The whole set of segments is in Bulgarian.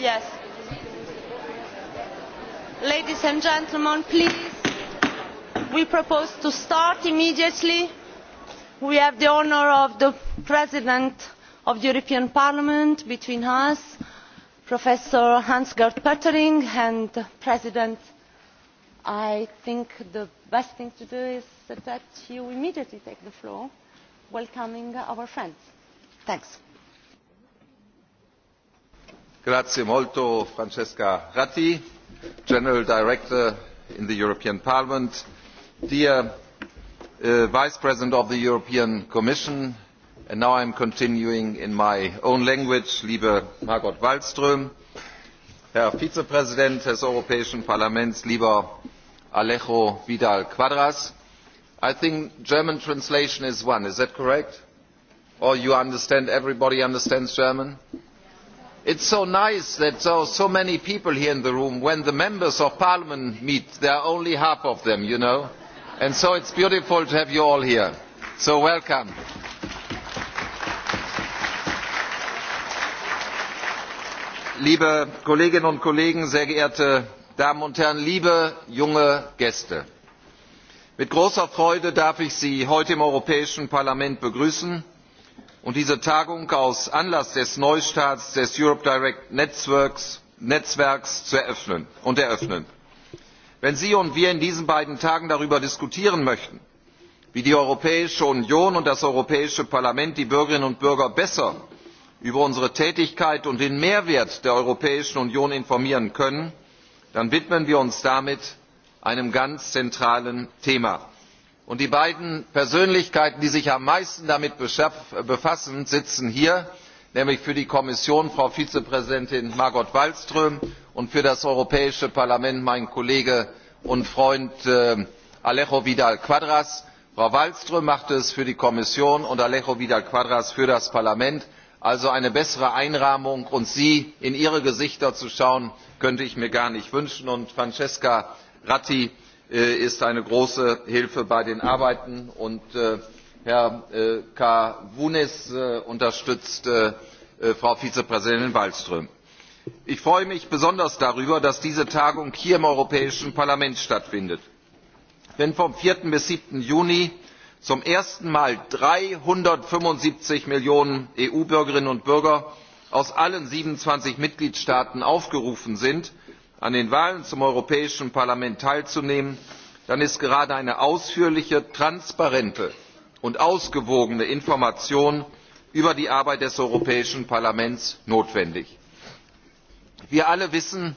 Yes. Ladies and gentlemen, please. We propose to start immediately. We have the honour of the President of the European Parliament between us, Professor Hans-Gert Pöttering, and President I think the best thing to do is that you immediately take the floor, welcoming our friends. Thanks grazie molto francesca ratti general director in the european parliament dear vice president of the european commission and now i am continuing in my own language liebe margot wallström herr vizepräsident des europäischen parlaments lieber alejo vidal quadras i think german translation is one is that correct or you understand everybody understands german? it is so nice that there are so many people here in the room. when the members of parliament meet there are only half of them you know and so it is beautiful to have you all here so welcome. liebe kolleginnen und kollegen sehr geehrte damen und herren liebe junge gäste! mit großer freude darf ich sie heute im europäischen parlament begrüßen und diese tagung aus anlass des neustarts des europe direct netzwerks zu eröffnen und eröffnen. wenn sie und wir in diesen beiden tagen darüber diskutieren möchten wie die europäische union und das europäische parlament die bürgerinnen und bürger besser über unsere tätigkeit und den mehrwert der europäischen union informieren können dann widmen wir uns damit einem ganz zentralen thema und die beiden persönlichkeiten die sich am meisten damit befassen sitzen hier nämlich für die kommission frau vizepräsidentin margot wallström und für das europäische parlament mein kollege und freund alejo vidal quadras. frau wallström macht es für die kommission und alejo vidal quadras für das parlament also eine bessere einrahmung und sie in ihre gesichter zu schauen könnte ich mir gar nicht wünschen und francesca ratti ist eine große Hilfe bei den Arbeiten. Und Herr Kavunis unterstützt Frau Vizepräsidentin Wallström. Ich freue mich besonders darüber, dass diese Tagung hier im Europäischen Parlament stattfindet. Wenn vom vier bis sieben Juni zum ersten Mal dreihundertfünfundsiebzig Millionen EU-Bürgerinnen und Bürger aus allen siebenundzwanzig Mitgliedstaaten aufgerufen sind, an den wahlen zum europäischen parlament teilzunehmen dann ist gerade eine ausführliche transparente und ausgewogene information über die arbeit des europäischen parlaments notwendig. wir alle wissen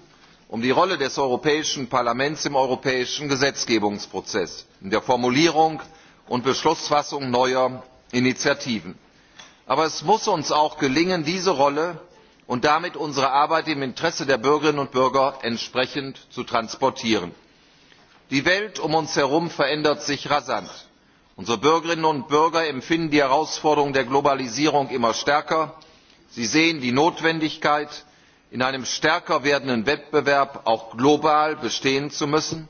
um die rolle des europäischen parlaments im europäischen gesetzgebungsprozess in der formulierung und beschlussfassung neuer initiativen. aber es muss uns auch gelingen diese rolle und damit unsere arbeit im interesse der bürgerinnen und bürger entsprechend zu transportieren. die welt um uns herum verändert sich rasant. unsere bürgerinnen und bürger empfinden die herausforderung der globalisierung immer stärker. sie sehen die notwendigkeit in einem stärker werdenden wettbewerb auch global bestehen zu müssen.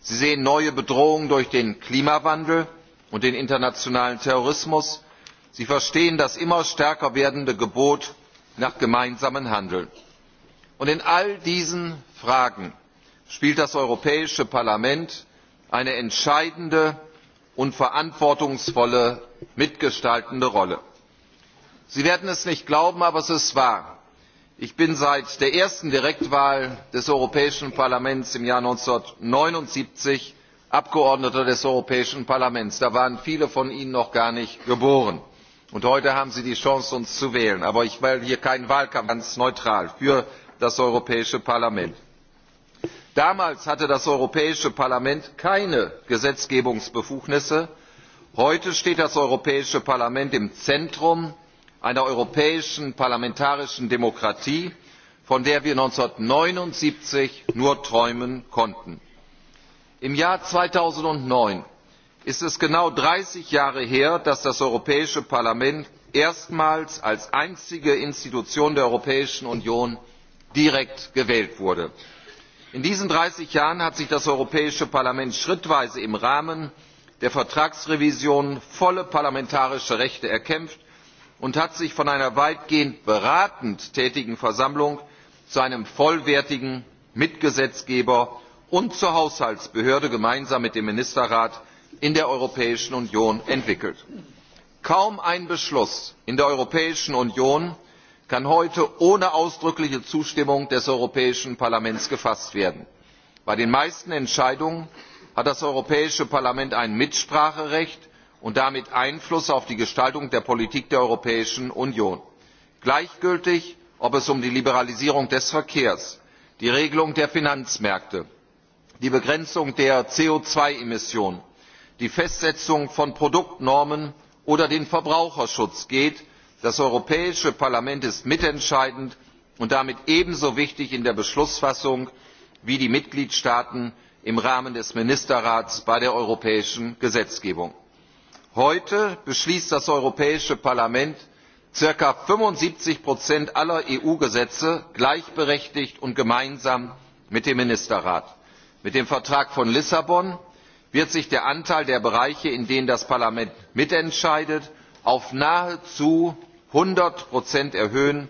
sie sehen neue bedrohungen durch den klimawandel und den internationalen terrorismus. sie verstehen das immer stärker werdende gebot nach gemeinsamem handeln. in all diesen fragen spielt das europäische parlament eine entscheidende und verantwortungsvolle mitgestaltende rolle. sie werden es nicht glauben aber es ist wahr ich bin seit der ersten direktwahl des europäischen parlaments im jahr 1979 abgeordneter des europäischen parlaments da waren viele von ihnen noch gar nicht geboren und heute haben sie die chance uns zu wählen. aber ich will hier keinen wahlkampf ganz neutral für das europäische parlament. damals hatte das europäische parlament keine gesetzgebungsbefugnisse. heute steht das europäische parlament im zentrum einer europäischen parlamentarischen demokratie von der wir eintausendneunhundertneunundsiebzig nur träumen konnten. im jahr zweitausendneun ist es genau dreißig jahre her dass das europäische parlament erstmals als einzige institution der europäischen union direkt gewählt wurde. in diesen dreißig jahren hat sich das europäische parlament schrittweise im rahmen der vertragsrevision volle parlamentarische rechte erkämpft und hat sich von einer weitgehend beratend tätigen versammlung zu einem vollwertigen mitgesetzgeber und zur haushaltsbehörde gemeinsam mit dem ministerrat in der europäischen union entwickelt. kaum ein beschluss in der europäischen union kann heute ohne ausdrückliche zustimmung des europäischen parlaments gefasst werden. bei den meisten entscheidungen hat das europäische parlament ein mitspracherecht und damit einfluss auf die gestaltung der politik der europäischen union gleichgültig ob es um die liberalisierung des verkehrs die regelung der finanzmärkte die begrenzung der co zwei emissionen die festsetzung von produktnormen oder den verbraucherschutz geht. das europäische parlament ist mitentscheidend und damit ebenso wichtig in der beschlussfassung wie die mitgliedstaaten im rahmen des ministerrats bei der europäischen gesetzgebung. heute beschließt das europäische parlament circa fünfundsiebzig aller eu gesetze gleichberechtigt und gemeinsam mit dem ministerrat. mit dem vertrag von lissabon wird sich der anteil der bereiche in denen das parlament mitentscheidet auf nahezu einhundert erhöhen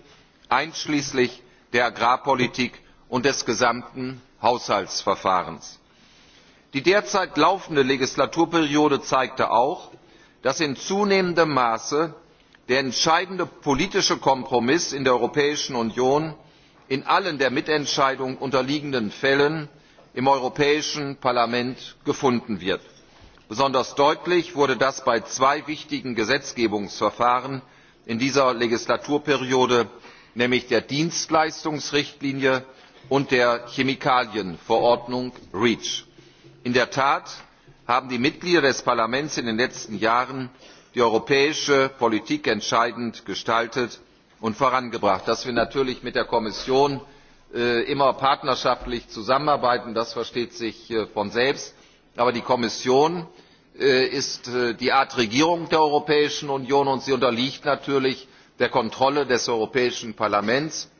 einschließlich der agrarpolitik und des gesamten haushaltsverfahrens. die derzeit laufende legislaturperiode zeigte auch dass in zunehmendem maße der entscheidende politische kompromiss in der europäischen union in allen der mitentscheidung unterliegenden fällen im europäischen parlament gefunden wird. besonders deutlich wurde das bei zwei wichtigen gesetzgebungsverfahren in dieser legislaturperiode nämlich der dienstleistungsrichtlinie und der chemikalienverordnung reach. in der tat haben die mitglieder des parlaments in den letzten jahren die europäische politik entscheidend gestaltet und vorangebracht. dass wir natürlich mit der kommission immer partnerschaftlich zusammenarbeiten das versteht sich von selbst aber die kommission ist die art regierung der europäischen union und sie unterliegt natürlich der kontrolle des europäischen parlaments.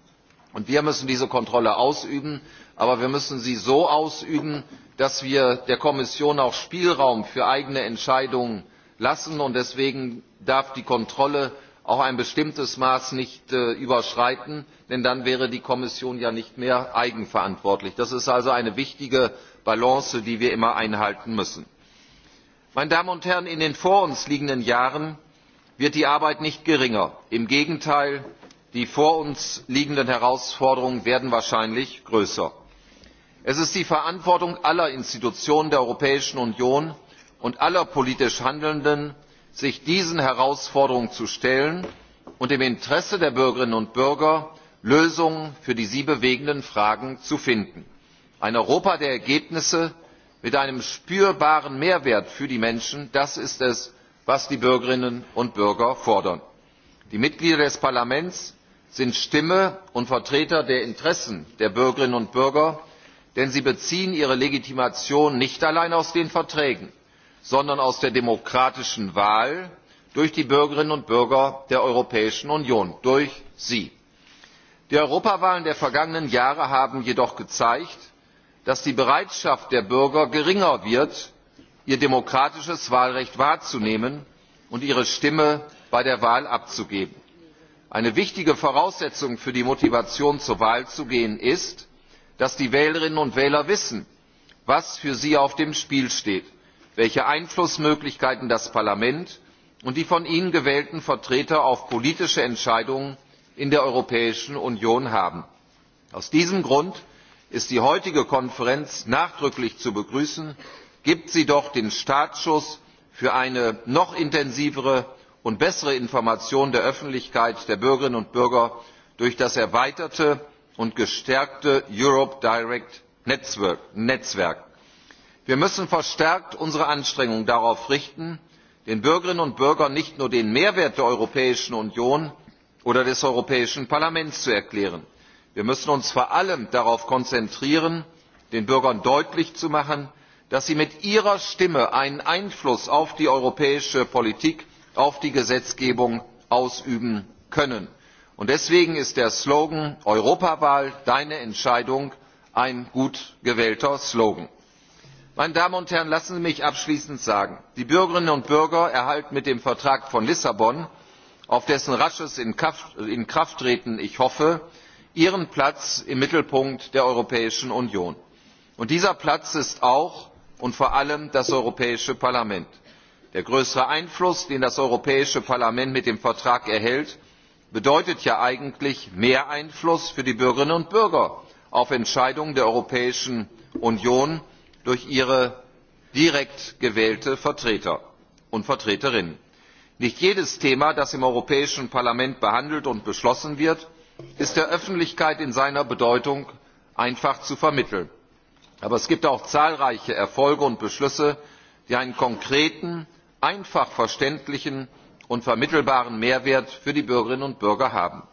wir müssen diese kontrolle ausüben aber wir müssen sie so ausüben dass wir der kommission auch spielraum für eigene entscheidungen lassen und deswegen darf die kontrolle auch ein bestimmtes maß nicht überschreiten denn dann wäre die kommission ja nicht mehr eigenverantwortlich. das ist also eine wichtige balance die wir immer einhalten müssen. Meine Damen und Herren, in den vor uns liegenden jahren wird die arbeit nicht geringer im gegenteil die vor uns liegenden herausforderungen werden wahrscheinlich größer. es ist die verantwortung aller institutionen der europäischen union und aller politisch handelnden sich diesen herausforderungen zu stellen und im interesse der bürgerinnen und bürger lösungen für die sie bewegenden fragen zu finden. ein europa der ergebnisse mit einem spürbaren mehrwert für die menschen das ist es was die bürgerinnen und bürger fordern. die mitglieder des parlaments sind stimme und vertreter der interessen der bürgerinnen und bürger denn sie beziehen ihre legitimation nicht allein aus den verträgen sondern aus der demokratischen wahl durch die bürgerinnen und bürger der europäischen union durch sie. die europawahlen der vergangenen jahre haben jedoch gezeigt dass die bereitschaft der bürger geringer wird ihr demokratisches wahlrecht wahrzunehmen und ihre stimme bei der wahl abzugeben. eine wichtige voraussetzung für die motivation zur wahl zu gehen ist dass die wählerinnen und wähler wissen was für sie auf dem spiel steht welche einflussmöglichkeiten das parlament und die von ihnen gewählten vertreter auf politische entscheidungen in der europäischen union haben. aus diesem grund ist die heutige konferenz nachdrücklich zu begrüßen gibt sie doch den startschuss für eine noch intensivere und bessere information der öffentlichkeit der bürgerinnen und bürger durch das erweiterte und gestärkte europe direct netzwerk wir müssen verstärkt unsere anstrengungen darauf richten den bürgerinnen und bürgern nicht nur den mehrwert der europäischen union oder des europäischen parlaments zu erklären wir müssen uns vor allem darauf konzentrieren den bürgern deutlich zu machen dass sie mit ihrer stimme einen einfluss auf die europäische politik auf die gesetzgebung ausüben können. deswegen ist der slogan europawahl deine entscheidung ein gut gewählter slogan meine damen und herren lassen sie mich abschließend sagen die bürgerinnen und bürger erhalten mit dem vertrag von lissabon auf dessen rasches inkrafttreten ich hoffe ihren platz im mittelpunkt der europäischen union. und dieser platz ist auch und vor allem das europäische parlament. der größere einfluss den das europäische parlament mit dem vertrag erhält bedeutet ja eigentlich mehr einfluss für die bürgerinnen und bürger auf entscheidungen der europäischen union durch ihre direkt gewählten vertreter und vertreterinnen. nicht jedes thema das im europäischen parlament behandelt und beschlossen wird ist der öffentlichkeit in seiner bedeutung einfach zu vermitteln. aber es gibt auch zahlreiche erfolge und beschlüsse die einen konkreten einfach verständlichen und vermittelbaren mehrwert für die bürgerinnen und bürger haben.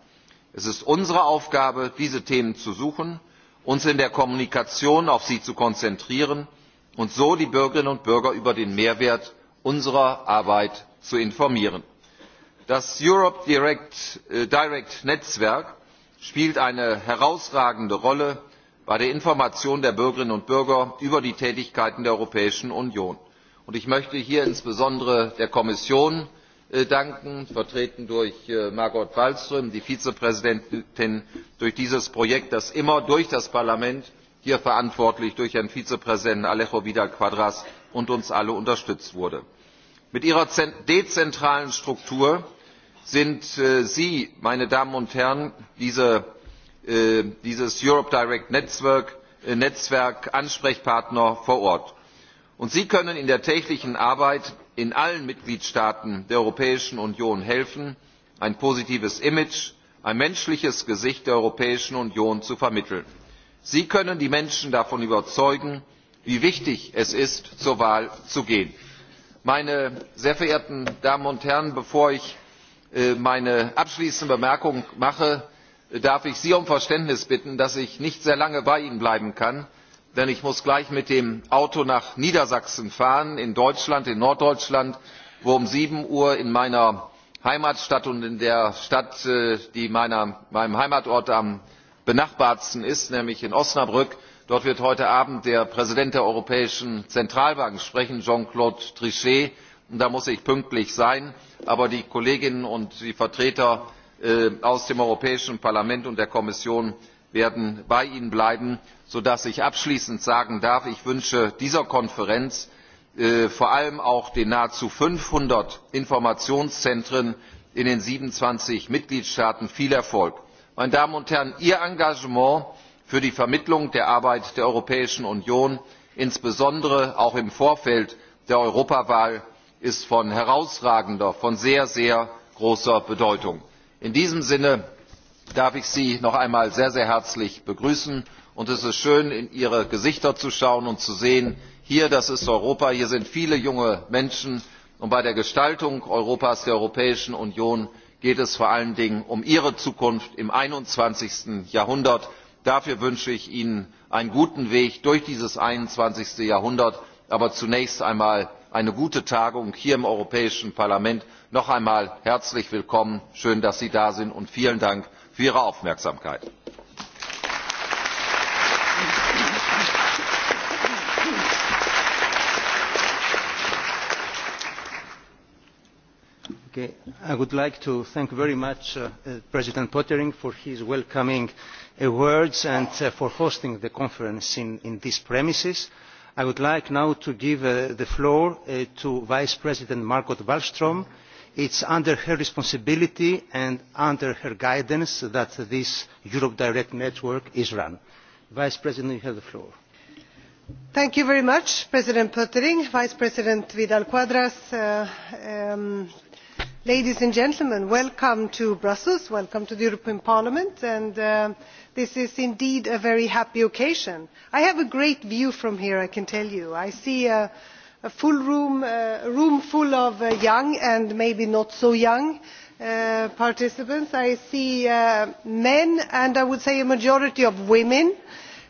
es ist unsere aufgabe diese themen zu suchen uns in der kommunikation auf sie zu konzentrieren und so die bürgerinnen und bürger über den mehrwert unserer arbeit zu informieren. das europe direct netzwerk spielt eine herausragende rolle bei der information der bürgerinnen und bürger über die tätigkeiten der europäischen union. ich möchte hier insbesondere der kommission danken vertreten durch margot wallström die vizepräsidentin durch dieses projekt das immer durch das parlament hier verantwortlich durch herrn vizepräsidenten alejo vidal quadras und uns alle unterstützt wurde. mit ihrer dezentralen struktur sind sie meine damen und herren dieses europe direct netzwerk ansprechpartner vor ort und sie können in der täglichen arbeit in allen mitgliedstaaten der europäischen union helfen ein positives image ein menschliches gesicht der europäischen union zu vermitteln. sie können die menschen davon überzeugen wie wichtig es ist zur wahl zu gehen. meine sehr verehrten damen und herren bevor ich meine abschließende bemerkung mache darf ich sie um verständnis bitten dass ich nicht sehr lange bei ihnen bleiben kann denn ich muss gleich mit dem auto nach niedersachsen fahren in deutschland in norddeutschland wo um sieben uhr in meiner heimatstadt und in der stadt die meinem heimatort am benachbartsten ist nämlich in osnabrück dort wird heute abend der präsident der europäischen zentralbank sprechen jean claude trichet und da muss ich pünktlich sein aber die kolleginnen und die vertreter aus dem europäischen parlament und der kommission werden bei ihnen bleiben sodass ich abschließend sagen darf ich wünsche dieser konferenz vor allem auch den nahezu fünfhundert informationszentren in den siebenundzwanzig mitgliedstaaten viel erfolg. meine damen und herren ihr engagement für die vermittlung der arbeit der europäischen union insbesondere auch im vorfeld der europawahl ist von herausragender von sehr sehr großer bedeutung. in diesem sinne darf ich sie noch einmal sehr herzlich begrüßen und es ist schön in ihre gesichter zu schauen und zu sehen hier das ist europa hier sind viele junge menschen und bei der gestaltung europas der europäischen union geht es vor allen dingen um ihre zukunft im. einundzwanzig jahrhundert. dafür wünsche ich ihnen einen guten weg durch dieses. einundzwanzig jahrhundert aber zunächst einmal eine gute tagung hier im europäischen parlament. noch einmal herzlich willkommen schön dass sie da sind und vielen dank für ihre aufmerksamkeit! I would like to thank very much President Pottering for his welcoming words and for hosting the conference in, these premises. I would like now to give the floor to Vice President Margot wallstrm. It is under her responsibility and under her guidance that this Europe Direct network is run. Vice President, you have the floor thank you very much president pttering vice president vidal quadras ladies and gentlemen welcome to brussels welcome to the european parliament and this is indeed a very happy occasion. i have a great view from here i can tell you. i see a full room room full of young and maybe not so young participants. i see men and i would say a majority of women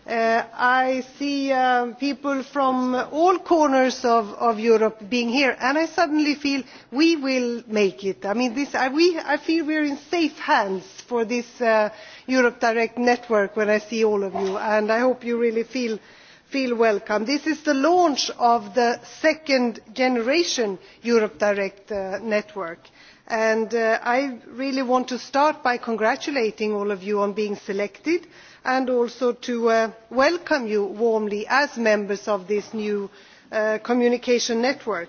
i see people from all corners of europe being here and i suddenly feel we will make it. i feel we are in safe hands for this europe direct network when i see all of you and i hope you really feel welcome. this is the launch of the second generation europe direct network and i really want to start by congratulating all of you on being selected and and also to welcome you warmly as members of this new communication network.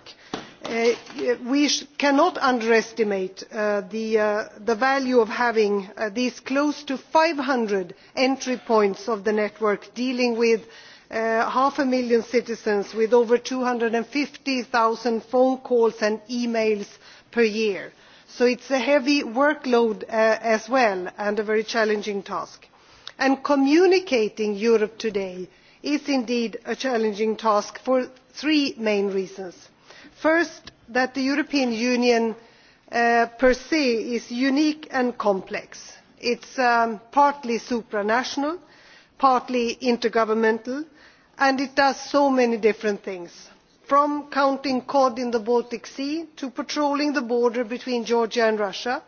we cannot underestimate the value of having these close to five hundred entry points of the network dealing with half a million citizens with over two hundred and fifty zero phone calls and e mails per year so it is a heavy workload as well and a very challenging task and communicating europe today is indeed a challenging task for three main reasons first that the european union per se is unique and complex it is partly supranational partly intergovernmental and it does so many different things from counting cod in the baltic sea to patrolling the border between georgia and russia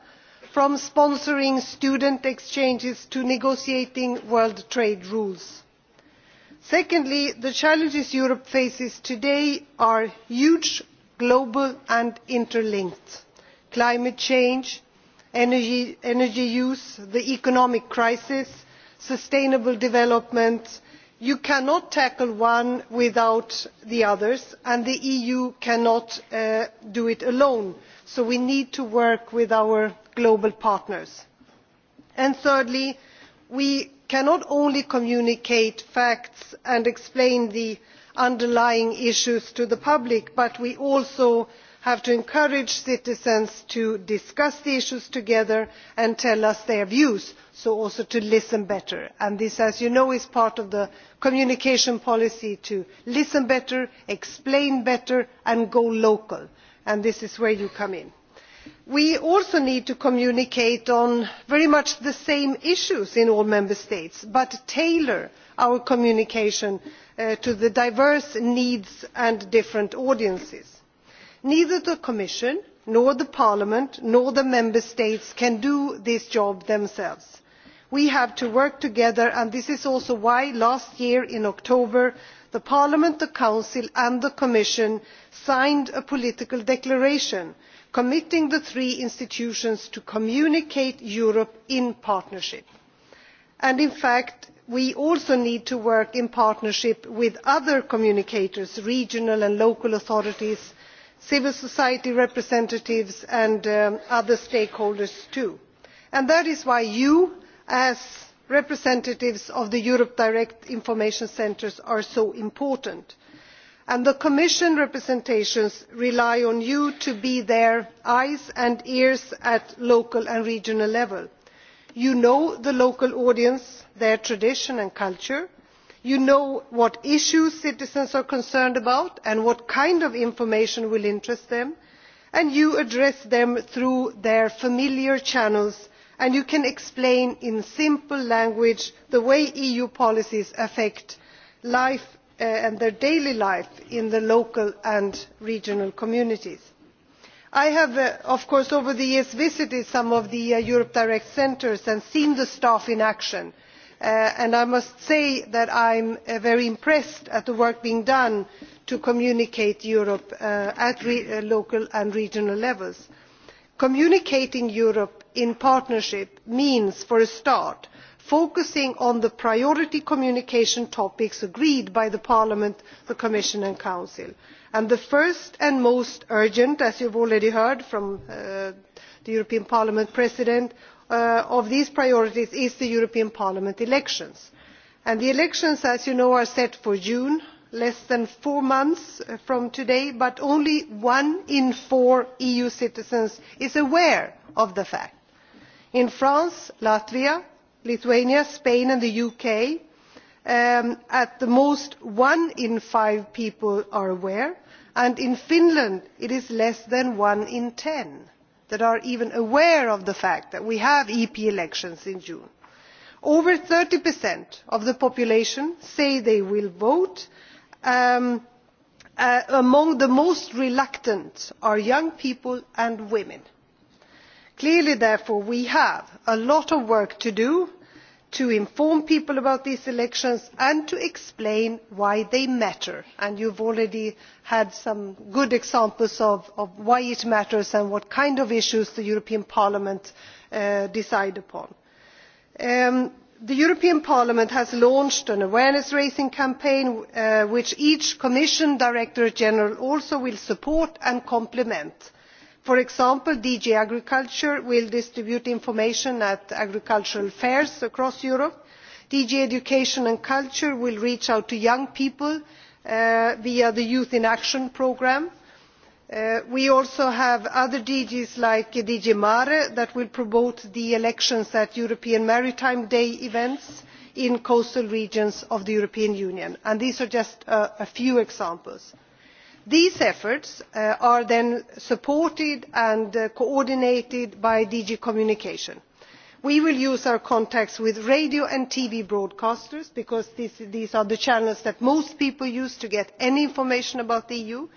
from sponsoring student exchanges to negotiating world trade rules. secondly the challenges europe faces today are huge global and interlinked climate change energy use the economic crisis sustainable development you cannot tackle one without the others and the eu cannot do it alone so we need to work with our global partners. thirdly we cannot only communicate facts and explain the underlying issues to the public but we also have to encourage citizens to discuss the issues together and tell us their views so also to listen better and this as you know is part of the communication policy to listen better explain better and go local and this is where you come in we also need to communicate on very much the same issues in all member states but tailor our communication to the diverse needs and different audiences. neither the commission nor parliament nor the member states can do this job themselves. we have to work together and this is also why last year in october parliament the council and the commission signed a political declaration committing the three institutions to communicate europe in partnership. in fact we also need to work in partnership with other communicators regional and local authorities civil society representatives and other stakeholders too. that is why you as representatives of the europe direct information centres are so important and the commission representations rely on you to be their eyes and ears at local and regional level. you know the local audience their tradition and culture you know what issues citizens are concerned about and what kind of information will interest them and you address them through their familiar channels and you can explain in simple language the way eu policies affect life and their daily life in the local and regional communities. i have of course over the years visited some of the europe direct centres and seen the staff in action and i must say that i am very impressed at the work being done to communicate europe at local and regional levels. communicating europe in partnership means for a start focusing on the priority communication topics agreed by parliament the commission and council. the first and most urgent as you have already heard from the european parliament president of these priorities is the european parliament elections. the elections as you know are set for june less than four months from today but only one in four eu citizens is aware of the fact. in france latvia lithuania spain and the uk at the most one in five people are aware and in finland it is less than one in ten that are even aware of the fact that we have ep elections in june. over thirty of the population say they will vote. among the most reluctant are young people and women clearly therefore we have a lot of work to do to inform people about these elections and to explain why they matter and you have already had some good examples of why it matters and what kind of issues the european parliament decides upon. the european parliament has launched an awareness raising campaign which each commission directorate general also will support and complement for example dg agriculture will distribute information at agricultural fairs across europe dg education and culture will reach out to young people via the youth in action programme. we also have other dgs like dg mare that will promote the elections at european maritime day events in coastal regions of the european union and these are just a few examples these efforts are then supported and coordinated by dg communication. we will use our contacts with radio and tv broadcasters because these are the channels that most people use to get any information about the eu.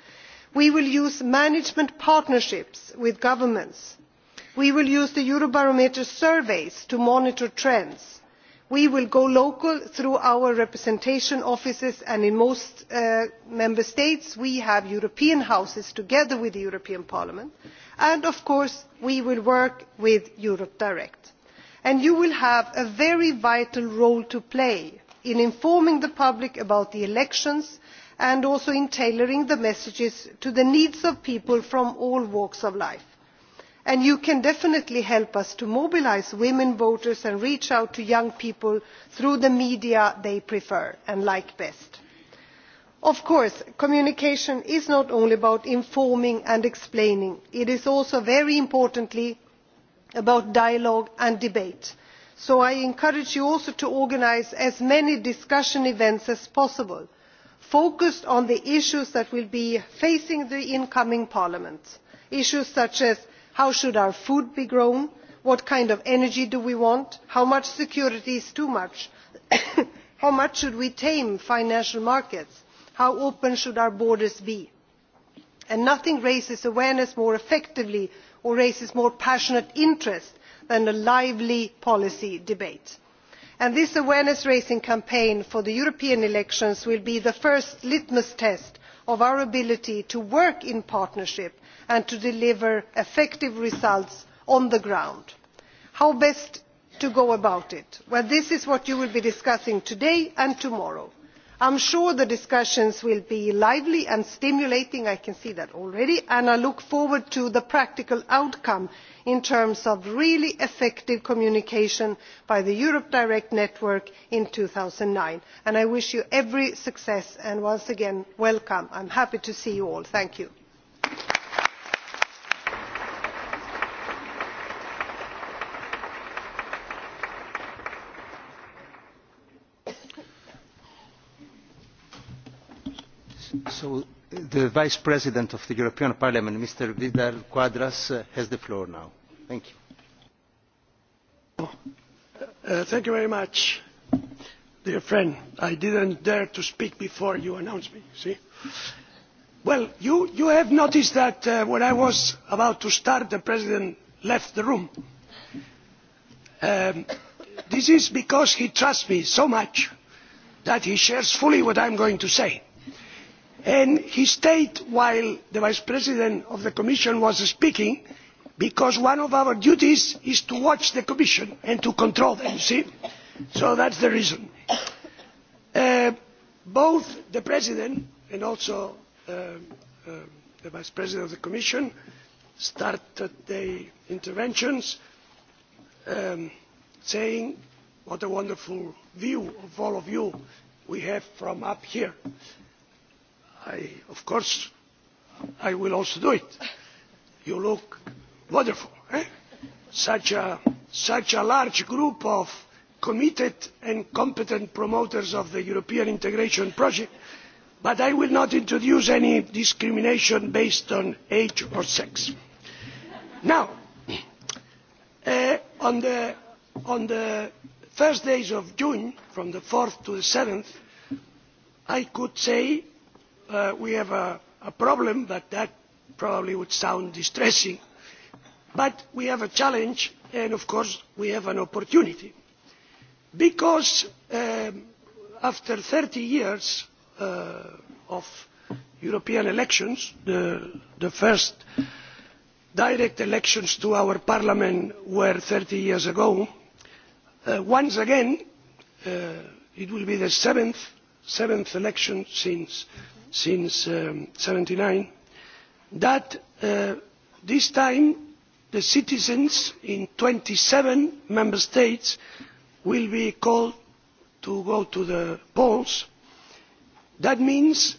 we will use management partnerships with governments. we will use the eurobarometer surveys to monitor trends we will go local through our representation offices and in most member states we have european houses together with the european parliament and of course we will work with europe direct. you will have a very vital role to play in informing the public about the elections and also in tailoring the messages to the needs of people from all walks of life and you can definitely help us to mobilise women voters and reach out to young people through the media they prefer and like best. of course communication is not only about informing and explaining it is also very importantly about dialogue and debate so i encourage you also to organise as many discussion events as possible focused on the issues that will be facing the incoming parliament issues such how should our food be grown what kind of energy do we want how much security is too much how much should we tame financial markets how open should our borders be? nothing raises awareness more effectively or raises more passionate interest than a lively policy debate and this awareness raising campaign for the european elections will be the first litmus test of our ability to work in partnership and to deliver effective results on the ground. how best to go about it? this is what you will be discussing today and tomorrow. i am sure the discussions will be lively and stimulating i can see that already and i look forward to the practical outcome in terms of really effective communication by the europe direct network in two thousand and nine i wish you every success and once again welcome. i am happy to see you all. thank you. So the Vice President of the European Parliament, Mr. Vidal Quadras, has the floor now. Thank you. thank you very much, dear friend. I didn't dare to speak before you announced me, see? Well, you, have noticed that when I was about to start, the President left the room. this is because he trusts me so much that he shares fully what i am going to say and he stayed while the vice president of the commission was speaking because one of our duties is to watch the commission and to control them so that is the reason. both the president and also the vice president of the commission started their interventions saying what a wonderful view of all of you we have from up here. I, of course, I will also do it. You look wonderful. Eh? Such, a, large group of committed and competent promoters of the European integration project, but I will not introduce any discrimination based on age or sex. Now, uh, on, the, on the first days of June, from the fourth to the seventh I could say we have a problem but that probably would sound distressing but we have a challenge and of course we have an opportunity because after thirty years of european elections the first direct elections to our parliament were thirty years ago once again it will be the seventh election since since seventy nine that this time the citizens in twenty seven member states will be called to go to the polls. that means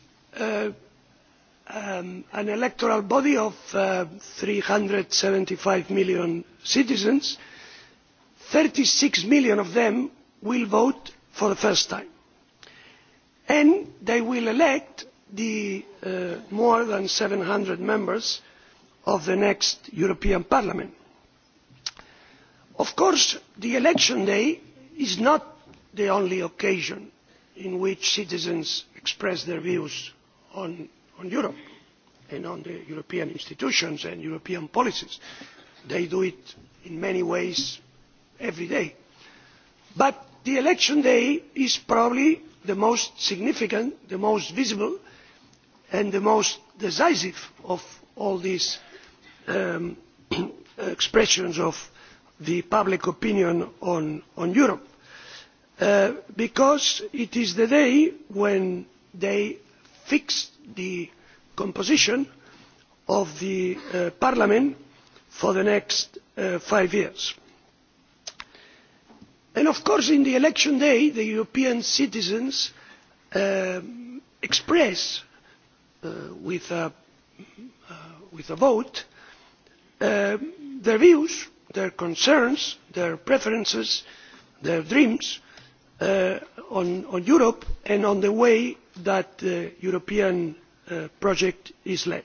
an electoral body of three hundred and seventy five million citizens thirty six million of them will vote for the first time and they will elect the more than seven hundred members of the next european parliament. of course election day is not the only occasion on which citizens express their views on europe and on the european institutions and european policies. they do it in many ways every day. but election day is probably the most significant the most visible and the most decisive of all these expressions of public opinion on europe because it is the day when they fix the composition of the parliament for the next five years. of course on election day the european citizens express with a vote their views their concerns their preferences their dreams on europe and on the way that the european project is led.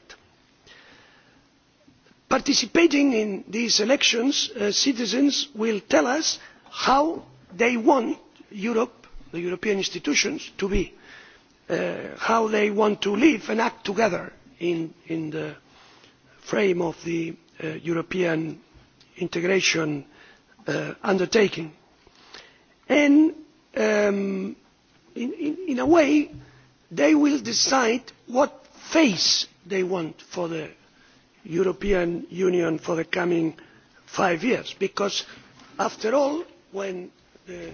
participating in these elections citizens will tell us how they want europe the european institutions to be how they want to live and act together in the frame of the european integration undertaking. in a way they will decide what face they want for the european union for the coming five years because after all when the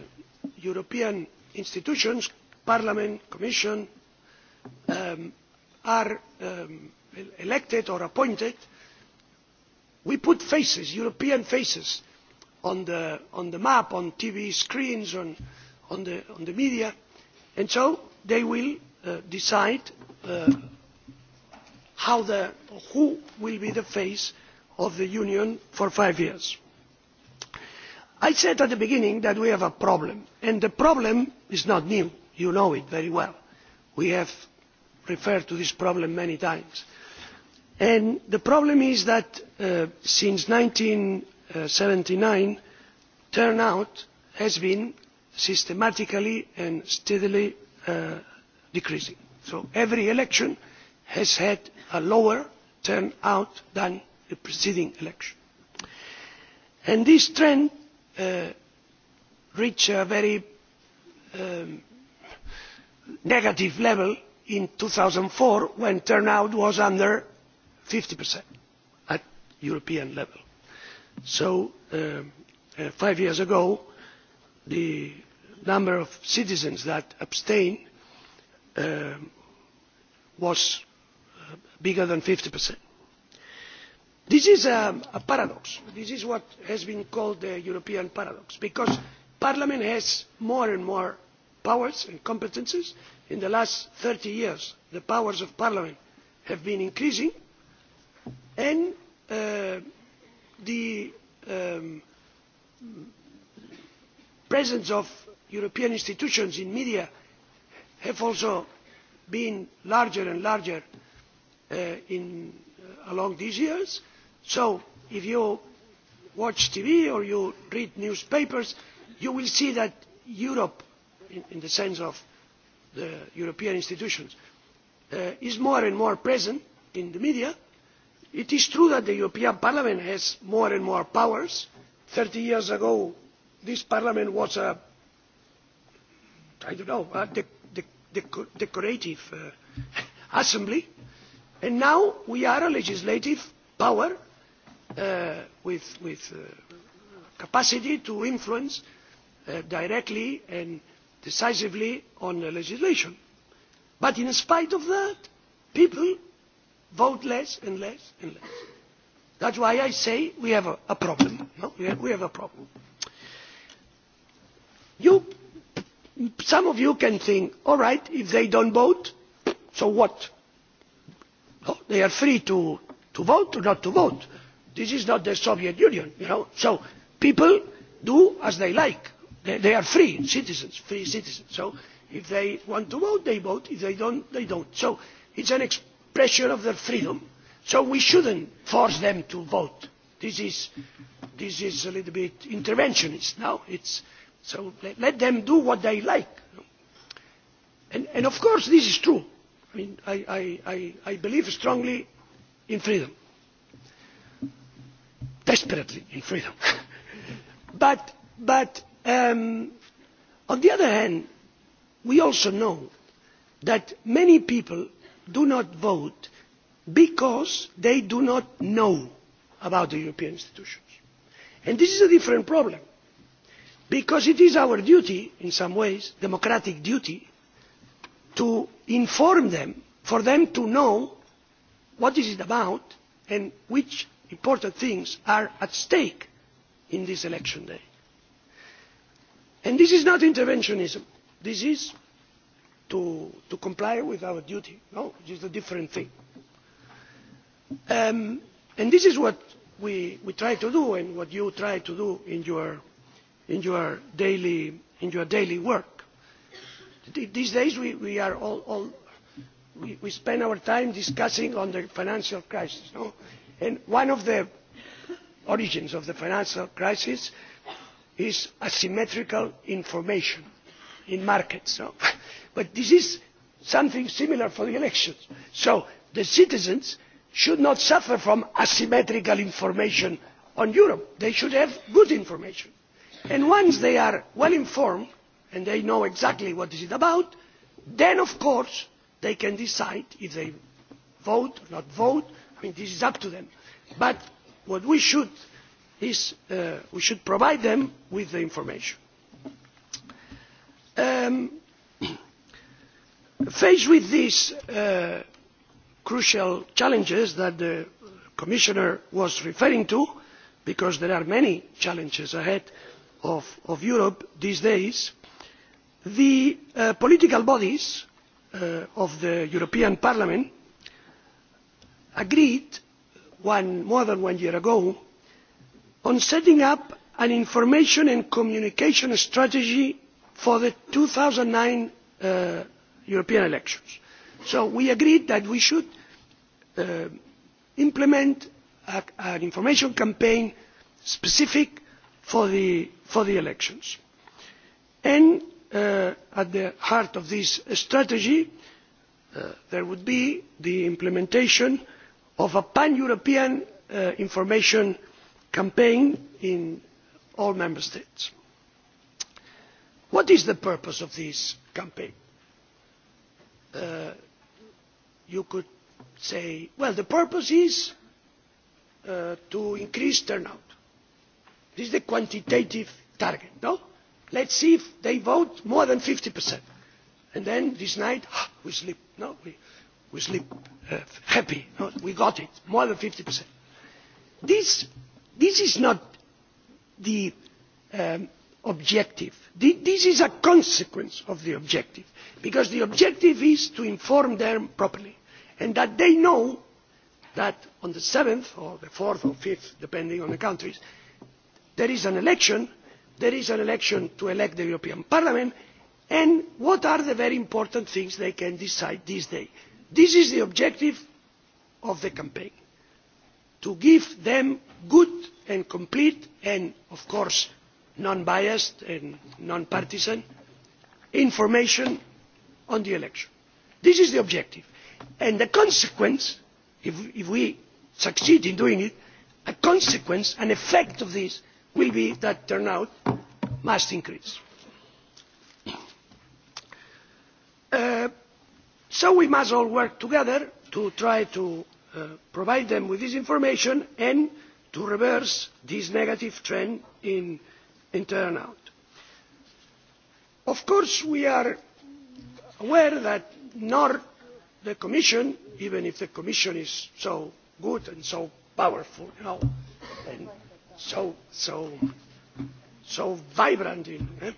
european institutions parliament and commission are elected or appointed we put faces european faces on the map on tv screens on the media and so they will decide who will be the face of the union for five years. i said at the beginning that we have a problem and the problem is not new you know it very well. we have referred to this problem many times. the problem is that since one thousand nine hundred and seventy nine turnout has been systematically and steadily decreasing. so every election has had a lower turnout than the preceding election. this trend reached a very negative level in two thousand and four when turnout was under fifty at european level. so five years ago the number of citizens that abstained was bigger than. fifty this is a paradox. this is what has been called the european paradox because parliament has more and more powers and competences in the last thirty years the powers of parliament have been increasing and the presence of european institutions in media has also been larger and larger along these years so if you watch tv or you read newspapers you will see that europe in the sense of the european institutions is more and more present in the media it is true that the european parliament has more and more powers. thirty years ago this parliament was a i do not know a decorative assembly and now we are a legislative power with capacity to influence directly and decisively on legislation. But in spite of that, people vote less and less and less. That's why I say we have a, a problem. No? We, have, we have a problem. You, some of you can think, all right, if they don't vote, so what? No, they are free to, to vote or not to vote. This is not the Soviet Union, you know. So people do as they like they are free citizens free citizens so if they want to vote they vote if they do not they do not. so it is an expression of their freedom so we should not force them to vote. this is a little bit interventionist now so let them do what they like. and of course this is true. i mean i believe strongly in freedom desperately in freedom but on the other hand we also know that many people do not vote because they do not know about the european institutions and this is a different problem because it is our duty in some ways a democratic duty to inform them for them to know what it is about and which important things are at stake on this election day this is not interventionism this is to comply with our duty which is a different thing. this is what we try to do and what you try to do in your daily work. these days we spend our time discussing the financial crisis and one of the origins of the financial crisis is asymmetrical information in markets. but this is something similar for the elections. so the citizens should not suffer from asymmetrical information on europe. they should have good information. and once they are well informed and they know exactly what it is about then of course they can decide if they vote or not vote. i mean this is up to them. but what we should we should provide them with the information. faced with these crucial challenges that the commissioner was referring to because there are many challenges ahead of europe these days the political bodies of the european parliament agreed more than one year ago on setting up an information and communication strategy for the two thousand and nine european elections. so we agreed that we should implement an information campaign specific for the elections and at the heart of this strategy there would be the implementation of a pan european information campaign in all member states. What is the purpose of this campaign? you could say, well, the purpose is to increase turnout. This is the quantitative target, no? Let's see if they vote more than 50%. And then this night, ah, we sleep, no? We, we sleep uh, happy, no? we got it, more than 50%. This this is not the objective this is a consequence of the objective because the objective is to inform them properly and that they know that on the seven or the four or five depending on the countries there is an election there is an election to elect the european parliament and what are the very important things they can decide this day. this is the objective of the campaign to give them good and complete and of course non biased and non partisan information on the election. this is the objective and the consequence if we succeed in doing it a consequence an effect of this will be that turnout must increase. so we must all work together to try provide them with this information and to reverse this negative trend in turnout. Of course, we are aware that not the Commission, even if the Commission is so good and so powerful and so, so, so vibrant, in, eh?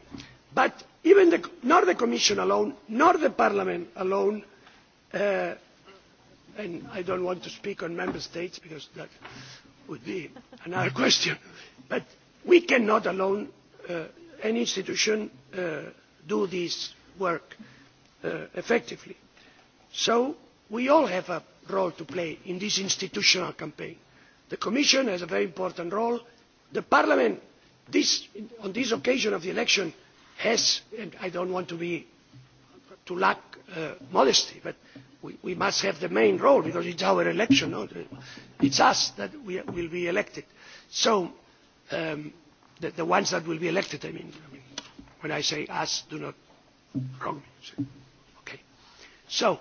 but even the, not the Commission alone, nor the Parliament alone, and I don't want to speak on member states because that would be another question. But we cannot alone, any institution, do this work effectively. So we all have a role to play in this institutional campaign. The Commission has a very important role. The Parliament, on this occasion of the election, has, and I don't want to be too lax modesty but we must have the main role because it is our election it is us that will be elected so the ones that will be elected i mean when i say us do not wrong me okay so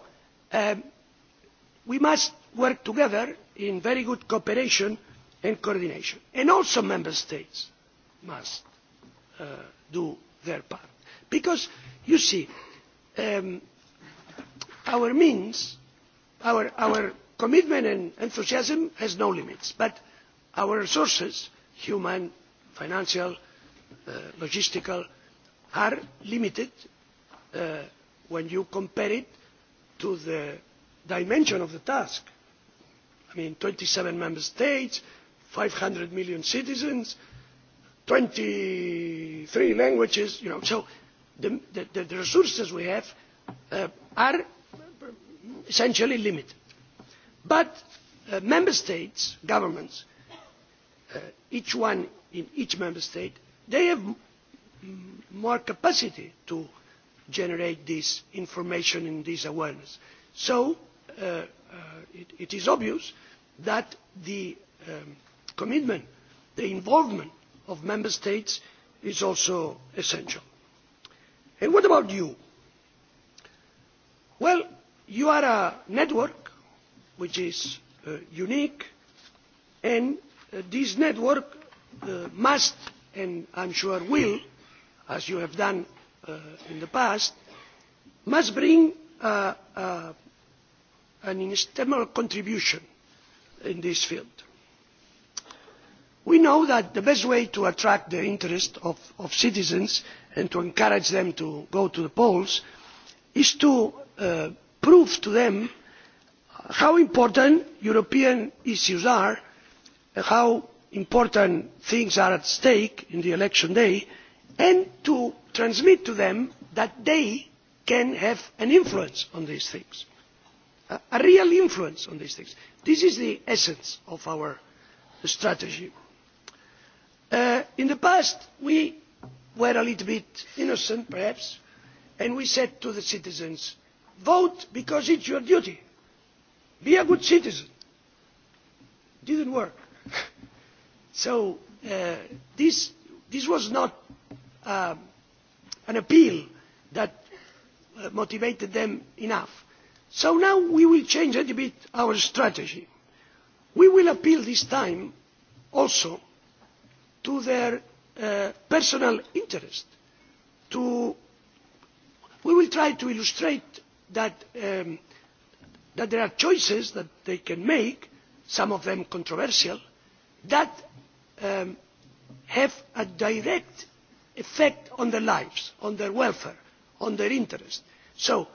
we must work together in very good cooperation and coordination and also member states must do their part because you see our means our commitment and enthusiasm has no limits but our resources human financial logistical are limited when you compare it to the dimension of the task. i mean twenty seven member states five hundred million citizens twenty three languages so the resources we have are essentially limited. but member states governments each one in each member state they have more capacity to generate this information and this awareness. so it is obvious that the commitment the involvement of member states is also essential. and what about you? well you are a network which is unique and this network must and i am sure will as you have done in the past must bring an external contribution in this field. we know that the best way to attract the interest of citizens and to encourage them to go to the polls is to prove to them how important european issues are and how important things are at stake on election day and to transmit to them that they can have an influence on these things a real influence on these things. this is the essence of our strategy. in the past we were a little bit innocent perhaps and we said to the citizens vote because it's your duty. Be a good citizen. Didn't work. so uh, this, this was not um, an appeal that uh, motivated them enough. So now we will change a little bit our strategy. We will appeal this time also to their uh, personal interest. To, we will try to illustrate that there are choices that they can make some of them controversial that have a direct effect on their lives on their welfare on their interests. so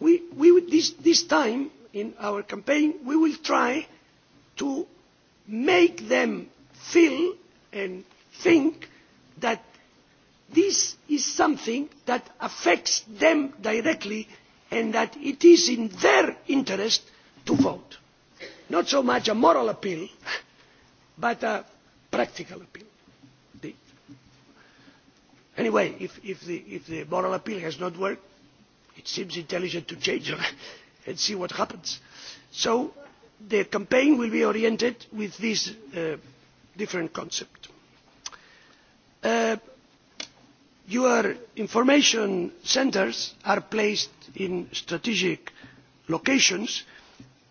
this time in our campaign we will try to make them feel and think that this is something that affects them directly and that it is in their interest to vote not so much a moral appeal but a practical appeal. anyway if the moral appeal has not worked it seems intelligent to change and see what happens. so the campaign will be oriented with this different concept your information centres are placed in strategic locations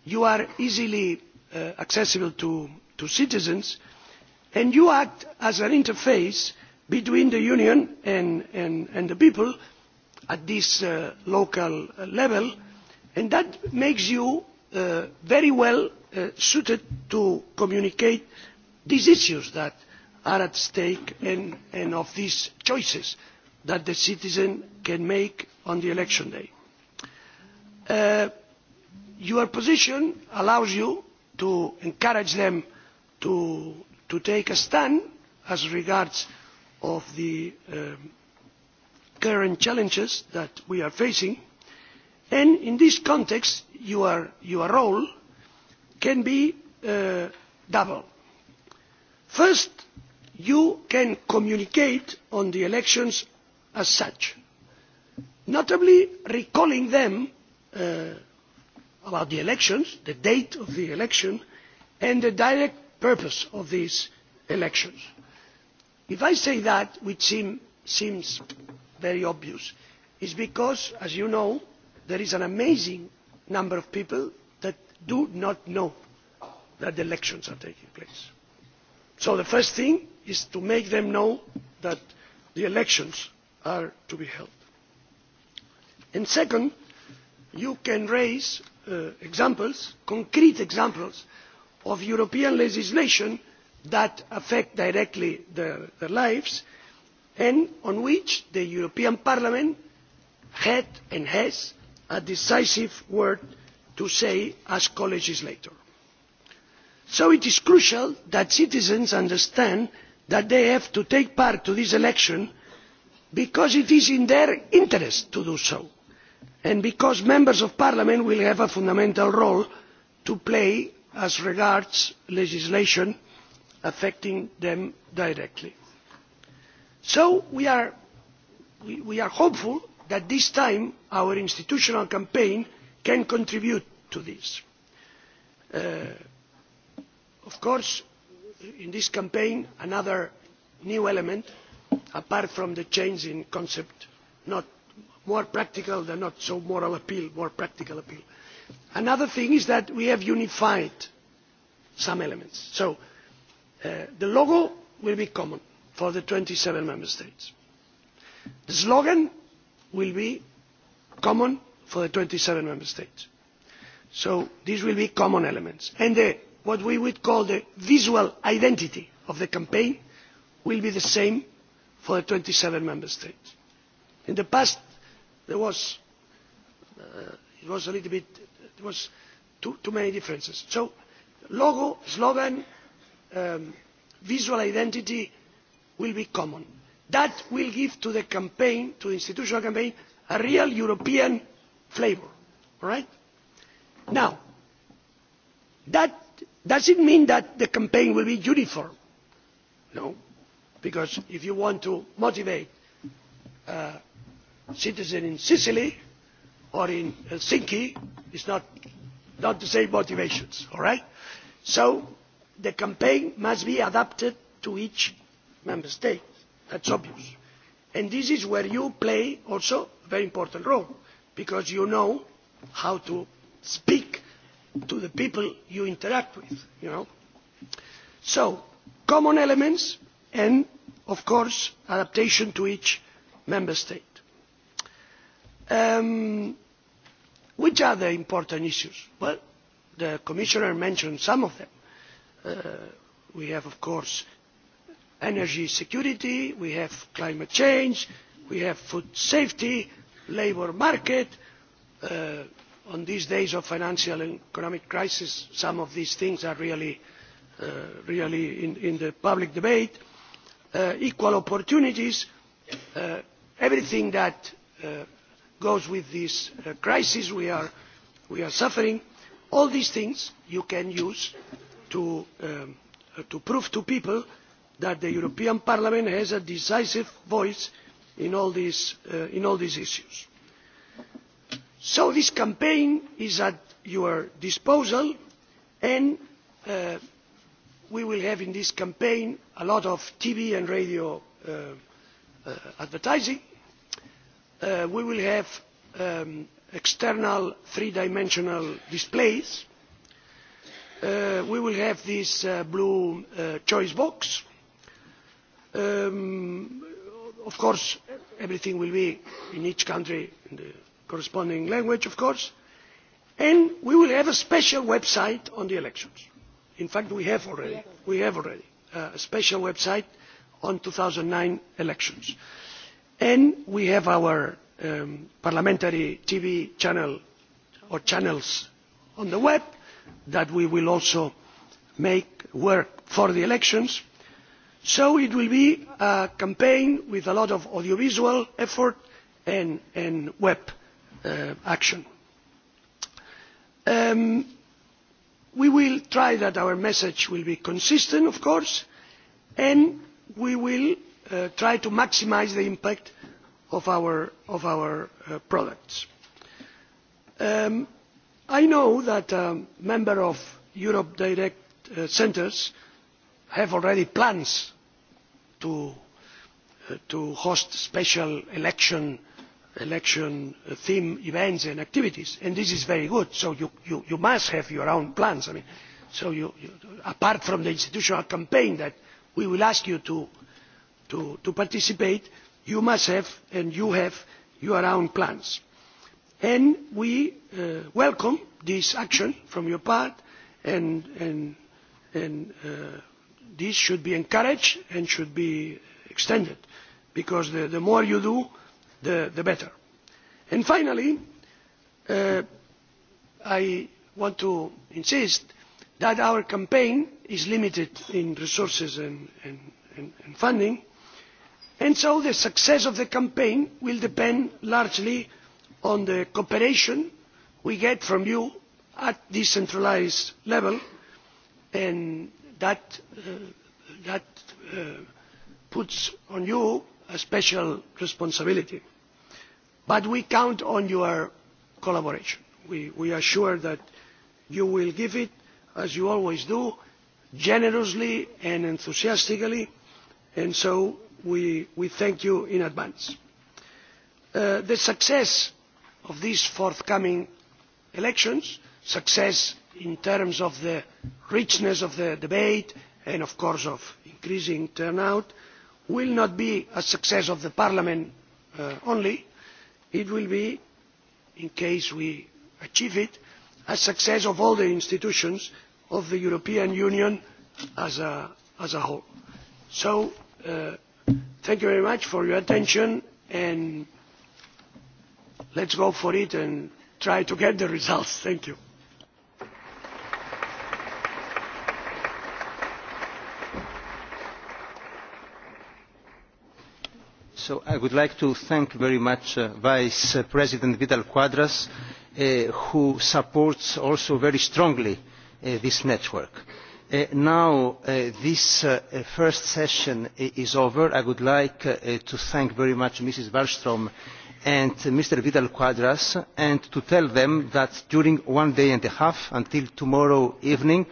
you are easily accessible to citizens and you act as an interface between the union and the people at this local level and that makes you very well suited to communicate these issues that are at stake and of these choices that the citizen can make on election day. your position allows you to encourage them to take a stand as regards the current challenges that we are facing and in this context your role can be double. first you can communicate on the elections as such notably recalling them about the elections the date of the election and the direct purpose of these elections. if i say that which seems very obvious it is because as you know there is an amazing number of people that do not know that elections are taking place. so the first thing is to make them know that the elections are to be held. and second you can raise examples concrete examples of european legislation that affects directly their lives and on which the european parliament had and has a decisive word to say as co legislator. so it is crucial that citizens understand that they have to take part in this election because it is in their interest to do so and because members of parliament will have a fundamental role to play as regards legislation affecting them directly. so we are hopeful that this time our institutional campaign can contribute to this. of course in this campaign another new element apart from the change in concept not more practical than not so moral appeal more practical appeal another thing is that we have unified some elements so the logo will be common for the twenty seven member states the slogan will be common for the twenty seven member states so these will be common elements and the what we would call the visual identity of the campaign will be the same for the twenty seven member states. in the past there were too many differences so logo slogan visual identity will be common. that will give to the campaign to the institutional campaign a real european flavour. now that does it mean that the campaign will be uniform? no because if you want to motivate a citizen in sicily or in helsinki it is not the same motivations. so the campaign must be adapted to each member state that is obvious and this is where you play also a very important role because you know how to speak to the people you interact with. You know? So, common elements and, of course, adaptation to each member state. which are the important issues? Well, the Commissioner mentioned some of them. we have, of course, energy security, we have climate change, we have food safety, labour market, on these days of financial and economic crisis some of these things are really in the public debate equal opportunities everything that goes with this crisis we are suffering all these things you can use to prove to people that the european parliament has a decisive voice in all these issues so this campaign is at your disposal and we will have in this campaign a lot of tv and radio advertising we will have external three dimensional displays we will have this blue choice box of course everything will be in each country in the corresponding language of course and we will have a special website on the elections. in fact we have already a special website on two thousand and nine elections and we have our parliamentary tv channel or channels on the web that we will also make work for the elections so it will be a campaign with a lot of audiovisual effort and web action. we will try that our message will be consistent of course and we will try to maximise the impact of our products. i know that members of europe direct centres have already plans to host special election election theme events and activities and this is very good so you must have your own plans apart from the institutional campaign that we will ask you to participate you must have and you have your own plans. we welcome this action on your part and this should be encouraged and should be extended because the more you the better. finally i want to insist that our campaign is limited in resources and funding and so the success of the campaign will depend largely on the cooperation we get from you at decentralised level and that puts on you special responsibility but we count on your collaboration. we are sure that you will give it as you always do generously and enthusiastically and so we thank you in advance. the success of these forthcoming elections success in terms of the richness of the debate and of course of increasing turnout will not be a success of parliament only it will be in case we achieve it a success of all the institutions of the european union as a whole. so thank you very much for your attention and let us go for it and try to get the results. thank you. I would like to thank very much Vice President Vidal Quadras, who supports also very strongly this network. now this first session is over. I would like to thank very much Mrs. wallstrm and Mr. Vidal Quadras and to tell them that during one day and a half until tomorrow evening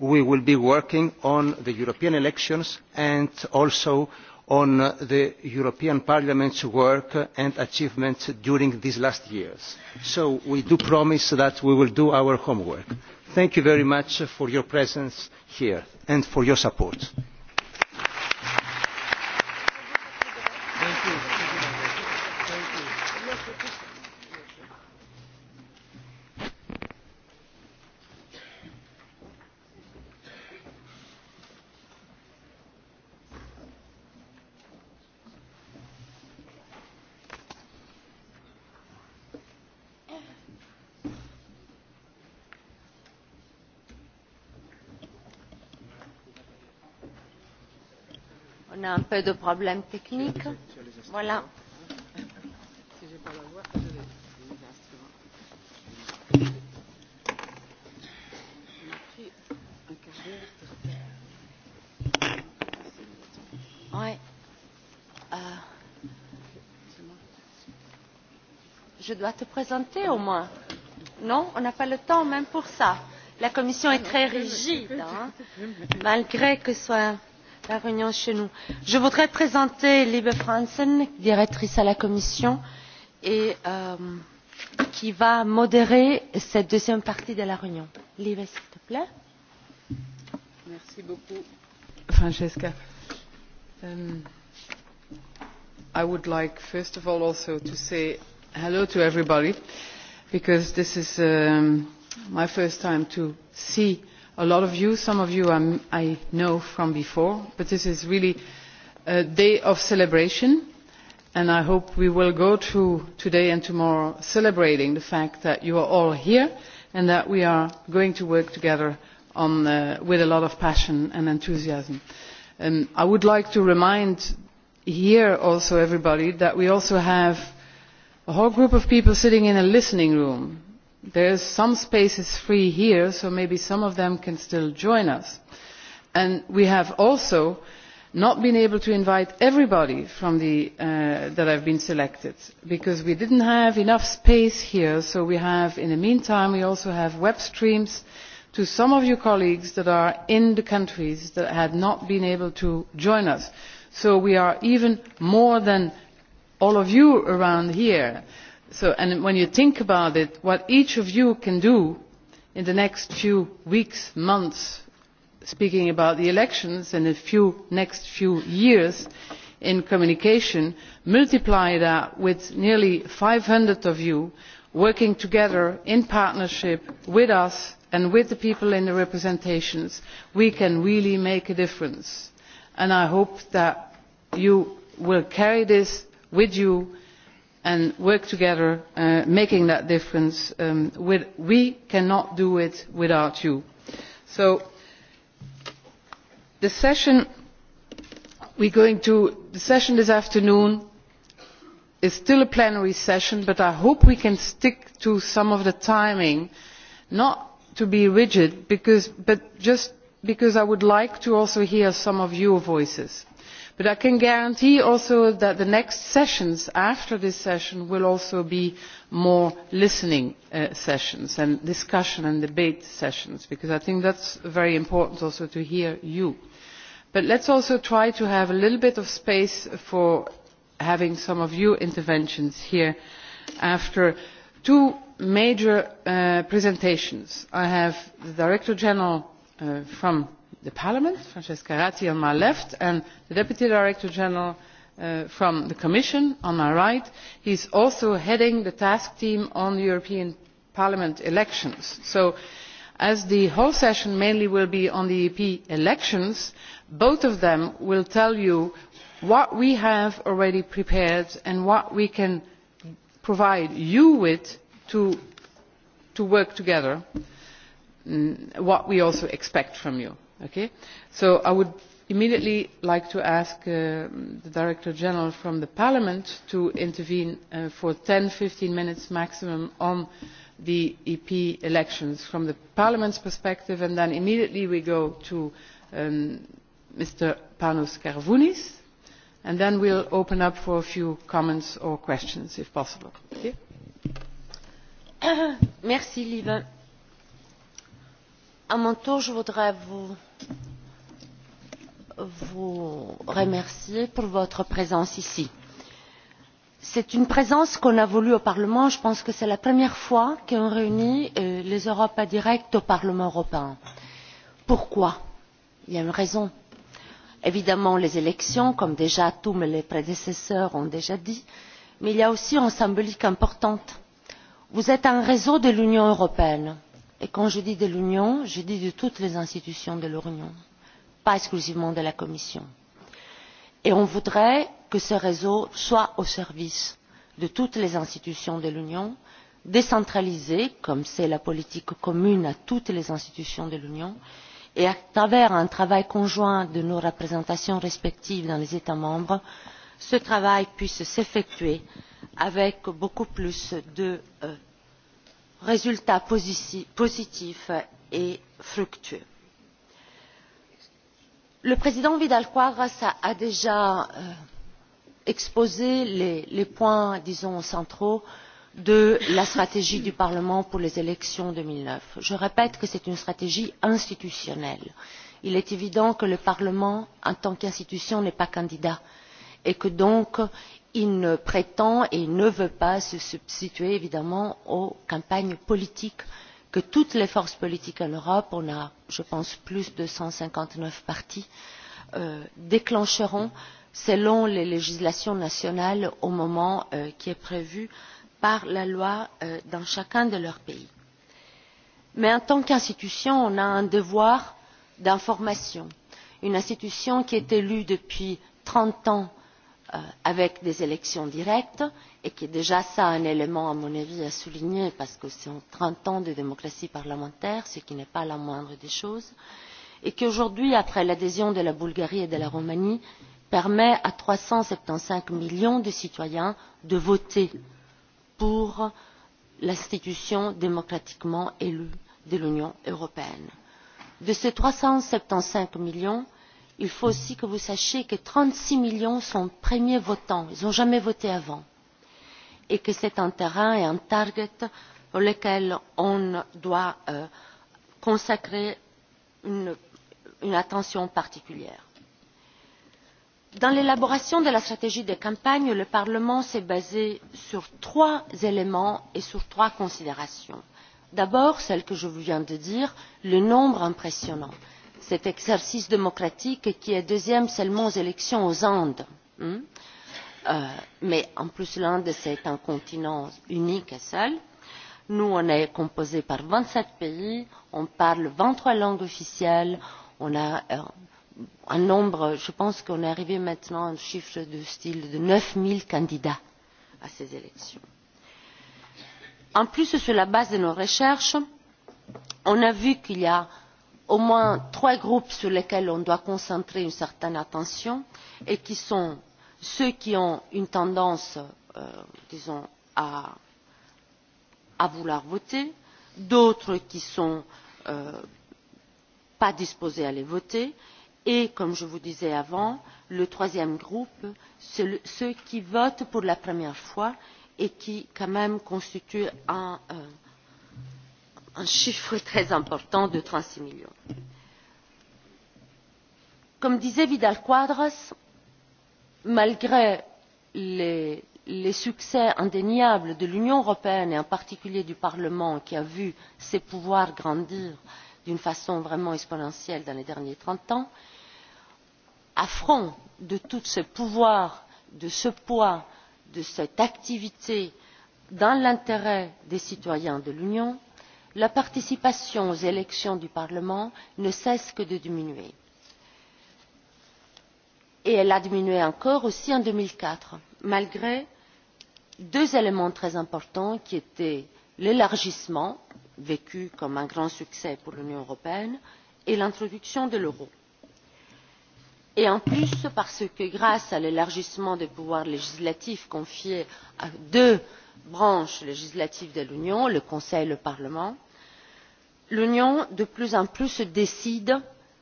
we will be working on the European elections and also on the European Parliament's work and achievements during these last years. So we do promise that we will do our homework. Thank you very much for your presence here and for your support. On a un peu de problèmes techniques. Voilà. Ouais. Euh, je dois te présenter au moins. Non, on n'a pas le temps même pour ça. La commission est très rigide, hein, malgré que ce soit la réunion chez nous. je voudrais présenter liebe franzen directrice à la commission et qui va modérer cette deuxième partie de la réunion. liebe s'il te plaît. merci beaucoup francesca. i would like first of all also to say hello to everybody because this is my first time to see a lot of you some of you i know from before but this is really a day of celebration and i hope we will go through today and tomorrow celebrating the fact that you are all here and that we are going to work together with a lot of passion and enthusiasm. i would like to remind here also everybody that we also have a whole group of people sitting in a listening room there is some spaces free here so maybe some of them can still join us and we have also not been able to invite everybody that has been selected because we did not have enough space here so we have in the meantime we also have web streams to some of your colleagues that are in the countries that had not been able to join us so we are even more than all of you around here and when you think about it, what each of you can do in the next few weeks, months, speaking about the elections and the next few years in communication, multiply that with nearly five hundred of you working together in partnership with us and with the people in the representations, we can really make a difference. I hope that you will carry this with you and work together making that difference. we cannot do it without you. so the session we are going to the session this afternoon is still a plenary session but i hope we can stick to some of the timing not to be rigid but just because i would like to also hear some of your voices but i can guarantee also that the next sessions after this session will also be more listening sessions and discussion and debate sessions because i think that is very important also to hear you. but let us also try to have a little bit of space for having some of your interventions here after two major presentations. i have the director general from the parliament francesca ratti on my left and the deputy director general from the commission on my right he is also heading the task team on the european parliament elections. so as the whole session mainly will be on the ep elections both of them will tell you what we have already prepared and what we can provide you with to work together what we also expect from you. Okay? So I would immediately like to ask the Director General from the Parliament to intervene for for to fifteen minutes maximum on the EP elections from the Parliament's perspective and then immediately we go to Mr. Panos Karvounis and then we will open up for a few comments or questions if possible. À mon tour, je voudrais vous, vous remercier pour votre présence ici. C'est une présence qu'on a voulu au Parlement. Je pense que c'est la première fois qu'on réunit les Européens directs au Parlement européen. Pourquoi Il y a une raison. Évidemment, les élections, comme déjà tous mes prédécesseurs ont déjà dit, mais il y a aussi une symbolique importante. Vous êtes un réseau de l'Union européenne et quand je dis de l'union je dis de toutes les institutions de l'union pas exclusivement de la commission et on voudrait que ce réseau soit au service de toutes les institutions de l'union décentralisé comme c'est la politique commune à toutes les institutions de l'union et à travers un travail conjoint de nos représentations respectives dans les états membres ce travail puisse s'effectuer avec beaucoup plus de résultats positifs et fructueux. le président vidal quadras a déjà exposé les points disons centraux de la stratégie du parlement pour les élections. deux mille neuf je répète que c'est une stratégie institutionnelle. il est évident que le parlement en tant qu'institution n'est pas candidat et que donc il ne prétend et ne veut pas se substituer évidemment aux campagnes politiques que toutes les forces politiques en europe on a je pense plus de cent cinquante neuf partis déclencheront selon les législations nationales au moment qui est prévu par la loi dans chacun de leurs pays. mais en tant qu'institution on a un devoir d'information une institution qui est élue depuis trente ans avec des élections directes et qui est déjà un élément à mon avis à souligner parce que sont trente ans de démocratie parlementaire ce qui n'est pas la moindre des choses et qui, aujourd'hui, après l'adhésion de la bulgarie et de la roumanie permet à trois cent soixante quinze millions de citoyens de voter pour l'institution démocratiquement élue de l'union européenne. de ces trois cent soixante quinze millions il faut aussi que vous sachiez que trente six millions sont les premiers votants ils n'ont jamais voté avant et que c'est un terrain et un target pour lequel on doit consacrer une attention particulière. dans l'élaboration de la stratégie de campagne le parlement s'est basé sur trois éléments et sur trois considérations. d'abord celle que je viens de dire le nombre impressionnant cet exercice démocratique qui est deuxième seulement aux élections aux Andes. mais en plus, l'Inde, c'est un continent unique et seul. Nous, on est composé par vingt sept pays, on parle vingt trois langues officielles, on a un nombre, je pense qu'on est arrivé maintenant à un chiffre de style de neuf 9000 candidats à ces élections. En plus, sur la base de nos recherches, on a vu qu'il y a au moins trois groupes sur lesquels on doit concentrer une certaine attention et qui sont ceux qui ont une tendance disons à vouloir voter d'autres qui ne sont pas disposés à les voter et comme je vous disais avant le troisième groupe ceux qui votent pour la première fois et qui quand même constituent un un chiffre très important de trente six millions. comme disait vidal quadras malgré les succès indéniables de l'union européenne et en particulier du parlement qui a vu ses pouvoirs grandir d'une façon vraiment exponentielle dans les derniers trente ans à front de tous ces pouvoirs de ce poids de cette activité dans l'intérêt des citoyens de l'union la participation aux élections du parlement ne cesse que de diminuer et elle a diminué encore aussi en deux mille quatre malgré deux éléments très importants qui étaient l'élargissement vécu comme un grand succès pour l'union européenne et l'introduction de l'euro et en plus parce que grâce à l'élargissement des pouvoirs législatifs confiés à deux branches législatives de l'union le conseil et le parlement l'union de plus en plus se décide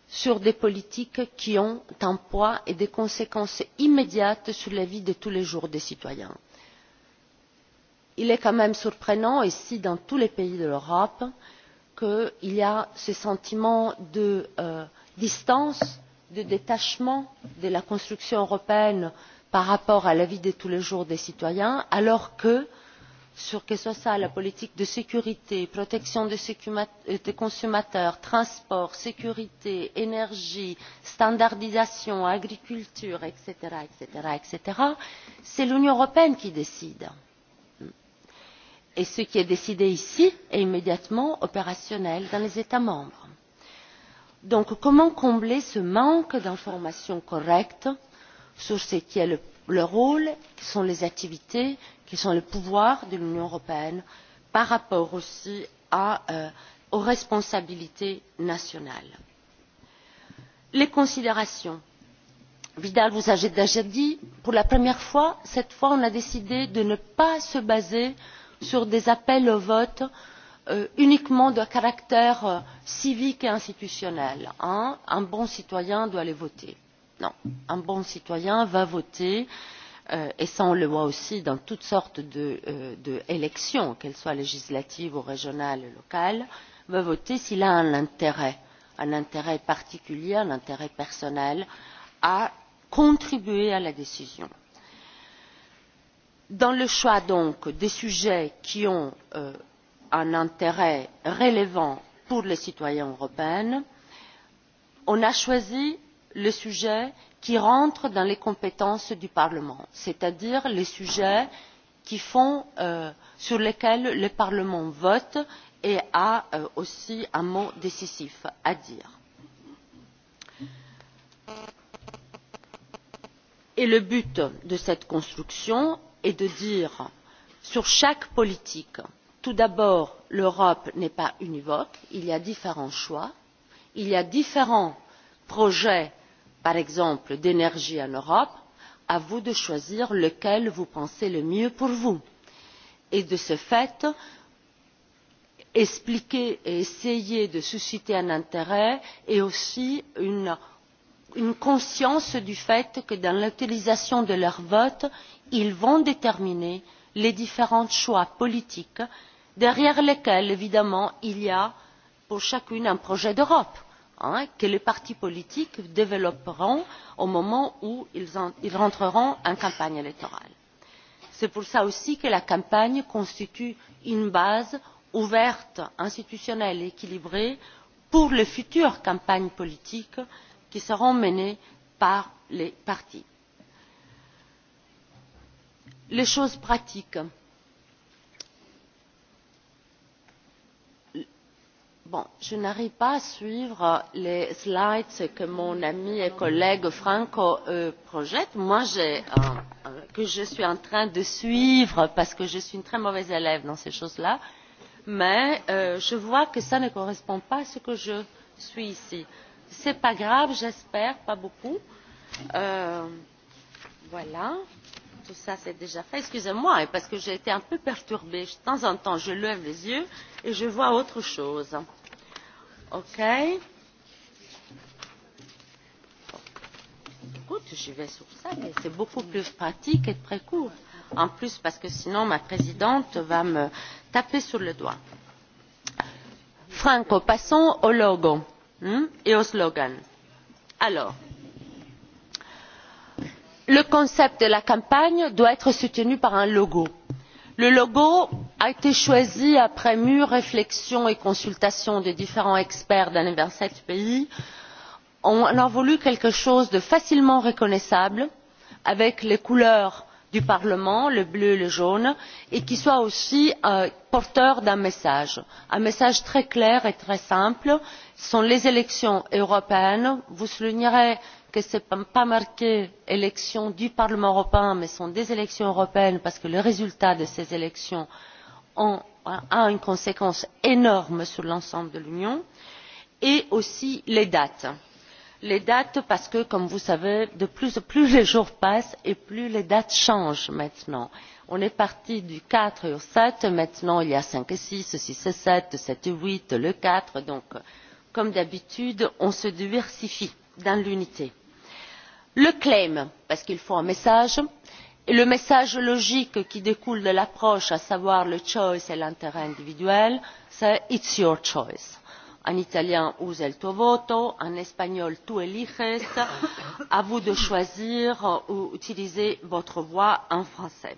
sur des politiques qui ont un poids et des conséquences immédiates sur la vie de tous les jours des citoyens. il est quand même surprenant ici dans tous les pays de l'europe qu'il y ait ce sentiment de distance de détachement de la construction européenne par rapport à la vie de tous les jours des citoyens alors que que ce soit la politique de sécurité la protection des consommateurs les transports la sécurité l'énergie la normalisation l'agriculture etc. c'est l'union européenne qui décide et ce qui est décidé ici est immédiatement opérationnel dans les états membres donc comment combler ce manque d'informations correctes sur ce qui est le rôle sont les activités qui sont les pouvoirs de l'union européenne par rapport aussi aux responsabilités nationales? les considérations vidal vous avez déjà dit pour la première fois cette fois on a décidé de ne pas se baser sur des appels au vote uniquement de caractère civique et institutionnel. un bon citoyen doit aller voter. non un bon citoyen va voter et cela on le voit aussi dans toutes sortes d'élections qu'elles soient législatives ou régionales ou locales va voter s'il a un intérêt un intérêt particulier un intérêt personnel à contribuer à la décision dans le choix donc des sujets qui ont un intérêt relevant pour les citoyens européens on a choisi le sujet qui rentre dans les compétences du parlement c'est à dire les sujets sur lesquels le parlement vote et a aussi un mot décisif à dire. le but de cette construction est de dire sur chaque politique tout d'abord l'europe n'est pas univoque il y a différents choix il y a différents projets par exemple d'énergie en europe à vous de choisir lequel vous pensez le mieux pour vous et de ce fait expliquer et essayer de susciter un intérêt et aussi une conscience du fait que dans l'utilisation de leur vote ils vont déterminer les différents choix politiques derrière lesquels évidemment il y a pour chacune un projet d'europe que les partis politiques développeront au moment où ils entreront en campagne électorale. c'est pour cela aussi que la campagne constitue une base ouverte institutionnelle et équilibrée pour les futures campagnes politiques qui seront menées par les partis. les choses pratiques je n'arrive pas à suivre les slides que mon ami et collègue franco projette moi que je suis en train de suivre parce que je suis une très mauvaise élève dans ces choses là mais je vois que cela ne correspond pas à ce que je suis ici. ce n'est pas grave j'espère pas beaucoup. voilà tout cela c'est déjà fait. excusez moi parce que j'ai été un peu perturbée. de temps en temps je lève les yeux et je vois autre chose. Okay. Écoute, je vais sur ça, mais c'est beaucoup plus pratique et très court. En plus, parce que sinon, ma présidente va me taper sur le doigt. Franco, passons au logo hein, et au slogan. Alors, le concept de la campagne doit être soutenu par un logo. Le logo a été choisi après mûre réflexion et consultation des différents experts dans les vingt sept pays. on a voulu quelque chose de facilement reconnaissable avec les couleurs du parlement le bleu et le jaune et qui soit aussi porteur d'un message un message très clair et très simple ce sont les élections européennes vous soulignerez que ce n'est pas marqué élections du parlement européen mais ce sont des élections européennes parce que le résultat de ces élections a une conséquence énorme sur l'ensemble de l'union et aussi les dates les dates parce que comme vous le savez plus les jours passent et plus les dates changent maintenant. on est passé du quatre au sept maintenant il y a cinq et six six et sept sept et huit le quatre donc comme d'habitude on se diversifie dans l'unité. le claim parce qu'il faut un message le message logique qui découle de l'approche à savoir le choice et l'intérêt individuel c'est it's your choice en italien usa il tuo voto en espagnol tú eliges à vous de choisir ou utilisez votre voix en français.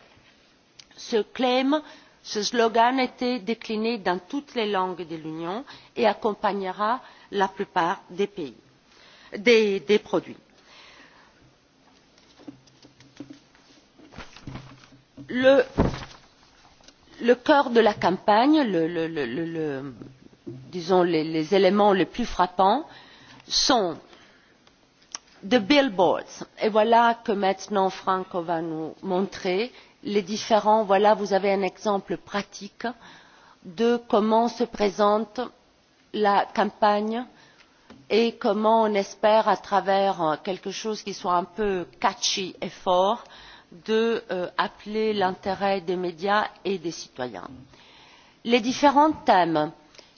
ce claim ce slogan a été décliné dans toutes les langues de l'union et accompagnera la plupart des produits le cœur de la campagne disons les éléments les plus frappants sont des billboards et voilà que maintenant franco va nous montrer les différents voilà vous avez un exemple pratique de comment se présente la campagne et comment on espère à travers quelque chose qui soit un peu catchy et fort d'appeler l'intérêt des médias et des citoyens. les différents thèmes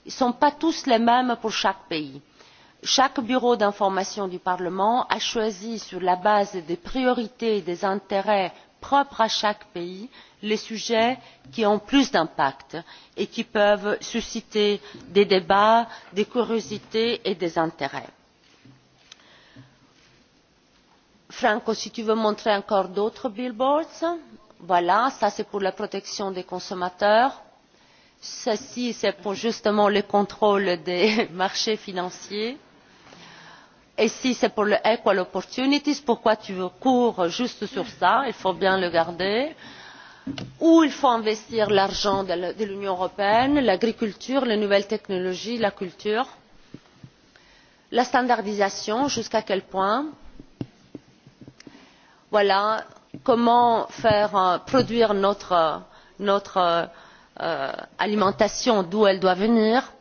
ne sont pas tous les mêmes pour chaque pays. chaque bureau d'information du parlement a choisi sur la base des priorités et des intérêts propres à chaque pays les sujets qui ont le plus d'impact et qui peuvent susciter des débats des curiosités et des intérêts franco si tu veux montrer encore d'autres billboards voilà ça c'est pour la protection des consommateurs ceci c'est pour justement le contrôle des marchés financiers et si c'est pour le equal opportunities pourquoi tu veux cours juste sur ça il faut bien le garder où il faut investir l'argent de l'union européenne l'agriculture les nouvelles technologies la culture la standardisation jusqu'à quel point? voilà comment faire produire notre alimentation d'où elle doit venir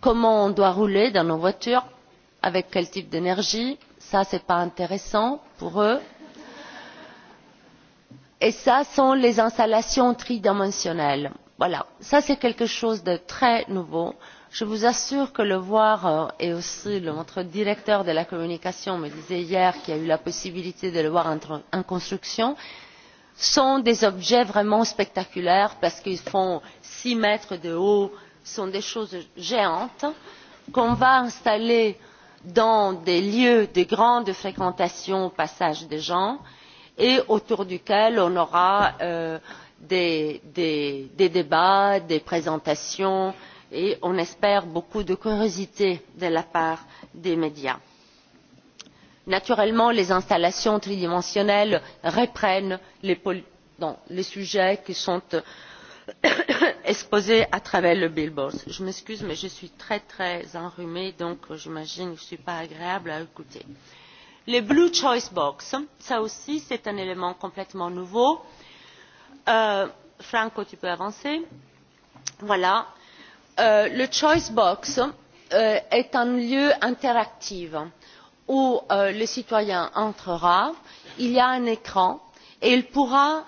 comment on doit rouler dans nos voitures avec quel type d'énergie ça ce n'est pas intéressant pour eux et ce sont les installations tridimensionnelles. voilà ça c'est quelque chose de très nouveau je vous assure que le voir et aussi notre directeur de la communication me disait hier qu'il y a eu la possibilité de le voir en construction sont des objets vraiment spectaculaires parce qu'ils font six mètres de haut sont des choses géantes qu'on va installer dans des lieux de grande fréquentation au passage des gens et autour duquel on aura des débats des présentations etc et on espère beaucoup de curiosité de la part des médias. naturellement les installations tridimensionnelles reprennent les sujets qui sont exposés à travers le billboard. je m'excuse mais je suis très très enrhumée donc j'imagine que je ne suis pas agréable à écouter. les blue choice box cela aussi c'est un élément complètement nouveau. franco tu peux avancer. voilà le choice box est un lieu interactif où le citoyen entrera il y a un écran et il pourra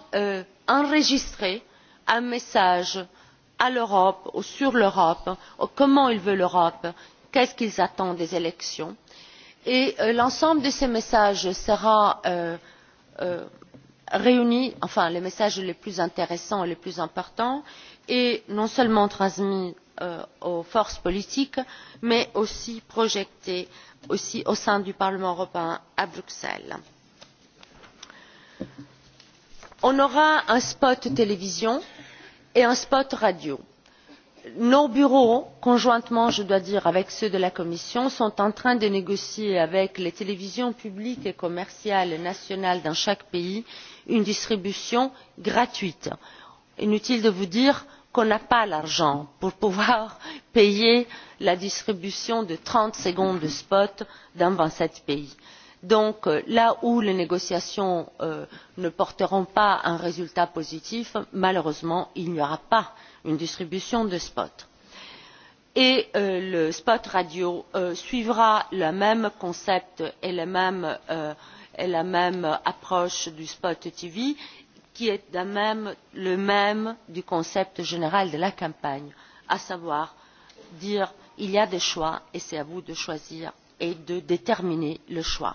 enregistrer un message à l'europe ou sur l'europe comment il veut l'europe qu'est ce qu'il attend des élections et l'ensemble de ces messages sera réuni enfin les messages les plus intéressants et les plus importants et non seulement transmis aux forces politiques mais aussi projetée au sein du parlement européen à bruxelles. on aura un spot télévision et un spot radio. nos bureaux conjointement je dois dire avec ceux de la commission sont en train de négocier avec les télévisions publiques et commerciales nationales dans chaque pays une distribution gratuite. inutile de vous dire qu'on n'a pas l'argent pour pouvoir payer la distribution de trente secondes de spot dans vingt sept pays. donc là où les négociations ne porteront pas un résultat positif malheureusement il n'y aura pas une distribution de spots. et le spot radio suivra le même concept et la même approche du spot tv qui est le même du concept général de la campagne à savoir dire il y a des choix et c'est à vous de choisir et de déterminer le choix.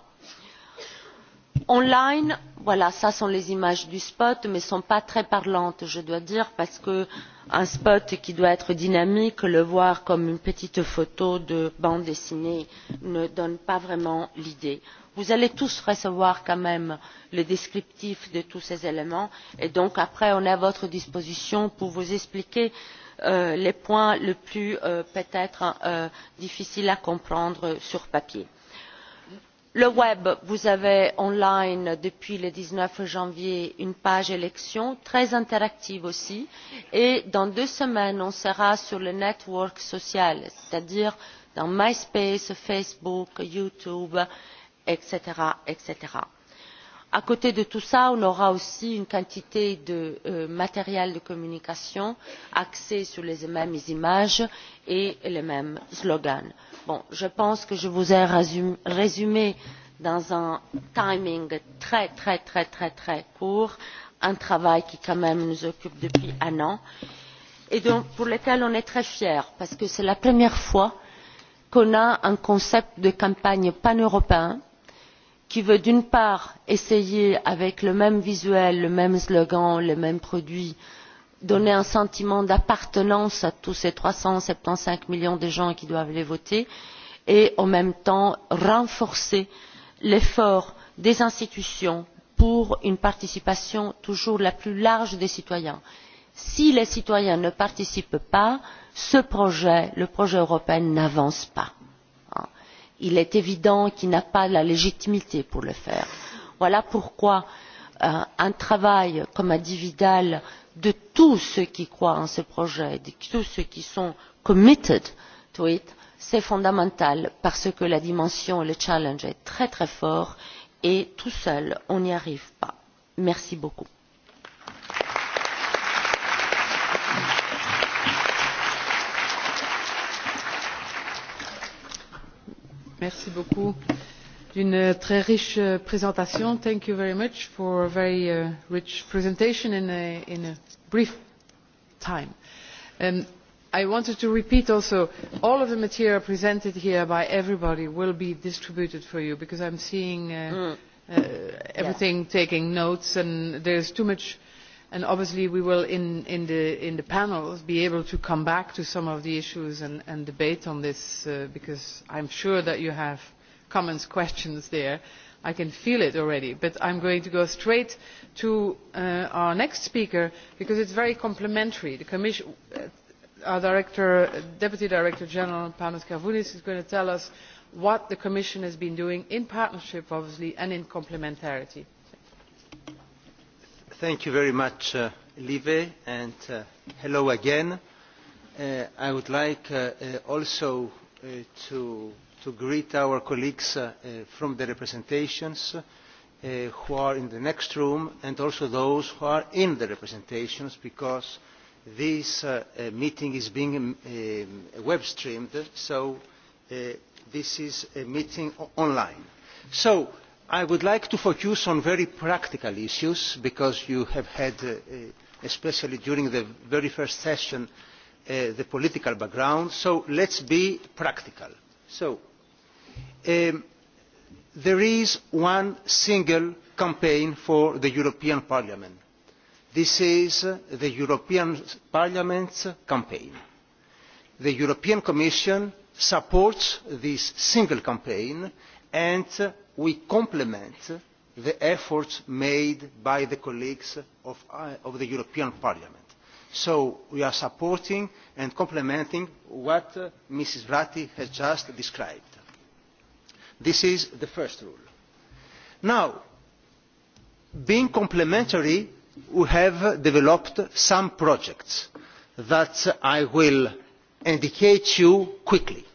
en ligne voilà ce sont les images du spot mais elles ne sont pas très parlantes je dois dire parce qu'un spot qui doit être dynamique le voir comme une petite photo de bande dessinée ne donne pas vraiment l'idée vous allez tous recevoir quand même le descriptif de tous ces éléments et donc après on est à votre disposition pour vous expliquer les points les plus peut être difficiles à comprendre sur papier. le web vous avez en ligne depuis le dix neuf janvier une page élections très interactive aussi et dans deux semaines on sera sur le network social c'est à dire dans myspace facebook youtube etc etc. à côté de tout cela on aura aussi une quantité de matériel de communication axé sur les mêmes images et les mêmes slogans. je pense que je vous ai résumé dans un timing très très très très très court un travail qui quand même nous occupe depuis un an et pour lequel on est très fiers parce que c'est la première fois qu'on a un concept de campagne paneuropéen qui veut d'une part essayer avec le même visuel le même slogan les mêmes produits de donner un sentiment d'appartenance à tous ces trois cent soixante quinze millions de gens qui doivent aller voter et en même temps renforcer l'effort des institutions pour une participation toujours la plus large des citoyens. si les citoyens ne participent pas ce projet le projet européen n'avance pas il est évident qu'il n'a pas la légitimité pour le faire. voilà pourquoi un travail comme a dit vidal de tous ceux qui croient en ce projet de tous ceux qui sont committed to it c'est fondamental parce que la dimension le challenge est très très fort et tout seul on n'y arrive pas. merci beaucoup. Merci beaucoup d'une très riche présentation. Thank you very much for a very uh, rich presentation in a, in a brief time. Um, I wanted to repeat also, all of the material presented here by everybody will be distributed for you because I'm seeing uh, uh, everything taking notes and there's too much and obviously we will in the panels be able to come back to some of the issues and debate on this because i am sure that you have comments and questions there i can feel it already but i am going to go straight to our next speaker because it is very complementary. our deputy director general panos karvounis is going to tell us what the commission has been doing in partnership obviously and in complementarity. Thank you very much, uh, Live, and uh, hello again. Uh, I would like uh, uh, also uh, to, to greet our colleagues uh, uh, from the representations uh, who are in the next room and also those who are in the representations because this uh, meeting is being um, web streamed, so uh, this is a meeting online. So i would like to focus on very practical issues because you have had especially during the very first session the political background so let us be practical. there is one single campaign for the european parliament. this is the european parliament's campaign. the european commission supports this single campaign and we complement the efforts made by the colleagues of the European Parliament. So we are supporting and complementing what Mrs. Ratti has just described. This is the first rule. Now, being complementary, we have developed some projects that I will indicate to you quickly.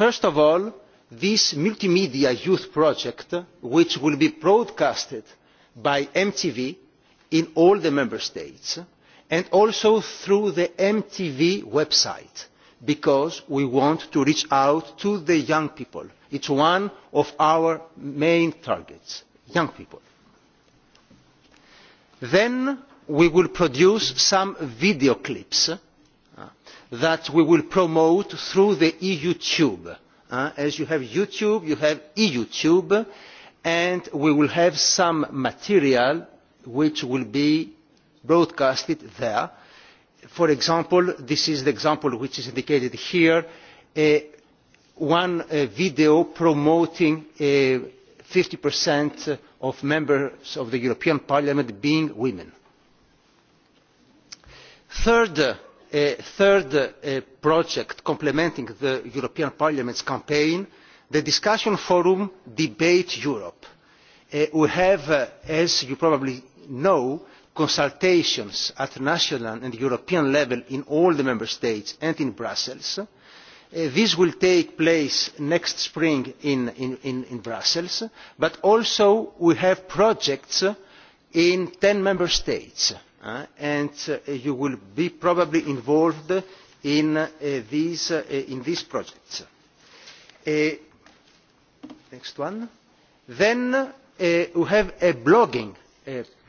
First of all, this multimedia youth project which will be broadcast by mtv in all the member states and also through the mtv website because we want to reach out to the young people. it is one of our main targets young people. then we will produce some video clips that we will promote through the eu tube as you have youtube you have eutube and we will have some material which will be broadcast there. for example this is the example which is indicated here one video promoting fifty of members of the european parliament being women. third a third project complementing the european parliament's campaign the discussion forum debate europe. we have as you probably know consultations at national and european level in all the member states and in brussels. this will take place next spring in brussels but also we have projects in ten member states and you will be probably involved in these projects. next one. Then we have a blogging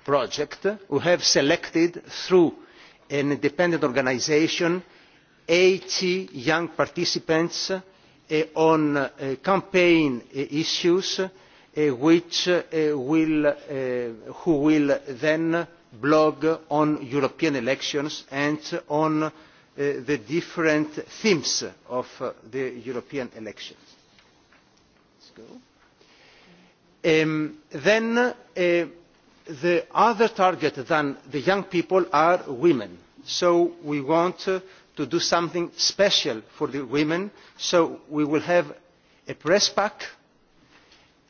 project we have selected through an independent organisation eighty young participants on campaign issues who will then blog on European elections and on the different themes of the European elections. then the other target than the young people are women. So we want to do something special for the women. So we will have a press pack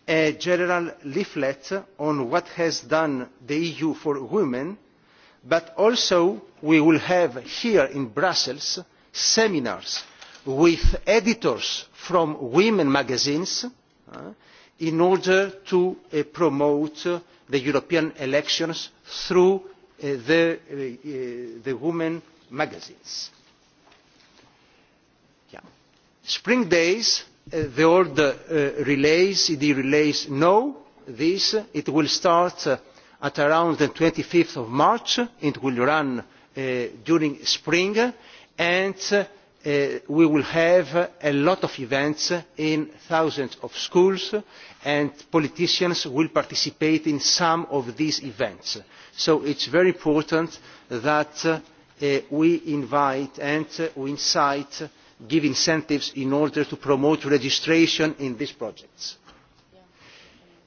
a general leaflet on what has done the EU for women, but also we will have here in Brussels seminars with editors from women magazines in order to promote the European elections through the, women magazines. Spring days the old relays, the relays know this. It will start at around the five of March. It will run during spring and we will have a lot of events in thousands of schools and politicians will participate in some of these events. so it is very important that we invite and we incite give incentives in order to promote registration in these projects.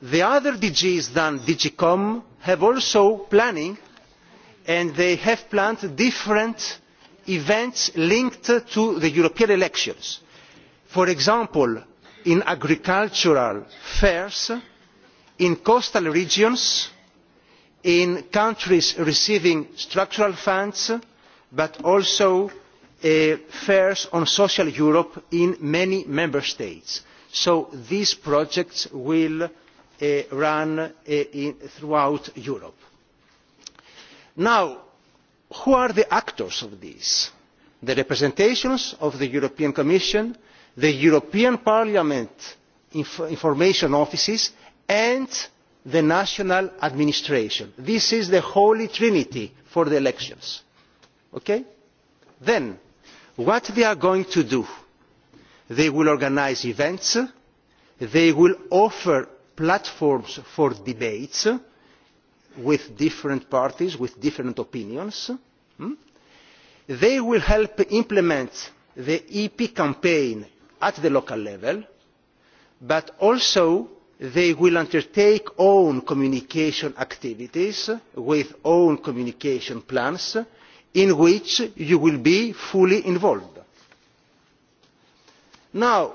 The other DGs than DGCOM have also planning and they have planned different events linked to the European elections. For example, in agricultural fairs, in coastal regions, in countries receiving structural funds, but also fairs on social Europe in many member states. So these projects will run throughout Europe. Now, who are the actors of this? The representations of the European Commission, the European Parliament information offices, and the national administration. This is the holy trinity for the elections. Okay? Then, what they are going to do they will organise events they will offer platforms for debates with different parties with different opinions they will help implement the ep campaign at the local level but also they will undertake own communication activities with own communication plans in which you will be fully involved. Now,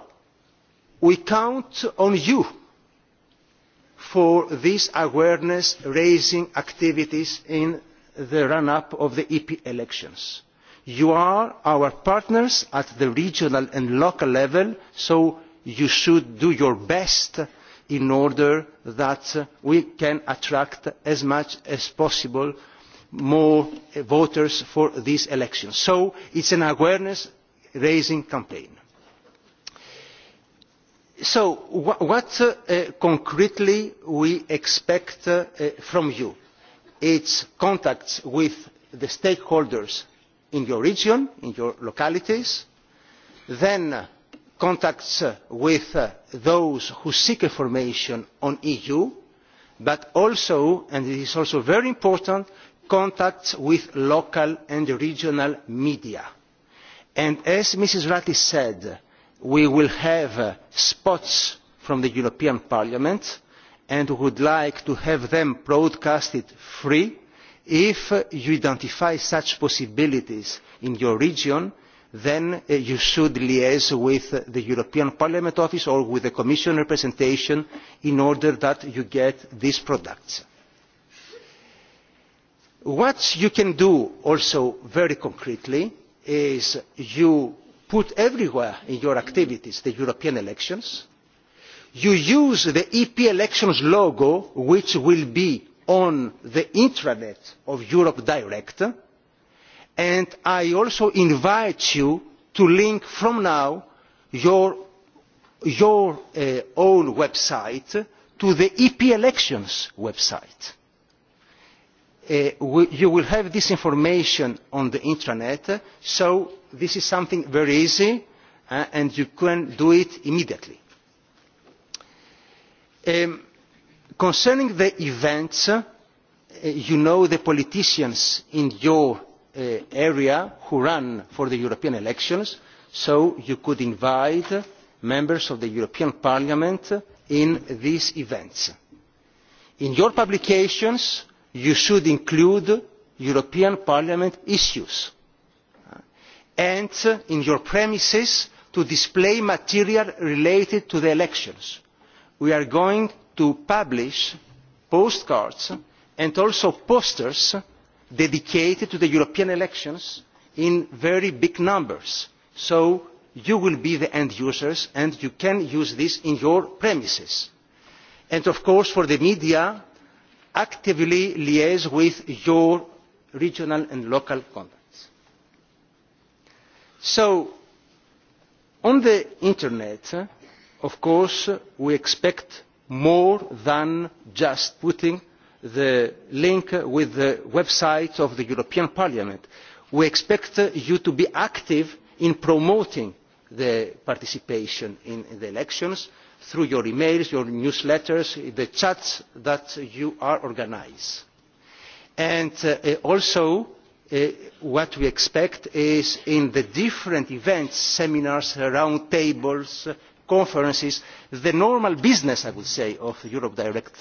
we count on you for these awareness raising activities in the run up of the EP elections. You are our partners at the regional and local level, so you should do your best in order that we can attract as much as possible more voters for these elections. so it is an awareness raising campaign. so what concretely do we expect from you? it is contacts with the stakeholders in your region in your localities then contacts with those who seek information on the eu but also and this is also very important contacts with local and regional media. And as Mrs. Ratti said, we will have spots from the European Parliament and we would like to have them broadcasted free. If you identify such possibilities in your region, then you should liaise with the European Parliament office or with the Commission representation in order that you get these products what you can do also very concretely is you put everywhere in your activities the european elections you use the ep elections logo which will be on the intranet of europe direct and i also invite you to link from now your own website to the ep elections website you will have this information on the intranet so this is something very easy and you can do it immediately. concerning the events you know the politicians in your area who run for the european elections so you could invite members of the european parliament to these events. in your publications you should include european parliament issues and in your premises to display material related to the elections. we are going to publish postcards and also posters dedicated to the european elections in very big numbers so you will be the end users and you can use this in your premises. and of course for the media actively liaise with your regional and local contacts. So, on the internet, of course, we expect more than just putting the link with the website of the European Parliament. We expect you to be active in promoting the participation in the elections through your emails, your newsletters, the chats that you are organise. And also, what we expect is in the different events, seminars, round tables, conferences, the normal business, I would say, of Europe Direct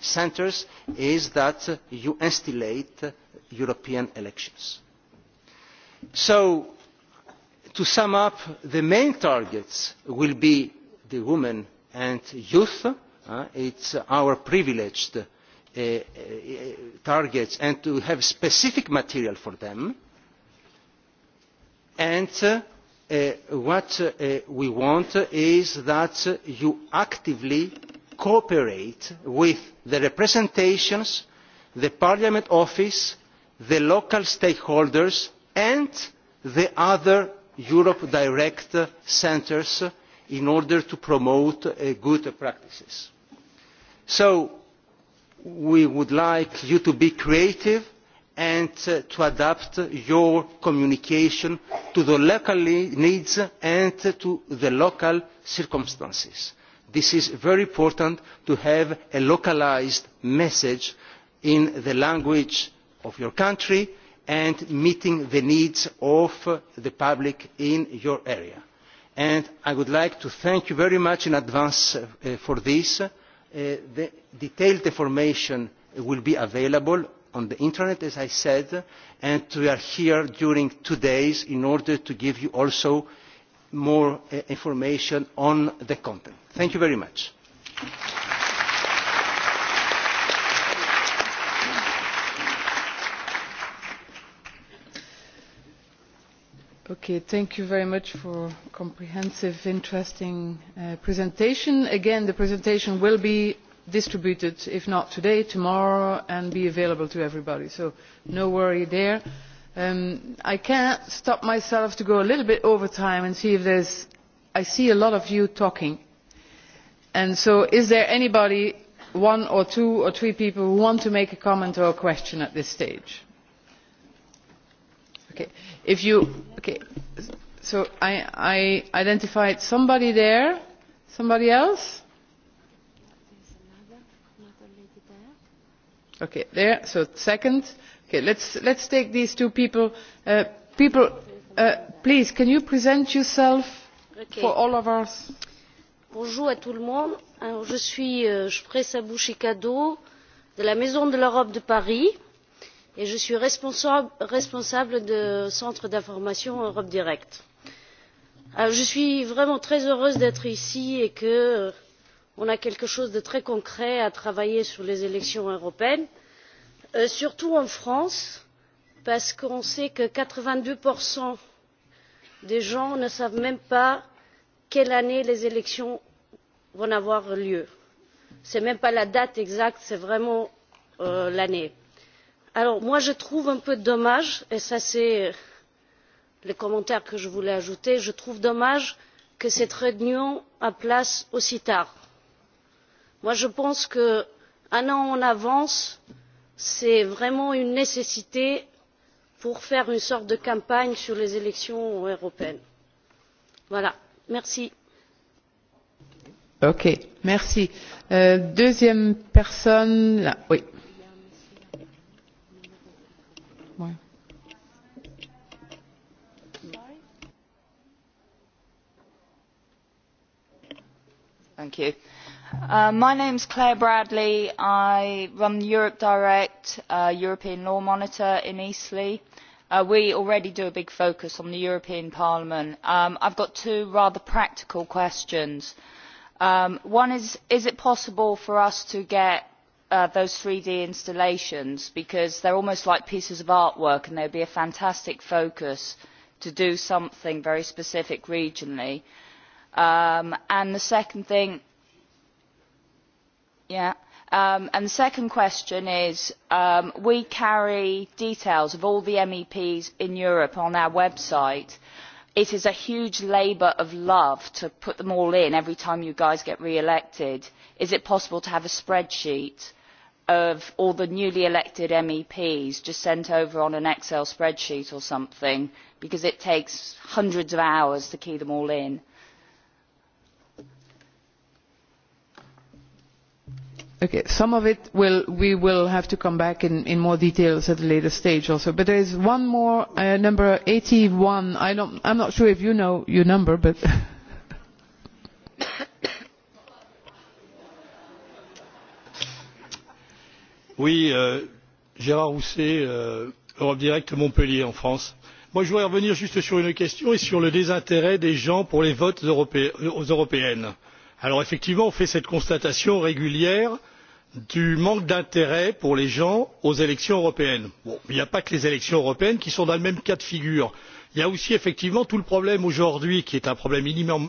centres is that you instillate European elections. So, to sum up, the main targets will be the women and youth it's our privileged targets and to have specific material for them and what we want is that you actively cooperate with the representations the parliament office the local stakeholders and the other europe direct centres in order to promote good practices. So we would like you to be creative and to adapt your communication to the local needs and to the local circumstances. This is very important to have a localised message in the language of your country and meeting the needs of the public in your area and i would like to thank you very much in advance for this. the detailed information will be available on the internet as i said and we are here during two days in order to give you also more information on the content. thank you very much. Okay, thank you very much for a comprehensive, interesting uh, presentation. Again, the presentation will be distributed, if not today, tomorrow, and be available to everybody. So no worry there. Um, I can't stop myself to go a little bit over time and see if there's... I see a lot of you talking. And so is there anybody, one or two or three people, who want to make a comment or a question at this stage? Okay. If you okay, so I I identified somebody there. Somebody else? Okay, there. So second. Okay, let's let's take these two people. Uh, people, uh, please, can you present yourself okay. for all of us? Bonjour à tout le monde. Alors, je suis euh, Shpresa Bouchikado de la Maison de l'Europe de Paris et je suis responsable du centre d'information europe direct. je suis vraiment très heureuse d'être ici et que nous ayons quelque chose de très concret à travailler sur les élections européennes surtout en france parce qu'on sait que quatre vingt deux des gens ne savent même pas quelle année les élections vont avoir lieu. ce n'est même pas la date exacte c'est vraiment l'année alors moi je trouve un peu dommage et ça c'est le commentaire que je voulais ajouter je trouve dommage que cette réunion ait lieu aussi tard. moi je pense qu'un an en avance c'est vraiment une nécessité pour faire une sorte de campagne sur les élections européennes. voilà merci. ok merci. deuxième personne oui my name is clare bradley i run europe direct a european law monitor in eastleigh. we already do a big focus on the european parliament. i have two rather practical questions. one is is it possible for us to get those three d installations because they are almost like pieces of artwork and they would be a fantastic focus to do something very specific regionally? and the second thing, and the second question is, we carry details of all the MEPs in Europe on our website. It is a huge labour of love to put them all in every time you guys get re-elected. Is it possible to have a spreadsheet of all the newly elected MEPs just sent over on an Excel spreadsheet or something? Because it takes hundreds of hours to key them all in some of it we will have to come back to in more detail at a later stage also but there is one more number eighty one i am not sure if you know your number but oui gérard rousset europe direct montpellier en france. je voudrais revenir juste sur une question et sur le désintérêt des gens pour les votes aux européennes. alors effectivement on fait cette constatation régulière du manque d'intérêt pour les gens aux élections européennes. il n'y a pas que les élections européennes qui sont dans le même cas de figure. il y a aussi effectivement tout le problème aujourd'hui qui est un problème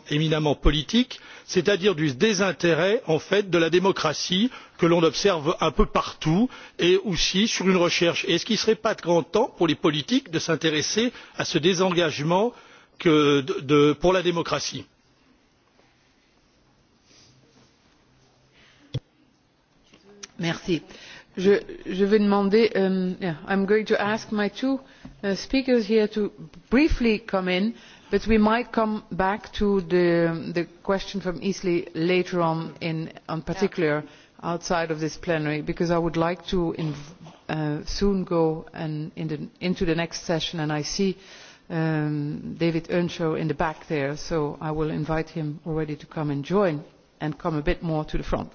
éminemment politique c'est à dire du désintérêt en fait de la démocratie que l'on observe un peu partout et aussi sur une recherche. Est ce qu'il ne serait pas grand temps pour les politiques de s'intéresser à ce désengagement pour la démocratie? Je, vais demander, i am going to ask my two speakers here to briefly come in, but we might come back to the, the question from Easley later on, in, particular outside of this plenary, because I would like to soon go into the next session, and I see David Earnshaw in the back there, so I will invite him already to come and join and come a bit more to the front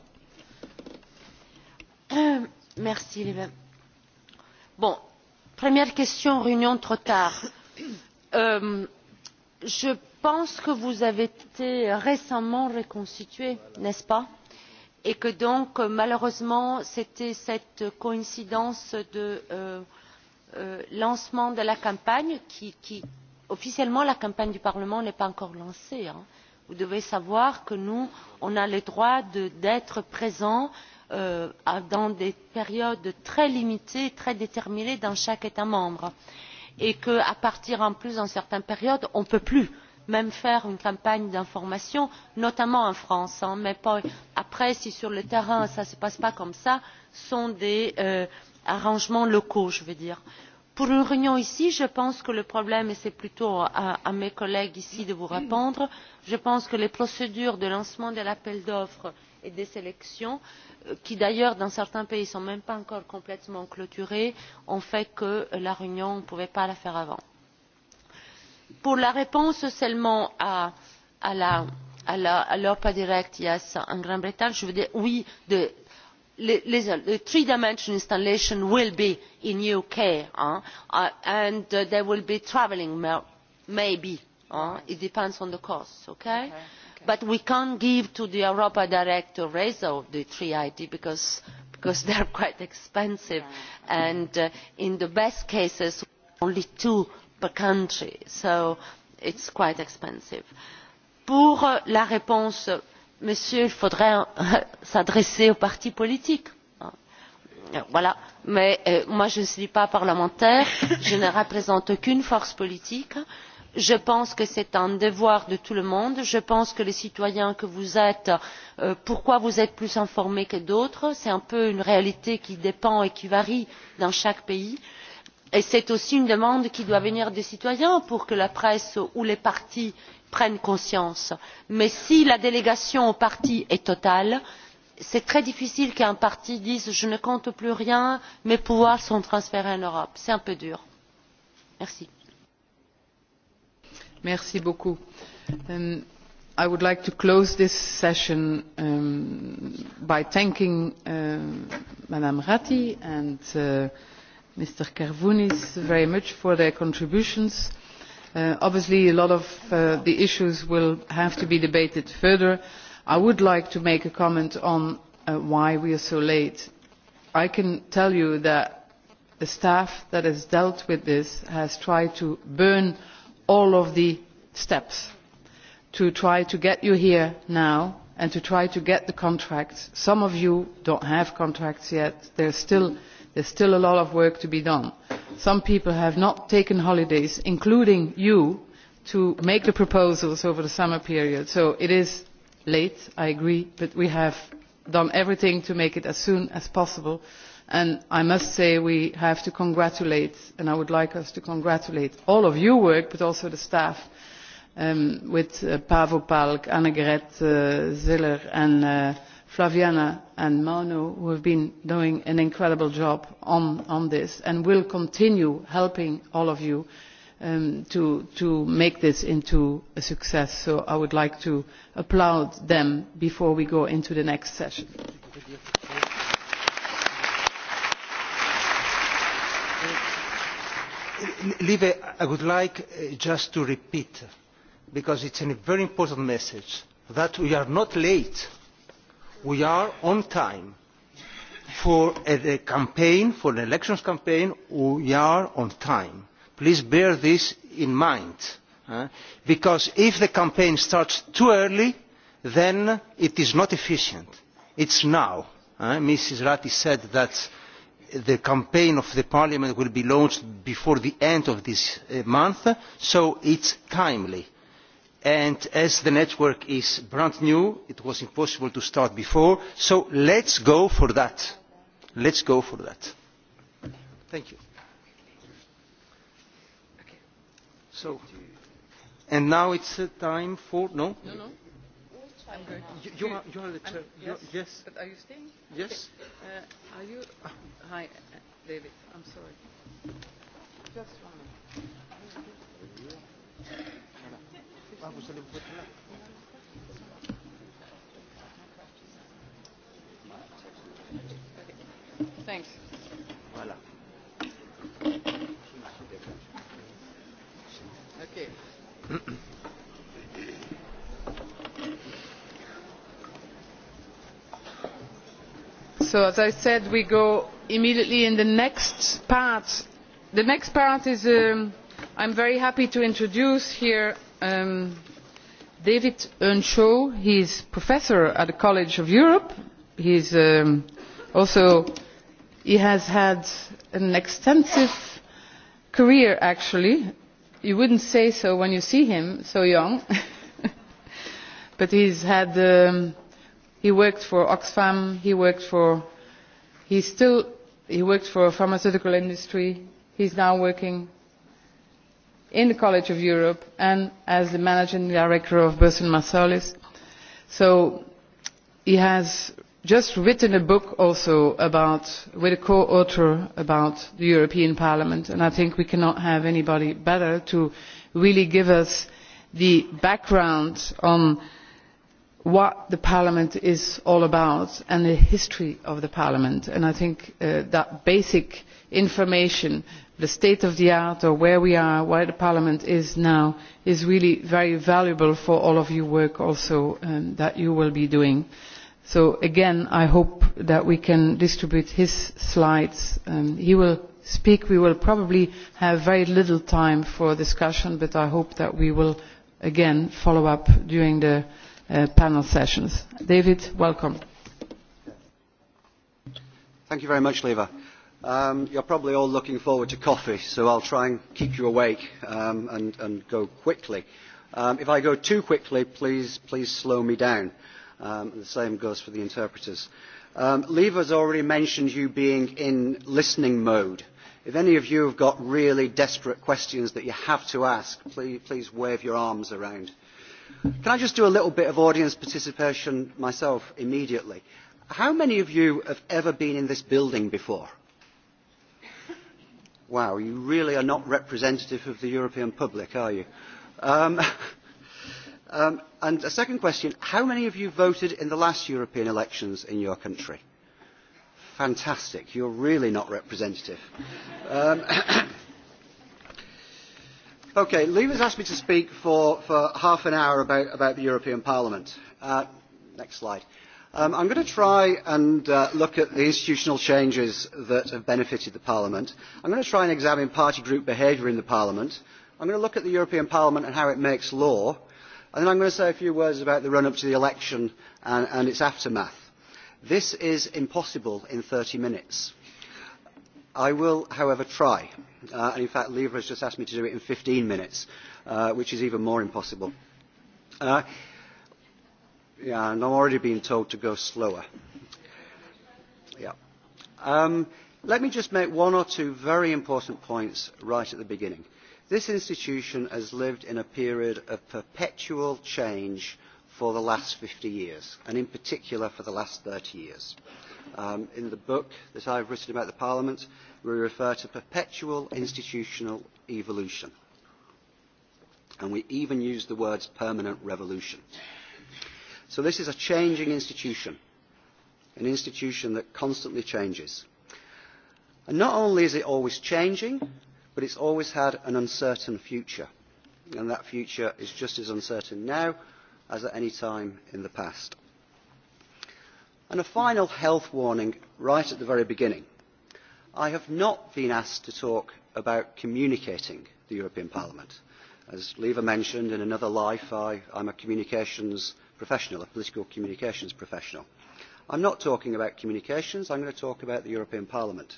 Merci, Bon, première question, réunion trop tard. je pense que vous avez été récemment reconstitué, n'est-ce pas Et que donc, malheureusement, c'était cette coïncidence de lancement de la campagne qui, officiellement, la campagne du Parlement n'est pas encore lancée. Vous devez savoir que nous, avons le droit d'être présents dans des périodes très limitées et très déterminées dans chaque état membre et qu'à partir en plus dans certaines périodes on ne peut plus même faire une campagne d'information notamment en france mais après si sur le terrain ça ne se passe pas comme cela, ce sont des arrangements locaux je veux dire. pour une réunion ici je pense que le problème et c'est plutôt à mes collègues ici de vous répondre je pense que les procédures de lancement de l'appel d'offres et des élections qui d'ailleurs dans certains pays ne sont même pas encore complètement clôturées ont fait que la réunion ne pouvait pas se tenir avant. pour la réponse seulement à l'europa direct yes en grande bretagne je veux dire oui the three dimension installation will be in uk and they will be travelling maybe it depends on the cost okay? but we cannot give to the europa direct or the three it because they are quite expensive and in the best cases only two per country so it is quite expensive. pour la réponse monsieur il faudrait s'adresser aux partis politiques voilà mais moi je ne suis pas parlementaire je ne représente aucune force politique je pense que c'est un devoir de tout le monde je pense que les citoyens que vous êtes pourquoi vous êtes plus informés que d'autres c'est un peu une réalité qui dépend et qui varie dans chaque pays et c'est aussi une demande qui doit venir des citoyens pour que la presse ou les partis prennent conscience mais si la délégation aux partis est totale c'est très difficile qu'un parti dise je ne compte plus rien mes pouvoirs sont transférés en europe c'est un peu dur. merci. I would like to close this session by thanking ms Ratti and Mr. Kervounis very much for their contributions. obviously, a lot of the issues will have to be debated further. I would like to make a comment on why we are so late. I can tell you that the staff that has dealt with this has tried to burn all of the steps to try to get you here now and to try to get the contracts. Some of you do not have contracts yet. There is still a lot of work to be done. Some people have not taken holidays, including you, to make the proposals over the summer period. So it is late, I agree, but we have done everything to make it as soon as possible and i must say we have to congratulate and i would like us to congratulate all of your work but also the staff with paavo palk annegret ziller and flaviana and manu who have been doing an incredible job on this and will continue helping all of you to make this into a success so i would like to applaud them before we go into the next session. lieve i would like just to repeat because it is a very important message that we are not late we are on time for the campaign for an elections campaign we are on time please bear this in mind because if the campaign starts too early then it is not efficient. it is now. mrs ratti said that the campaign of parliament will be launched before the end of this month so it is timely. as the network is brand new it was impossible to start before so let us go for that. let us go for that. thank you. now it is time for I'm going to. You, you are, you are the chair. Yes, yes. But are you staying? Yes. Okay. Uh, are you? Ah. Hi, uh, David. I'm sorry. Just one minute. Thanks. Voilà. Okay. so as i said we go immediately into the next part. the next part is i am very happy to introduce here david earnshaw he is professor at the college of europe. he also has had an extensive career actually you would not say so when you see him so young but he has had he worked for oxfam he worked for still he worked for the pharmaceutical industry he is now working in the college of europe and as the managing director of burson marsalis so he has just written a book also about with a co author about the european parliament and i think we cannot have anybody better to really give us the background on what the parliament is all about and the history of the parliament and i think that basic information the state of the art or where we are where the parliament is now is really very valuable for all of your work also that you will be doing so again i hope that we can distribute his slides he will speak we will probably have very little time for discussion but i hope that we will again follow up during the panel sessions. David, welcome. Thank you very much, Leva. Um, you're probably all looking forward to coffee, so I'll try and keep you awake um, and, and go quickly. Um, if I go too quickly, please, please slow me down. Um, the same goes for the interpreters. Um, Leva's already mentioned you being in listening mode. If any of you have got really desperate questions that you have to ask, please, please wave your arms around. Can I just do a little bit of audience participation myself immediately? How many of you have ever been in this building before? Wow, you really are not representative of the European public, are you? Um, um, and a second question, how many of you voted in the last European elections in your country? Fantastic, you're really not representative. Um, Okay, Lee has asked me to speak for, for half an hour about, about the European Parliament. Uh, next slide. Um, I'm going to try and uh, look at the institutional changes that have benefited the Parliament. I'm going to try and examine party group behaviour in the Parliament. I'm going to look at the European Parliament and how it makes law. And then I'm going to say a few words about the run-up to the election and, and its aftermath. This is impossible in 30 minutes I will, however, try. Uh, and in fact, Lever has just asked me to do it in 15 minutes, uh, which is even more impossible. Uh, yeah, and I'm already being told to go slower. Yeah. Um, let me just make one or two very important points right at the beginning. This institution has lived in a period of perpetual change for the last 50 years, and in particular for the last 30 years. Uh, Um, in the book that I have written about the Parliament, we refer to perpetual institutional evolution. And we even use the words permanent revolution. So this is a changing institution, an institution that constantly changes. And not only is it always changing, but it's always had an uncertain future. And that future is just as uncertain now as at any time in the past a final health warning right at the very beginning i have not been asked to talk about communicating the european parliament. as lieve mentioned in another life i am a communications professional a political communications professional. i am not talking about communications i am going to talk about the european parliament.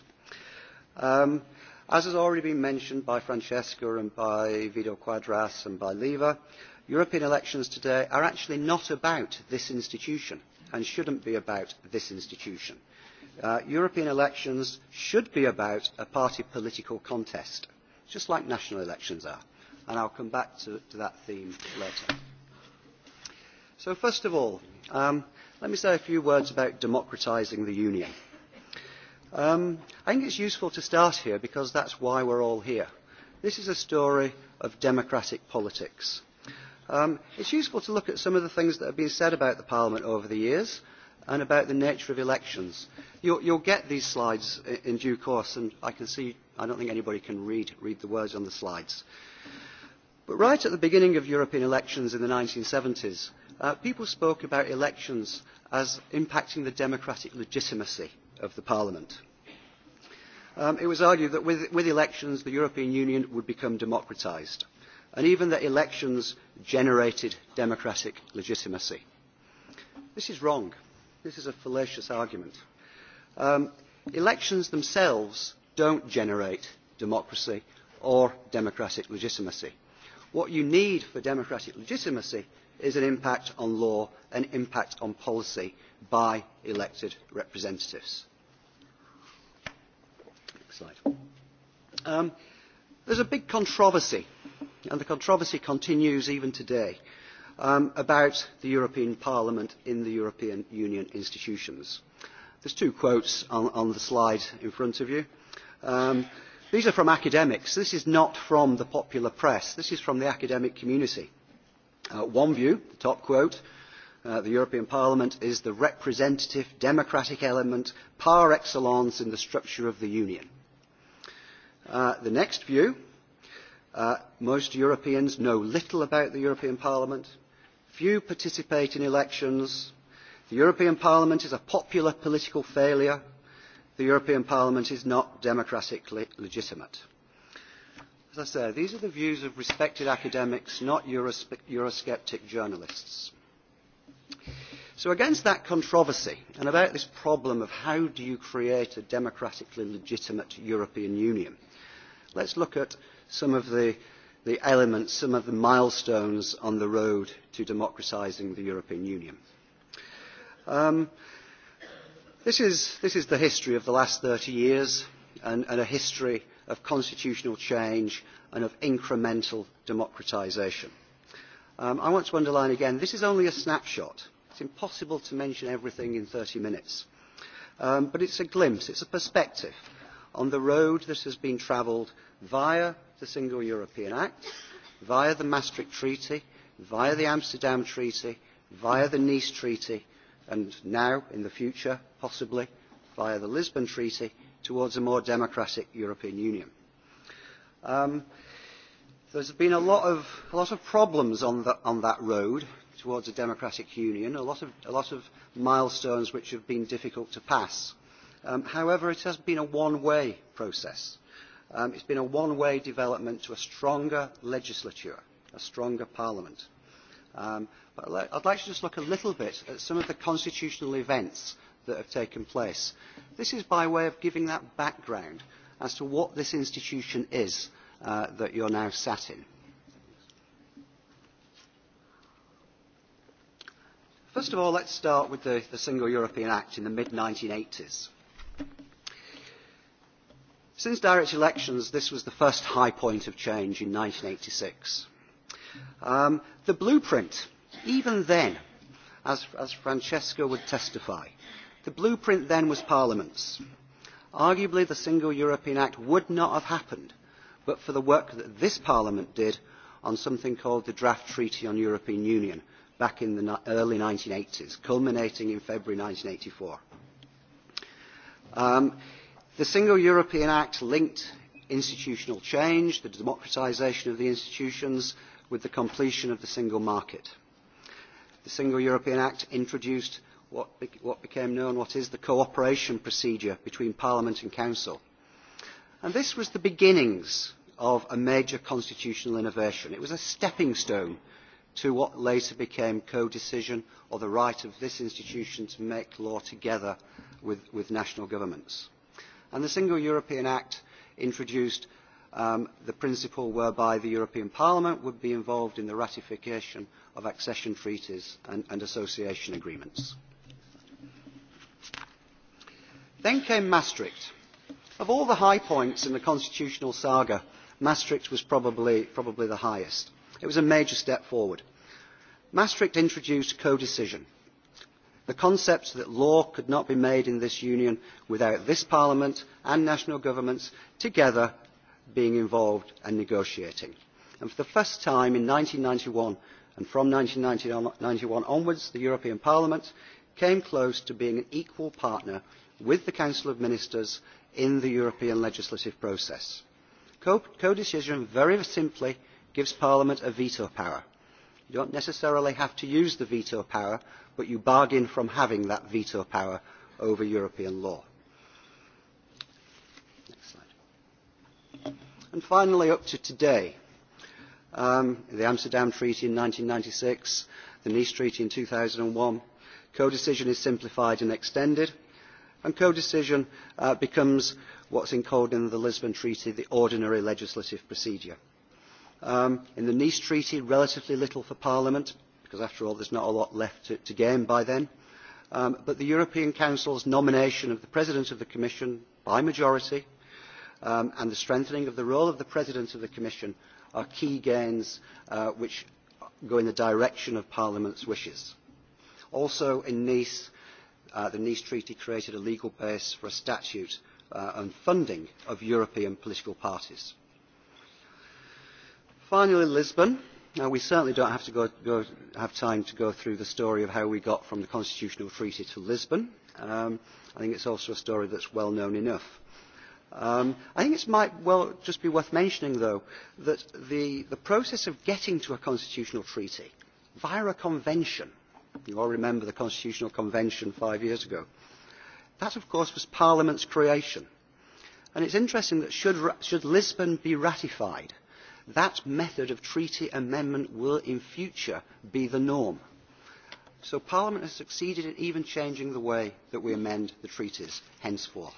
as has already been mentioned by francesca and by vido quadras and by lieve european elections today are actually not about this institution and should not be about this institution. European elections should be about a party political contest, just like national elections are. And I will come back to, that theme later. So first of all, let me say a few words about democratising the Union. Um, I think it is useful to start here because that's why we're all here. This is a story of democratic politics. Um, it's useful to look at some of the things that have been said about the Parliament over the years and about the nature of elections. You'll, you'll get these slides in due course, and I can see, I don't think anybody can read, read the words on the slides. But right at the beginning of European elections in the 1970s, uh, people spoke about elections as impacting the democratic legitimacy of the Parliament. Um, it was argued that with, with elections, the European Union would become democratised, and even that elections generated democratic legitimacy. This is wrong. This is a fallacious argument. Um, elections themselves don't generate democracy or democratic legitimacy. What you need for democratic legitimacy is an impact on law, an impact on policy by elected representatives. Next slide. Um, there's a big controversy and the controversy continues even today about the European Parliament in the European Union institutions. There's two quotes on, on the slide in front of you. Um, these are from academics. This is not from the popular press. This is from the academic community. Uh, one view, the top quote, uh, the European Parliament is the representative democratic element par excellence in the structure of the Union. Uh, the next view, most Europeans know little about the European Parliament. Few participate in elections. The European Parliament is a popular political failure. The European Parliament is not democratically legitimate. As I say, these are the views of respected academics, not Eurosceptic journalists. So against that controversy and about this problem of how do you create a democratically legitimate European Union, let's look at some of the, the elements, some of the milestones on the road to democratising the European Union. Um, this, is, this is the history of the last 30 years and, and a history of constitutional change and of incremental democratisation. Um, I want to underline again, this is only a snapshot. It's impossible to mention everything in 30 minutes. Um, but it's a glimpse, it's a perspective on the road that has been travelled via the Single European Act, via the Maastricht Treaty, via the Amsterdam Treaty, via the Nice Treaty, and now, in the future, possibly, via the Lisbon Treaty, towards a more democratic European Union. Um, there's been a lot of, a lot of problems on, the, on that road towards a democratic union, a lot of, a lot of milestones which have been difficult to pass. Um, however, it has been a one-way process Um, it's been a one-way development to a stronger legislature, a stronger parliament. Um, but I'd like to just look a little bit at some of the constitutional events that have taken place. This is by way of giving that background as to what this institution is uh, that you're now sat in. First of all, let's start with the, the Single European Act in the mid-1980s. Since direct elections, this was the first high point of change in 1986. Um, the blueprint, even then, as, as Francesca would testify, the blueprint then was Parliament's. Arguably, the Single European Act would not have happened but for the work that this Parliament did on something called the Draft Treaty on European Union back in the early 1980s, culminating in February 1984. Um, the single european act linked institutional change the democratisation of the institutions with the completion of the single market. the single european act introduced what became known as what is the cooperation procedure between parliament and council. And this was the beginnings of a major constitutional innovation. it was a stepping stone to what later became codecision or the right of this institution to make law together with, with national governments And the Single European Act introduced the principle whereby the European Parliament would be involved in the ratification of accession treaties and, association agreements. Then came Maastricht. Of all the high points in the constitutional saga, Maastricht was probably, probably the highest. It was a major step forward. Maastricht introduced codecision the concept that law could not be made in this union without this parliament and national governments together being involved and negotiating. for the first time in one thousand nine hundred and ninety one and from one thousand nine hundred and ninety one onwards the european parliament came close to being an equal partner with the council of ministers in the european legislative process. codecision very simply gives parliament a veto power. You don't necessarily have to use the veto power, but you bargain from having that veto power over European law. Next slide. And finally, up to today, um, the Amsterdam Treaty in 1996, the Nice Treaty in 2001, codecision is simplified and extended, and codecision uh, becomes what's encoded in the Lisbon Treaty, the ordinary legislative procedure Um, in the Nice Treaty, relatively little for Parliament, because after all, there's not a lot left to, to gain by then. Um, but the European Council's nomination of the President of the Commission by majority um, and the strengthening of the role of the President of the Commission are key gains uh, which go in the direction of Parliament's wishes. Also in Nice, uh, the Nice Treaty created a legal base for a statute uh, and funding of European political parties. Finally, Lisbon. Now, we certainly don't have, to go, go, have time to go through the story of how we got from the constitutional treaty to Lisbon. Um, I think it's also a story that's well known enough. Um, I think it might well just be worth mentioning, though, that the, the process of getting to a constitutional treaty via a convention, you all remember the Constitutional Convention five years ago, that, of course, was Parliament's creation. And it's interesting that should, should Lisbon be ratified – that method of treaty amendment will in future be the norm. So Parliament has succeeded in even changing the way that we amend the treaties henceforth.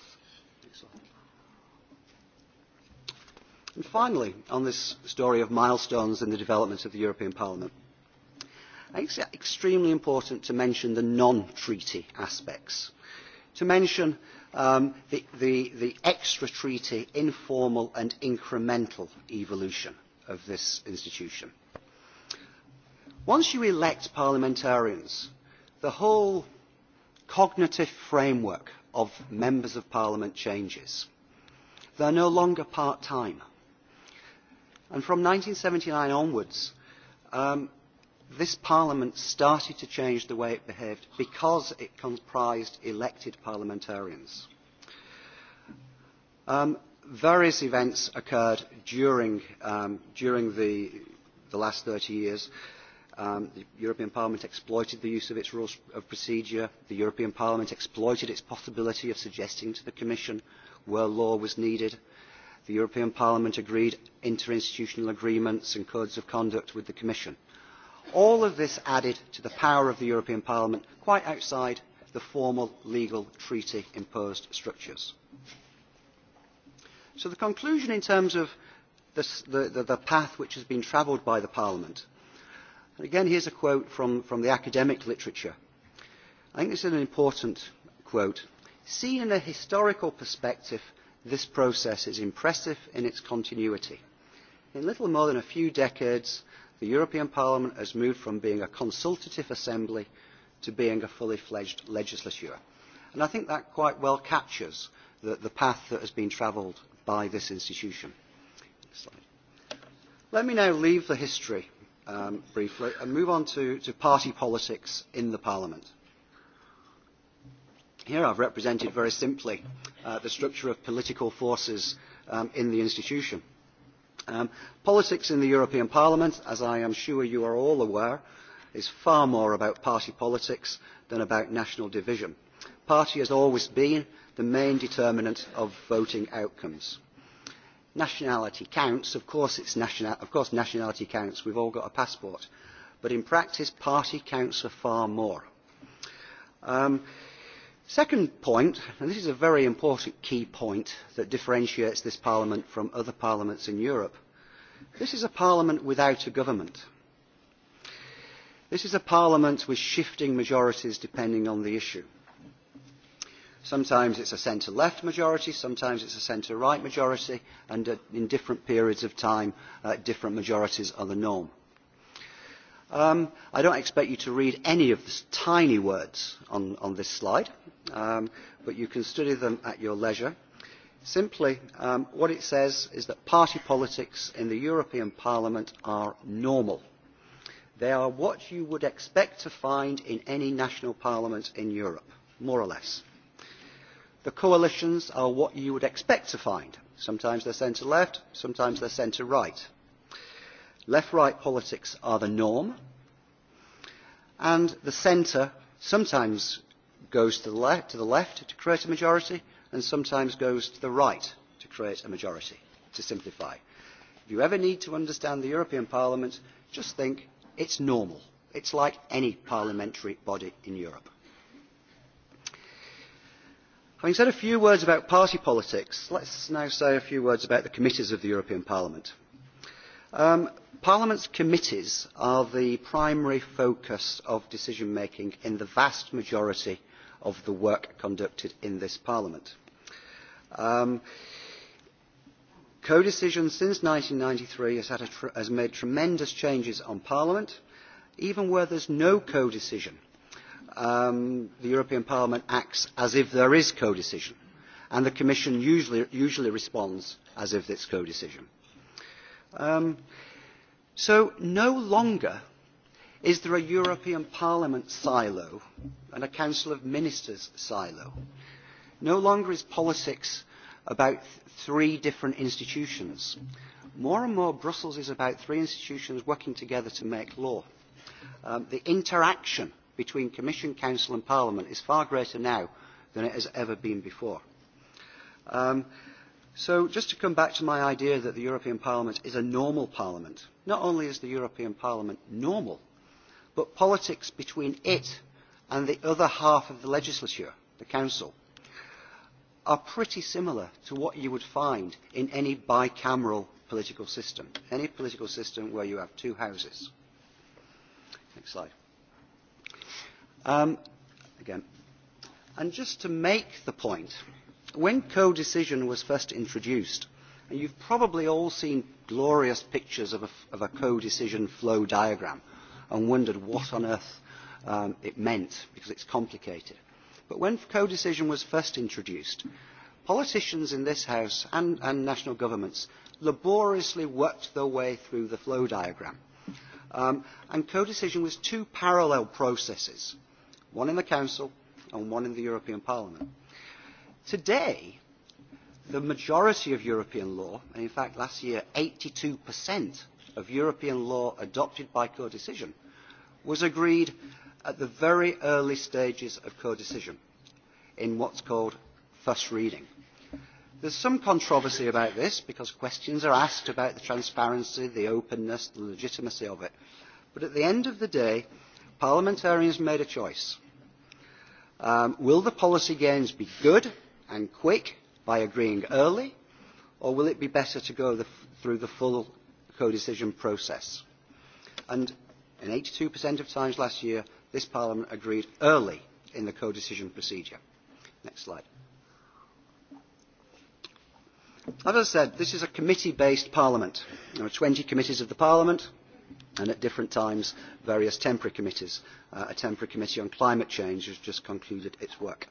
And finally, on this story of milestones in the development of the European Parliament, I think it's extremely important to mention the non-treaty aspects. To mention um, the, the, the extra treaty, informal and incremental evolution of this institution. Once you elect parliamentarians, the whole cognitive framework of members of parliament changes. They are no longer part-time. And from seventy nine onwards, um, this Parliament started to change the way it behaved because it comprised elected parliamentarians. Um, various events occurred during, um, during the, the last 30 years. Um, the European Parliament exploited the use of its rules of procedure. The European Parliament exploited its possibility of suggesting to the Commission where law was needed. The European Parliament agreed interinstitutional agreements and codes of conduct with the Commission all of this added to the power of the european parliament quite outside the formal legal treaty imposed structures. so the conclusion in terms of the path which has been travelled by parliament and again here is a quote from the academic literature i think this is an important quote seen in a historical perspective this process is impressive in its continuity. in little more than a few decades the european parliament has moved from being a consultative assembly to being a fully fledged legislature. And i think that quite well captures the path that has been travelled by this institution. let me now leave the history briefly and move on to party politics in the parliament. Here I have represented very simply the structure of political forces in the institution politics in the European Parliament, as I am sure you are all aware, is far more about party politics than about national division. Party has always been the main determinant of voting outcomes. Nationality counts, of course, it's national, of course nationality counts, we've all got a passport. But in practice, party counts for far more. Um, second point and this is a very important key point that differentiates this parliament from other parliaments in europe this is a parliament without a government. this is a parliament with shifting majorities depending on the issue. sometimes it is a centre left majority sometimes it is a centre right majority and in different periods of time different majorities are the norm. Um, I don't expect you to read any of the tiny words on, on this slide, um, but you can study them at your leisure. Simply, um, what it says is that party politics in the European Parliament are normal. They are what you would expect to find in any national parliament in Europe, more or less. The coalitions are what you would expect to find. Sometimes they're centre-left, sometimes they're centre-right Left-right politics are the norm, and the centre sometimes goes to the, le- to the left to create a majority, and sometimes goes to the right to create a majority, to simplify. If you ever need to understand the European Parliament, just think it's normal. It's like any parliamentary body in Europe. Having said a few words about party politics, let's now say a few words about the committees of the European Parliament. Um, parliament's committees are the primary focus of decision making in the vast majority of the work conducted in this parliament. codecision since one thousand nine hundred and ninety three has made tremendous changes on parliament. even where there is no codecision the european parliament acts as if there is codecision and the commission usually responds as if it is codecision So no longer is there a European Parliament silo and a Council of Ministers silo. No longer is politics about three different institutions. More and more, Brussels is about three institutions working together to make law. Um, the interaction between Commission, Council and Parliament is far greater now than it has ever been before. Um, So just to come back to my idea that the European Parliament is a normal parliament, not only is the European Parliament normal, but politics between it and the other half of the legislature, the Council, are pretty similar to what you would find in any bicameral political system, any political system where you have two houses. Next slide. Um, again. And just to make the point, when codecision was first introduced, and you've probably all seen glorious pictures of a, of a codecision flow diagram and wondered what on earth um, it meant because it's complicated. But when codecision was first introduced, politicians in this House and, and national governments laboriously worked their way through the flow diagram. Um, and codecision was two parallel processes, one in the Council and one in the European Parliament Today, the majority of European law, and in fact last year 82% of European law adopted by codecision, was agreed at the very early stages of codecision in what's called first reading. There's some controversy about this because questions are asked about the transparency, the openness, the legitimacy of it. But at the end of the day, parliamentarians made a choice. Um, will the policy gains be good and quick by agreeing early, or will it be better to go the, through the full codecision process? And in 82% of times last year, this Parliament agreed early in the codecision procedure. Next slide. As I said, this is a committee-based Parliament. There are 20 committees of the Parliament, and at different times, various temporary committees. Uh, a temporary committee on climate change has just concluded its work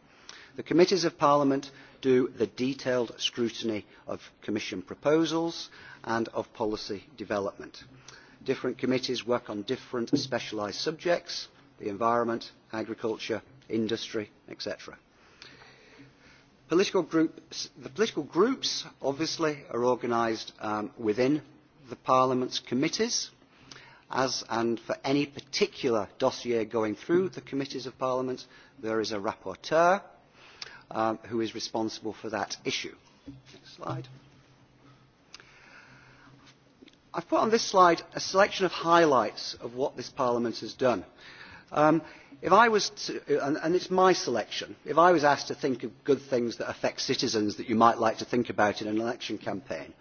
the committees of parliament do the detailed scrutiny of commission proposals and of policy development. different committees work on different specialised subjects the environment agriculture industry etc. the political groups obviously are organised within the parliament's committees as and for any particular dossier going through the committees of parliament there is a rapporteur who is responsible for that issue. Next slide. I've put on this slide a selection of highlights of what this Parliament has done. Um, if I was to, and, and it's my selection, if I was asked to think of good things that affect citizens that you might like to think about in an election campaign,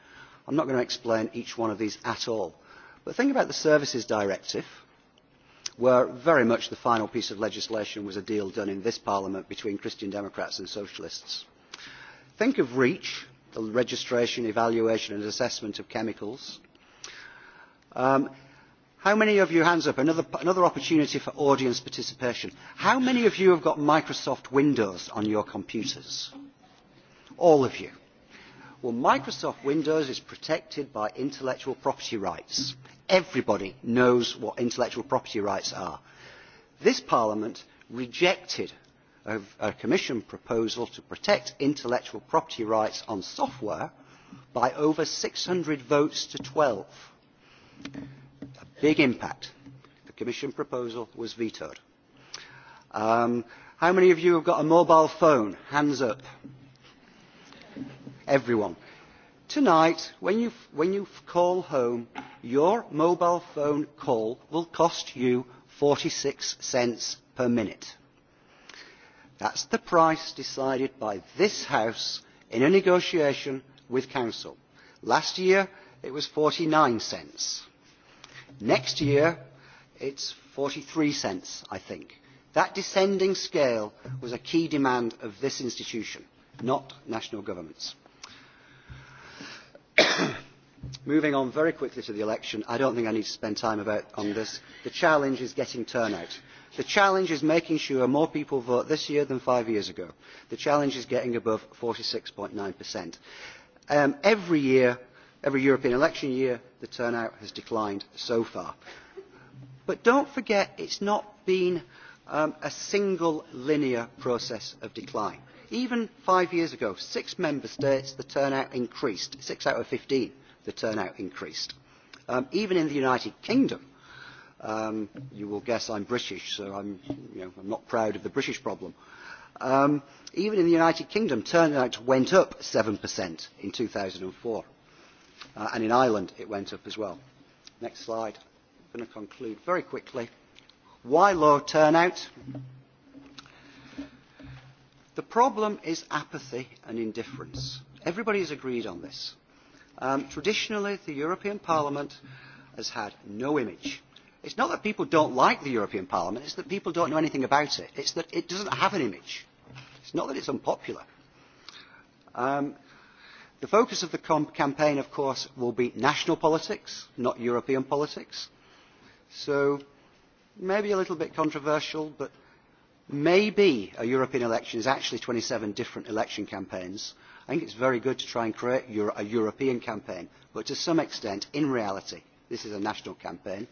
I'm not going to explain each one of these at all. But think about the Services Directive, where very much the final piece of legislation was a deal done in this parliament between Christian Democrats and Socialists. Think of REACH, the registration, evaluation and assessment of chemicals. Um, how many of you, hands up, another, another opportunity for audience participation. How many of you have got Microsoft Windows on your computers? All of you. Well, Microsoft Windows is protected by intellectual property rights. Everybody knows what intellectual property rights are. This Parliament rejected a, a Commission proposal to protect intellectual property rights on software by over 600 votes to 12. A big impact. The Commission proposal was vetoed. Um, how many of you have got a mobile phone? Hands up everyone. Tonight, when you, when you call home, your mobile phone call will cost you 46 cents per minute. That's the price decided by this House in a negotiation with Council. Last year, it was 49 cents. Next year, it's 43 cents, I think. That descending scale was a key demand of this institution, not national governments. Moving on very quickly to the election, I don't think I need to spend time about, on this. The challenge is getting turnout. The challenge is making sure more people vote this year than five years ago. The challenge is getting above 46.9%. Um, every year, every European election year, the turnout has declined so far. But don't forget, it's not been um, a single linear process of decline. Even five years ago, six member states, the turnout increased, six out of 15 the turnout increased. Um, even in the United Kingdom, um, you will guess I'm British, so I'm, you know, I'm not proud of the British problem. Um, even in the United Kingdom, turnout went up 7% in 2004. Uh, and in Ireland, it went up as well. Next slide. I'm going to conclude very quickly. Why low turnout? The problem is apathy and indifference. Everybody has agreed on this. Um, traditionally, the European Parliament has had no image. It's not that people don't like the European Parliament, it's that people don't know anything about it. It's that it doesn't have an image. It's not that it's unpopular. Um, the focus of the comp campaign, of course, will be national politics, not European politics. So maybe a little bit controversial, but maybe a European election is actually 27 different election campaigns I think it is very good to try and create a European campaign, but to some extent, in reality, this is a national campaign.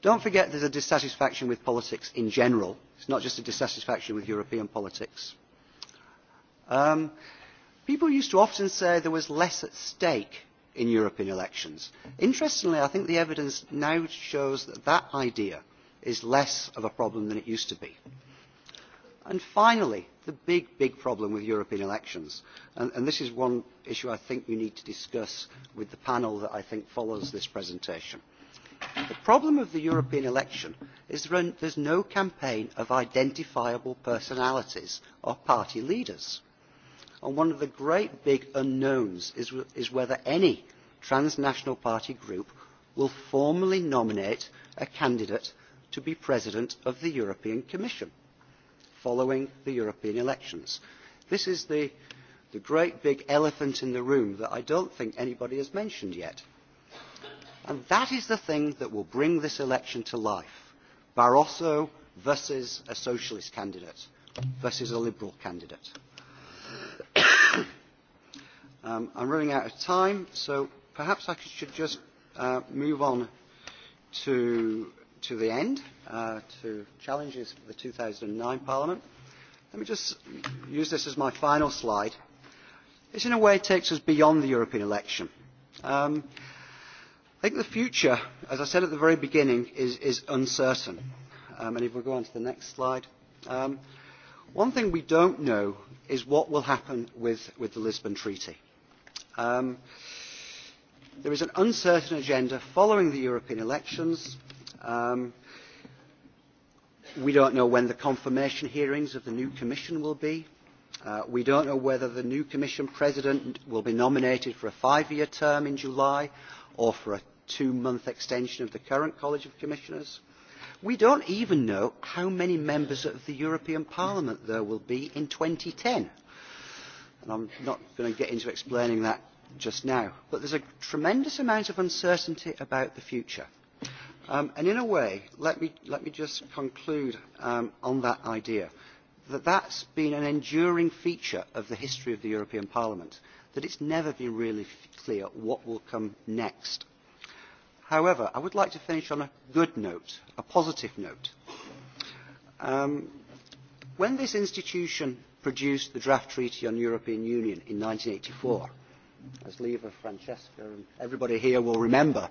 Do not forget there is a dissatisfaction with politics in general. It is not just a dissatisfaction with European politics. people used to often say there was less at stake in European elections. Interestingly, I think the evidence now shows that that idea is less of a problem than it used to be. And finally, the big, big problem with European elections. And, and this is one issue I think we need to discuss with the panel that I think follows this presentation. The problem of the European election is there is no campaign of identifiable personalities or party leaders. And one of the great big unknowns is, is whether any transnational party group will formally nominate a candidate to be president of the European Commission following the European elections. This is the, the great big elephant in the room that I don't think anybody has mentioned yet. And that is the thing that will bring this election to life. Barroso versus a socialist candidate versus a liberal candidate. um, I'm running out of time, so perhaps I should just uh, move on to to the end uh, to challenges for the 2009 Parliament. Let me just use this as my final slide. This, in a way, takes us beyond the European election. Um, I think the future, as I said at the very beginning, is, is uncertain. Um, and if we go on to the next slide. Um, one thing we don't know is what will happen with, with the Lisbon Treaty. Um, there is an uncertain agenda following the European elections Um, we don't know when the confirmation hearings of the new Commission will be. Uh, we don't know whether the new Commission President will be nominated for a five-year term in July or for a two-month extension of the current College of Commissioners. We don't even know how many members of the European Parliament there will be in 2010. And I'm not going to get into explaining that just now. But there's a tremendous amount of uncertainty about the future. Um, and in a way, let me, let me just conclude um, on that idea, that that's been an enduring feature of the history of the European Parliament, that it's never been really clear what will come next. However, I would like to finish on a good note, a positive note. Um, when this institution produced the draft treaty on European Union in 1984, as Leva, Francesca and everybody here will remember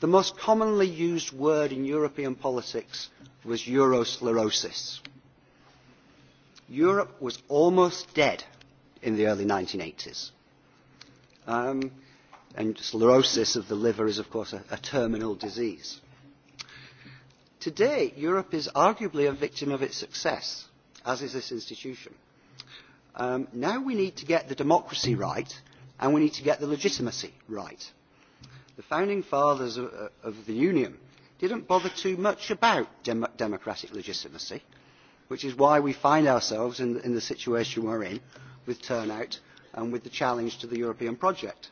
The most commonly used word in European politics was Eurosclerosis. Europe was almost dead in the early 1980s. Um, and sclerosis of the liver is, of course, a, a terminal disease. Today, Europe is arguably a victim of its success, as is this institution. Um, now we need to get the democracy right, and we need to get the legitimacy right the founding fathers of the Union didn't bother too much about dem- democratic legitimacy, which is why we find ourselves in, in the situation we're in with turnout and with the challenge to the European project.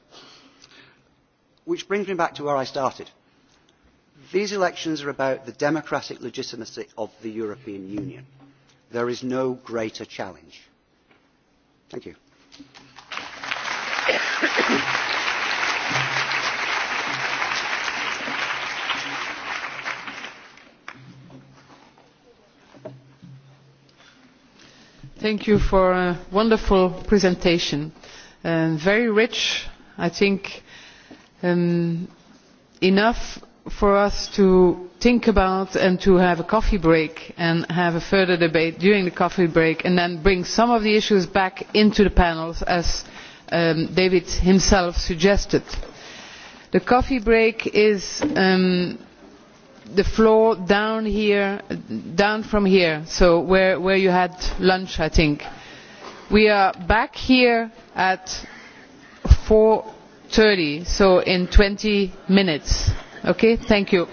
Which brings me back to where I started. These elections are about the democratic legitimacy of the European Union. There is no greater challenge. Thank you. Thank you for a wonderful presentation. very rich, I think, enough for us to think about and to have a coffee break and have a further debate during the coffee break and then bring some of the issues back into the panels as David himself suggested. The coffee break is um, the floor down here down from here so where where you had lunch i think we are back here at four thirty, so in twenty minutes okay thank you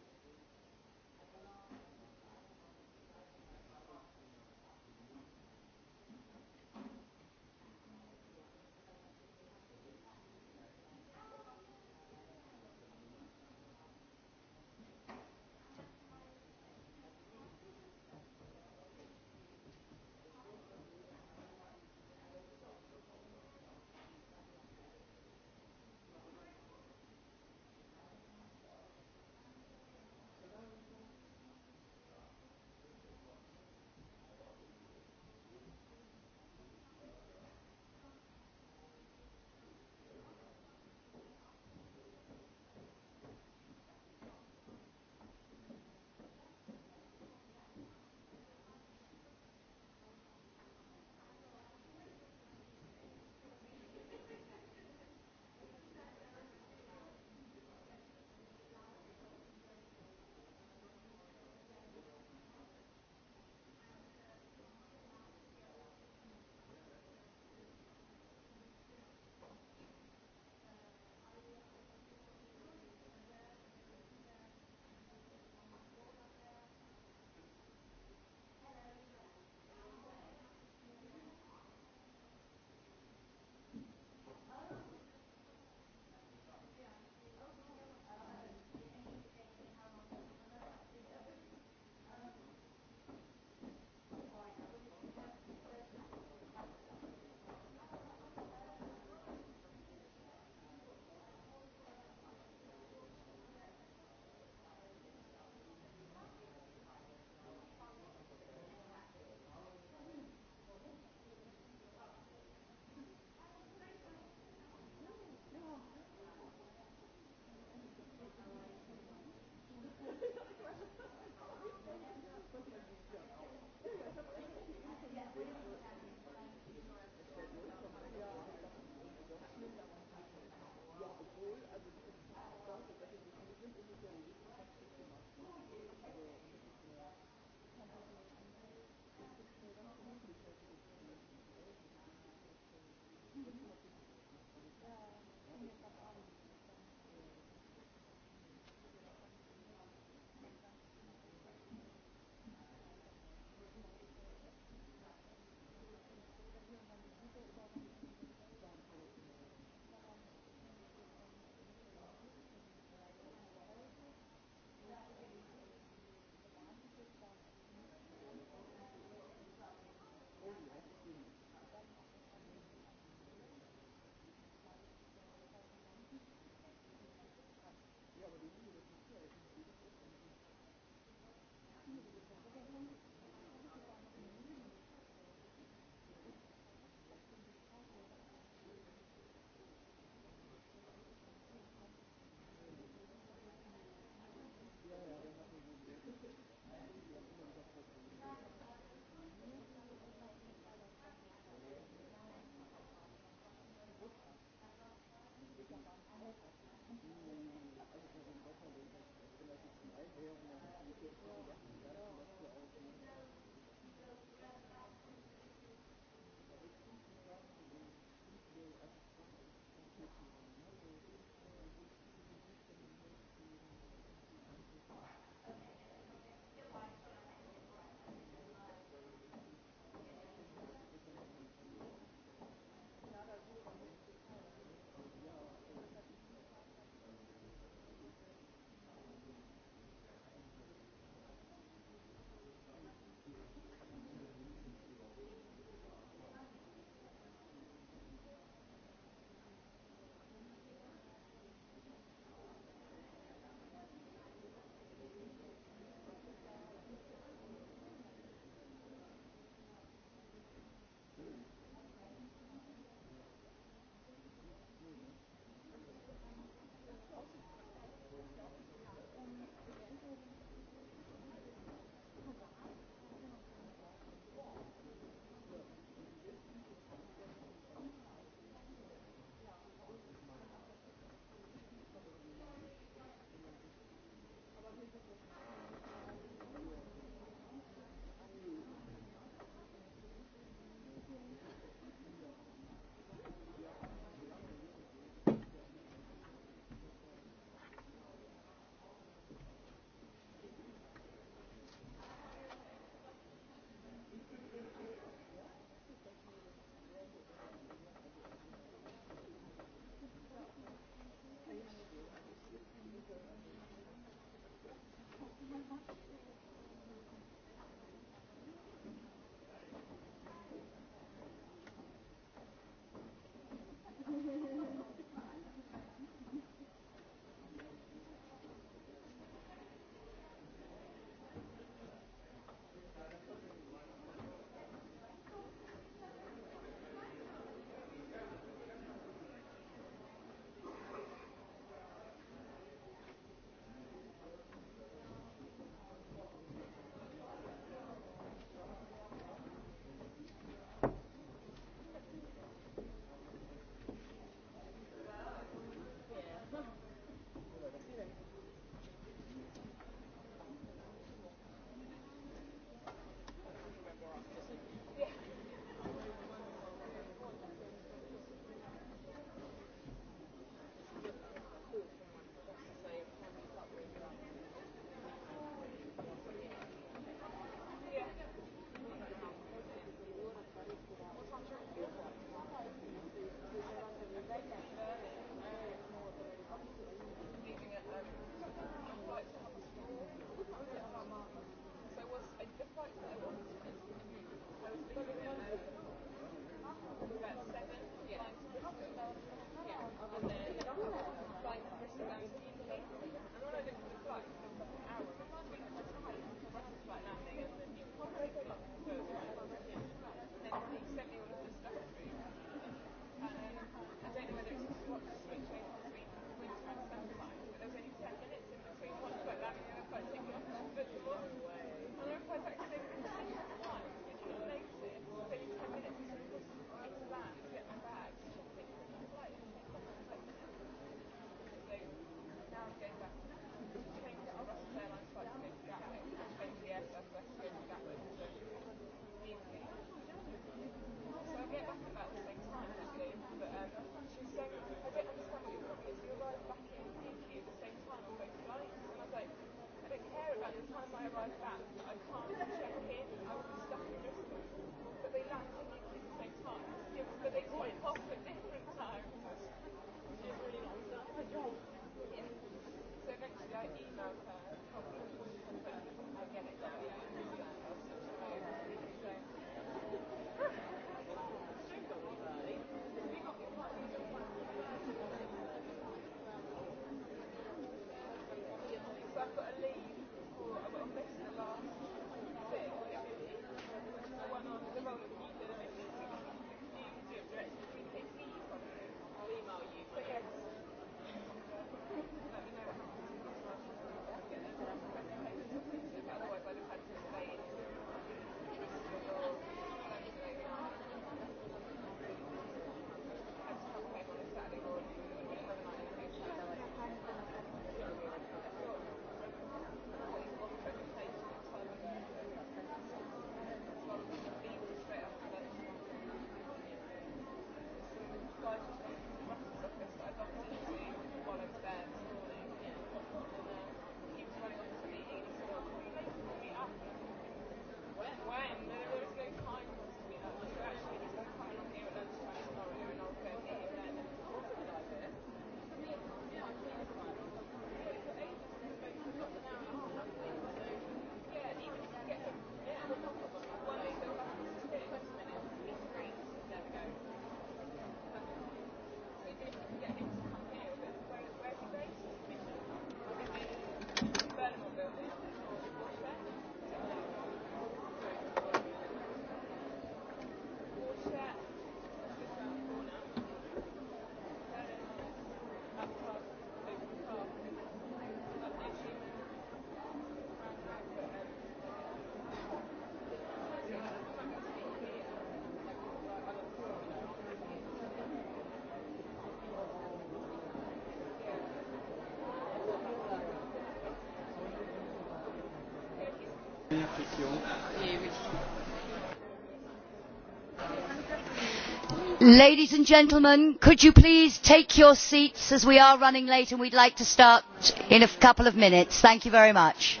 Ladies and gentlemen, could you please take your seats as we are running late and we'd like to start in a couple of minutes. Thank you very much.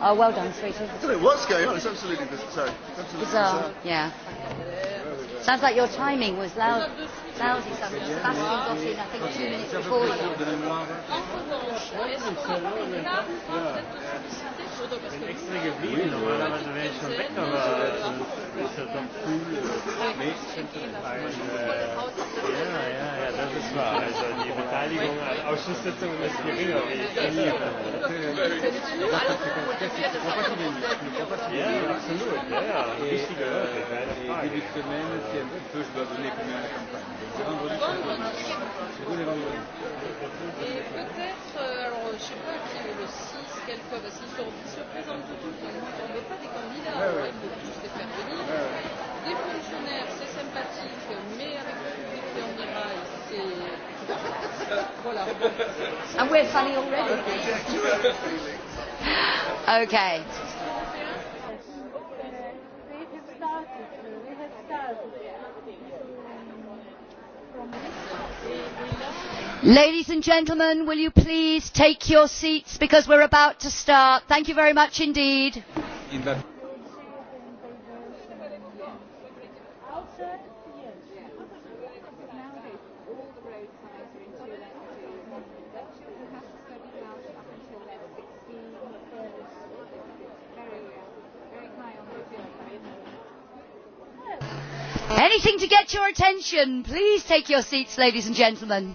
Oh, well done, sweetie. I don't know what's going on. It's absolutely bizarre. Absolutely bizarre. bizarre. Yeah. Sounds like your timing was loud, lousy. Sebastian got in, I think, two minutes before you oder was? Ich bin extra geblieben, normalerweise wäre ich schon weg, aber das ist ja doch cool. Nee, ich finde das Ja, ja, ja, das ist wahr. Also die Beteiligung an Ausschusssitzungen ist geringer, wie ich nie Ja, absolut, ja, ja, wichtige Leute, keine Frage. First was the Nick American Prime. Et peut-être, alors je sais pas qui est le 6, quel quoi, parce qu'ils ils se présentent tout tout, ils ne pas des candidats, ouais, ouais. tous les faire venir. Ouais, ouais. Des fonctionnaires, c'est sympathique, mais avec le public et en Irak, c'est. voilà. funny already. okay. Ladies and gentlemen, will you please take your seats because we're about to start. Thank you very much indeed. Anything to get your attention. Please take your seats, ladies and gentlemen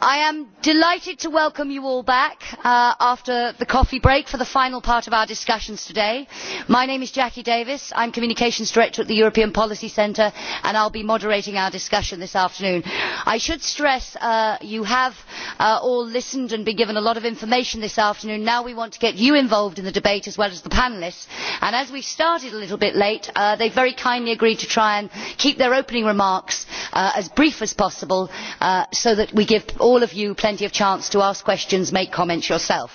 i am delighted to welcome you all back after the coffee break for the final part of our discussions today. my name is jackie davies i am communications director at the european policy centre and i will be moderating our discussion this afternoon. i should stress that you have all listened and been given a lot of information this afternoon. now we want to get you involved in the debate as well as the panellists and as we started a little bit late they very kindly agreed to try and keep their opening remarks as brief as possible so that we give all of you plenty of chance to ask questions and make comments yourself.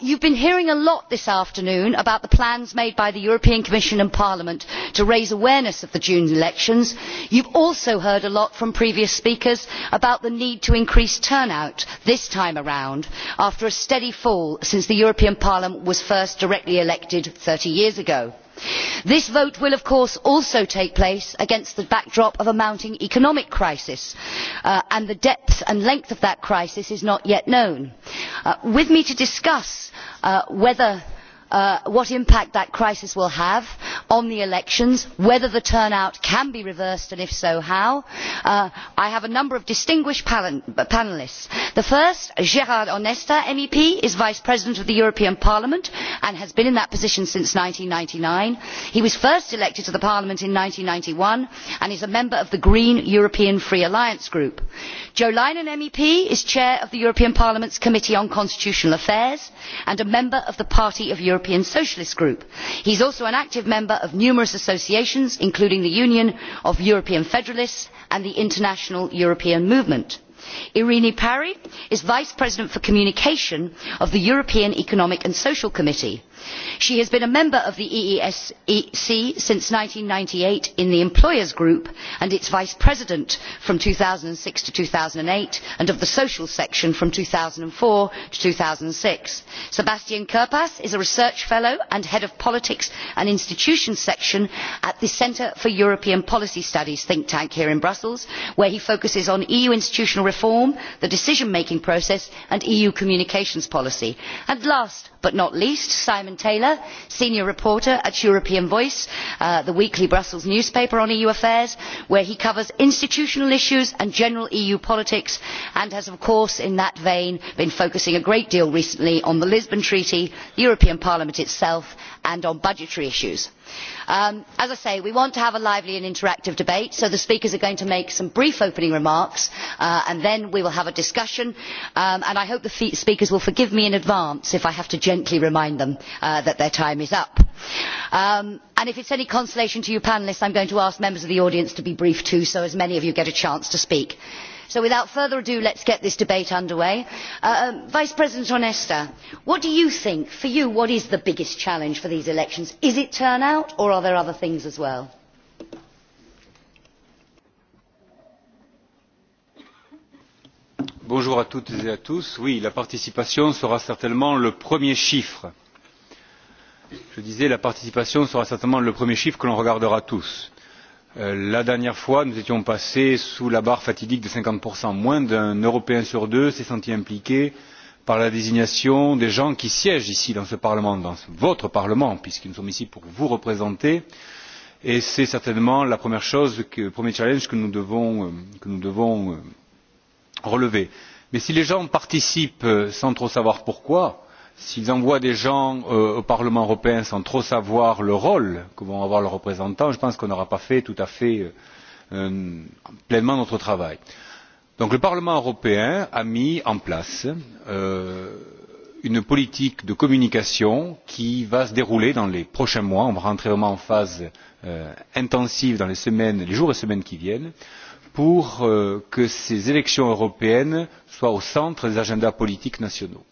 you have been hearing a lot this afternoon about the plans made by the european commission and parliament to raise awareness of the june elections. you have also heard a lot from previous speakers about the need to increase turnout this time around after a steady fall since the european parliament was first directly elected thirty years ago this vote will of course also take place against the backdrop of a mounting economic crisis and the depth and length of that crisis is not yet known. with me to discuss whether what impact that crisis will have on the elections whether the turnout can be reversed and if so how. i have a number of distinguished panellists. the first grard onesta mep is vice president of the european parliament and has been in that position since. one thousand nine hundred and ninety nine he was first elected to parliament in one thousand nine hundred and ninety one and is a member of the green european free alliance group. jo leinen mep is chair of the european parliament's committee on constitutional affairs and a member of the party of european socialist group. he is also an active member of numerous associations including the union of european federalists and the international european movement irini parry is vice president for communication of the european economic and social committee she has been a member of the eesc since one thousand nine hundred and ninety eight in the employers group and its vice president from two thousand and six to two thousand and eight and of the social section from two thousand and four to. two thousand and six sebastian kirpas is a research fellow and head of politics and institutions section at the centre for european policy studies think tank here in brussels where he focuses on eu institutional reform the decision making process and eu communications policy. and last but not least simon taylor senior reporter at european voice the weekly brussels newspaper on eu affairs where he covers institutional issues and general eu politics and has of course in that vein been focusing a great deal recently on the lisbon treaty the european parliament itself and on budgetary issues. as i say we want to have a lively and interactive debate so the speakers are going to make some brief opening remarks and then we will have a discussion and i hope the speakers will forgive me in advance if i have to gently remind them that their time is up. if it is any consolation to you panellists i am going to ask members of the audience to be brief too so as many of you get a chance to speak so without further ado let us get this debate under way. vice president onesta what do you think for you what is the biggest challenge for these elections? is it turnout or are there other things as well? bonjour à toutes et à tous oui la participation sera certainement le premier chiffre je disais la participation sera certainement le premier chiffre que l'on regardera tous la dernière fois nous étions passés sous la barre fatidique des cinquante moins d'un européen sur deux s'est senti impliqué par la désignation des gens qui siègent ici dans ce parlement dans votre parlement puisque nous sommes ici pour vous représenter et c'est certainement la première chose le premier challenge que nous devons relever. mais si les gens participent sans trop savoir pourquoi s'ils envoient des gens au parlement européen sans trop savoir le rôle que vont avoir leurs représentants je pense qu'on n'aura pas fait tout à fait pleinement notre travail. le parlement européen a mis en place une politique de communication qui va se dérouler dans les prochains mois on va rentrer vraiment en phase intensive dans les semaines les jours et semaines qui viennent pour que ces élections européennes soient au centre des agendas politiques nationaux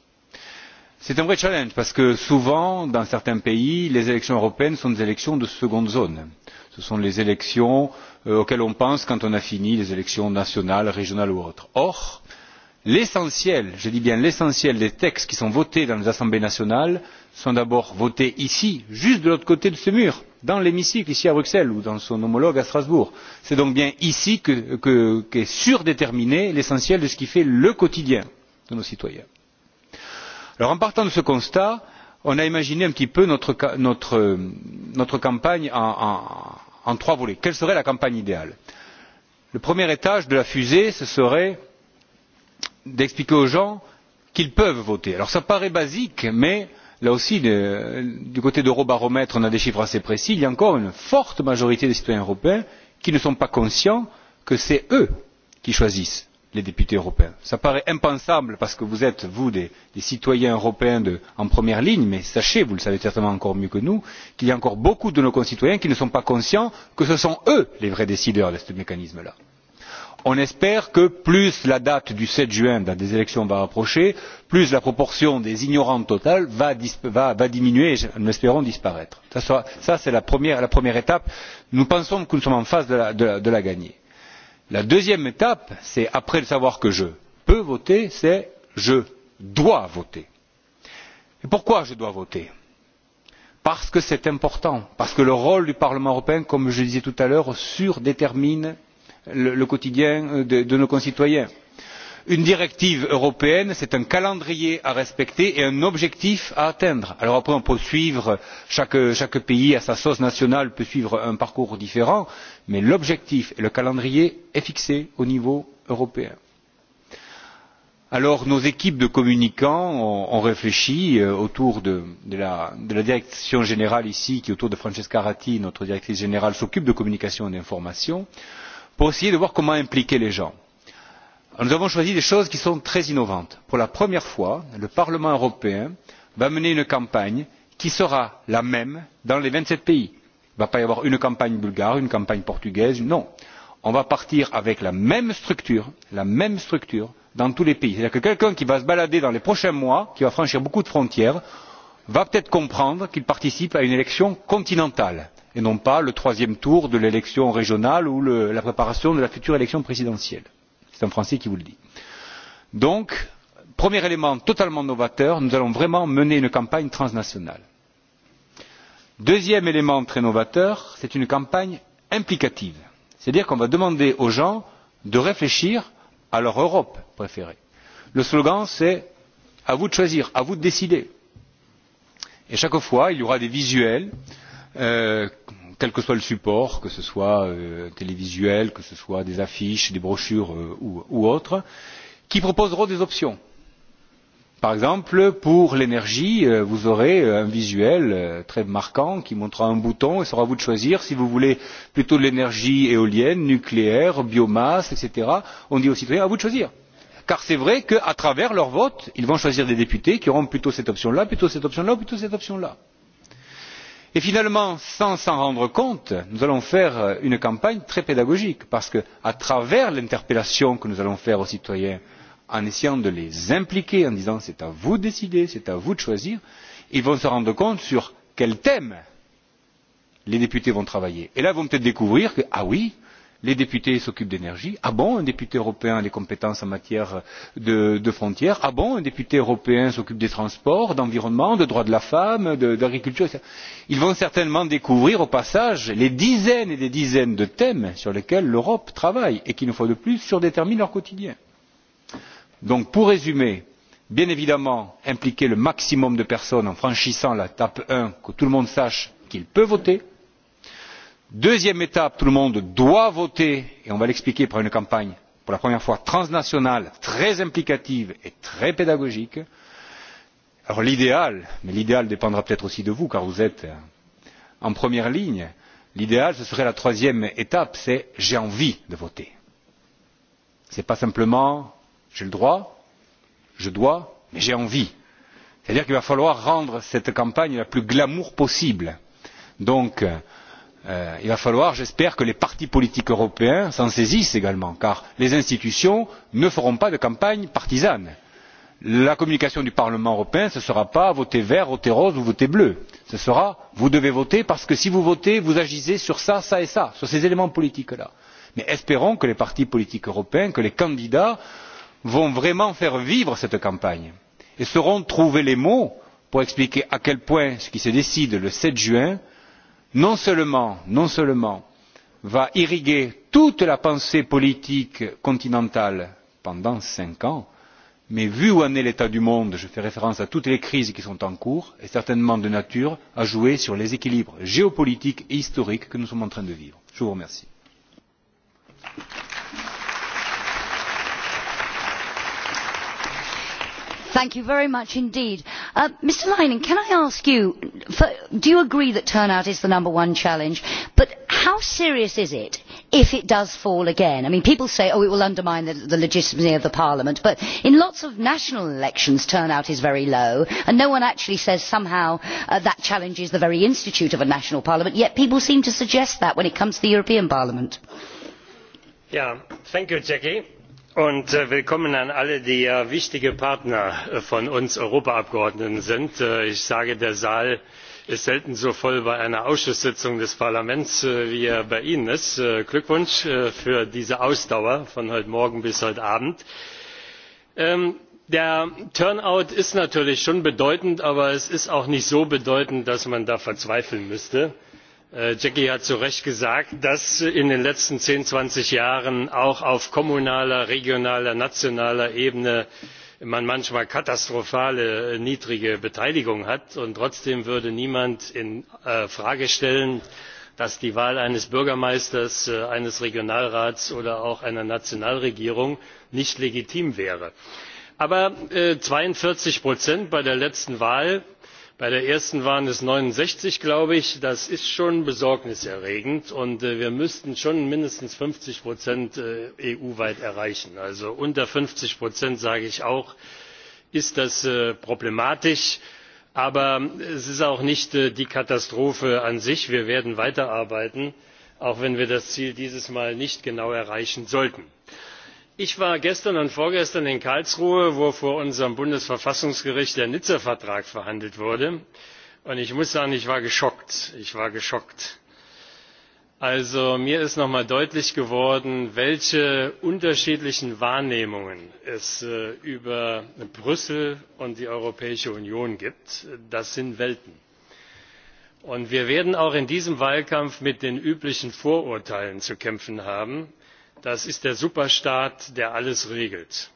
c'est un vrai challenge parce que souvent dans certains pays les élections européennes sont des élections de seconde zone ce sont les élections auxquelles on pense quand on a fini les élections nationales régionales ou autres. or l'essentiel je dis bien l'essentiel des textes qui sont votés dans les assemblées nationales sont d'abord votés ici juste de l'autre côté de ce mur dans l'hémicycle ici à bruxelles ou dans son homologue à strasbourg. c'est donc bien ici qu'est surdéterminé l'essentiel de ce qui fait le quotidien de nos citoyens en partant de ce constat on a imaginé un petit peu notre campagne en trois volets. quelle serait la campagne idéale? le premier étage de la fusée serait d'expliquer aux gens qu'ils peuvent voter. Alors cela paraît basique mais là aussi du côté d'eurobaromètre on a des chiffres assez précis il y a encore une forte majorité des citoyens européens qui ne sont pas conscients que c'est eux qui choisissent les députés européens. cela paraît impensable parce que vous êtes vous des citoyens européens en première ligne mais sachez vous le savez certainement encore mieux que nous qu'il y a encore beaucoup de nos concitoyens qui ne sont pas conscients que ce sont eux les vrais décideurs de ce mécanisme là. on espère que plus la date du sept juin date des élections va approcher plus la proportion des ignorants totale va diminuer et nous l'espérons disparaître. c'est la première étape. nous pensons que nous sommes en phase de la gagner la deuxième étape c'est après le savoir que je peux voter c'est je dois voter. et pourquoi je dois voter? parce que c'est important parce que le rôle du parlement européen comme je le disais tout à l'heure surdétermine le quotidien de nos concitoyens une directive européenne c'est un calendrier à respecter et un objectif à atteindre. alors après on peut suivre chaque pays à sa sauce nationale peut suivre un parcours différent mais l'objectif et le calendrier sont fixés au niveau européen. alors nos équipes de communicants ont réfléchi autour de la direction générale ici qui autour de francesca ratti notre directrice générale s'occupe de communication et d'information pour essayer de voir comment impliquer les gens nous avons choisi des choses qui sont très innovantes. pour la première fois le parlement européen va mener une campagne qui sera la même dans les vingt sept pays. il ne va pas y avoir une campagne bulgare une campagne portugaise non on va partir avec la même structure la même structure dans tous les pays. c'est à dire que quelqu'un qui va se balader dans les prochains mois qui va franchir beaucoup de frontières va peut être comprendre qu'il participe à une élection continentale et non pas au troisième tour de l'élection régionale ou à la préparation de la future élection présidentielle c'est un français qui vous le dit. donc premier élément totalement novateur nous allons vraiment mener une campagne transnationale. deuxième élément très novateur c'est une campagne implicative c'est à dire qu'on va demander aux gens de réfléchir à leur europe préférée. le slogan c'est à vous de choisir à vous de décider et chaque fois il y aura des visuels quel que soit le support, que ce soit télévisuel, que ce soit des affiches, des brochures ou, autres, qui proposeront des options. Par exemple, pour l'énergie, vous aurez un visuel très marquant qui montrera un bouton et sera à vous de choisir si vous voulez plutôt de l'énergie éolienne, nucléaire, biomasse, etc. On dit aux citoyens à vous de choisir car c'est vrai qu'à travers leur vote ils vont choisir des députés qui auront plutôt cette option là plutôt cette option là ou plutôt cette option là et finalement sans s'en rendre compte nous allons faire une campagne très pédagogique parce que à travers l'interpellation que nous allons faire aux citoyens en essayant de les impliquer en disant c'est à vous de décider c'est à vous de choisir ils vont se rendre compte sur quel thème les députés vont travailler et là ils vont peut être découvrir que ah oui les députés s'occupent d'énergie ah bon un député européen a des compétences en matière de, frontières ah bon un député européen s'occupe des transports d'environnement de droits de la femme d'agriculture etc. ils vont certainement découvrir au passage les dizaines et des dizaines de thèmes sur lesquels l'europe travaille et qui une fois de plus surdéterminent leur quotidien. donc pour résumer bien évidemment impliquer le maximum de personnes en franchissant l'étape un que tout le monde sache qu'il peut voter deuxième étape tout le monde doit voter et on va l'expliquer par une campagne pour la première fois transnationale très implicative et très pédagogique. alors l'idéal mais l'idéal dépendra peut être aussi de vous car vous êtes en première ligne l'idéal ce serait la troisième étape c'est j'ai envie de voter. ce n'est pas simplement j'ai le droit je dois mais j'ai envie. c'est à dire qu'il va falloir rendre cette campagne la plus glamour possible. donc il va falloir j'espère que les partis politiques européens s'en saisissent également car les institutions ne feront pas de campagne partisane. la communication du parlement européen ne sera pas voter vert voter rose ou voter bleu ce sera vous devez voter parce que si vous votez vous agissez sur ça ça et ça sur ces éléments politiques là. mais espérons que les partis politiques européens que les candidats vont vraiment faire vivre cette campagne et sauront trouver les mots pour expliquer à quel point ce qui se décide le sept juin non seulement va irriguer toute la pensée politique continentale pendant cinq ans mais vu où en est l'état du monde je fais référence à toutes les crises qui sont en cours est certainement de nature à jouer sur les équilibres géopolitiques et historiques que nous sommes en train de vivre. je vous remercie. thank you very much indeed. mr leinen can i ask you do you agree that turnout is the number one challenge but how serious is it if it does fall again? i mean people say oh it will undermine the legitimacy of the parliament but in lots of national elections turnout is very low and no one actually says somehow that challenges the very institute of a national parliament yet people seem to suggest that when it comes to the european parliament. thank you jackie und willkommen an alle die ja wichtige partner von uns europaabgeordneten sind. ich sage der saal ist selten so voll bei einer ausschusssitzung des parlaments wie er bei ihnen ist. glückwunsch für diese ausdauer von heute morgen bis heute abend! der turnout ist natürlich schon bedeutend aber es ist auch nicht so bedeutend dass man da verzweifeln müsste jackie hat zu recht gesagt dass in den letzten zehn zwanzig jahren auch auf kommunaler regionaler nationaler ebene man manchmal katastrophal niedrige beteiligung hat und trotzdem würde niemand in frage stellen dass die wahl eines bürgermeisters eines regionalrats oder auch einer nationalregierung nicht legitim wäre. aber zweiundvierzig bei der letzten wahl bei der ersten waren es neunundsechzig glaube ich das ist schon besorgniserregend und wir müssten schon mindestens fünfzig eu weit erreichen. also unter fünfzig sage ich auch ist das problematisch aber es ist auch nicht die katastrophe an sich wir werden weiterarbeiten auch wenn wir das ziel dieses mal nicht genau erreichen sollten ich war gestern und vorgestern in karlsruhe wo vor unserem bundesverfassungsgericht der nizza vertrag verhandelt wurde und ich muss sagen ich war geschockt. ich war geschockt. also mir ist noch einmal deutlich geworden welche unterschiedlichen wahrnehmungen es über brüssel und die europäische union gibt. das sind welten. und wir werden auch in diesem wahlkampf mit den üblichen vorurteilen zu kämpfen haben das ist der superstaat der alles regelt.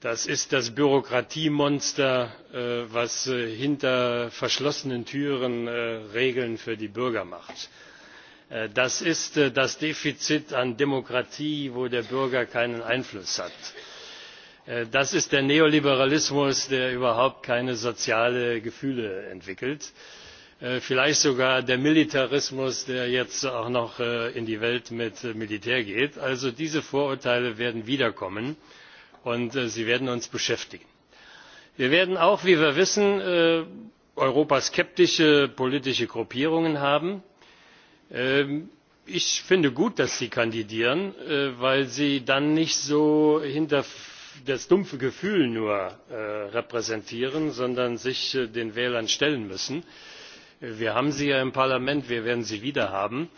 das ist das bürokratiemonster das hinter verschlossenen türen regeln für die bürger macht. das ist das defizit an demokratie wo der bürger keinen einfluss hat das ist der neoliberalismus der überhaupt keine sozialen gefühle entwickelt vielleicht sogar der militarismus der jetzt auch noch in die welt mit militär geht. also diese vorurteile werden wiederkommen und sie werden uns beschäftigen. wir werden auch wie wir wissen europaskeptische politische gruppierungen haben. ich finde gut dass sie kandidieren weil sie dann nicht so das dumpfe gefühl nur repräsentieren sondern sich den wählern stellen müssen wir haben sie ja im parlament wir werden sie wieder haben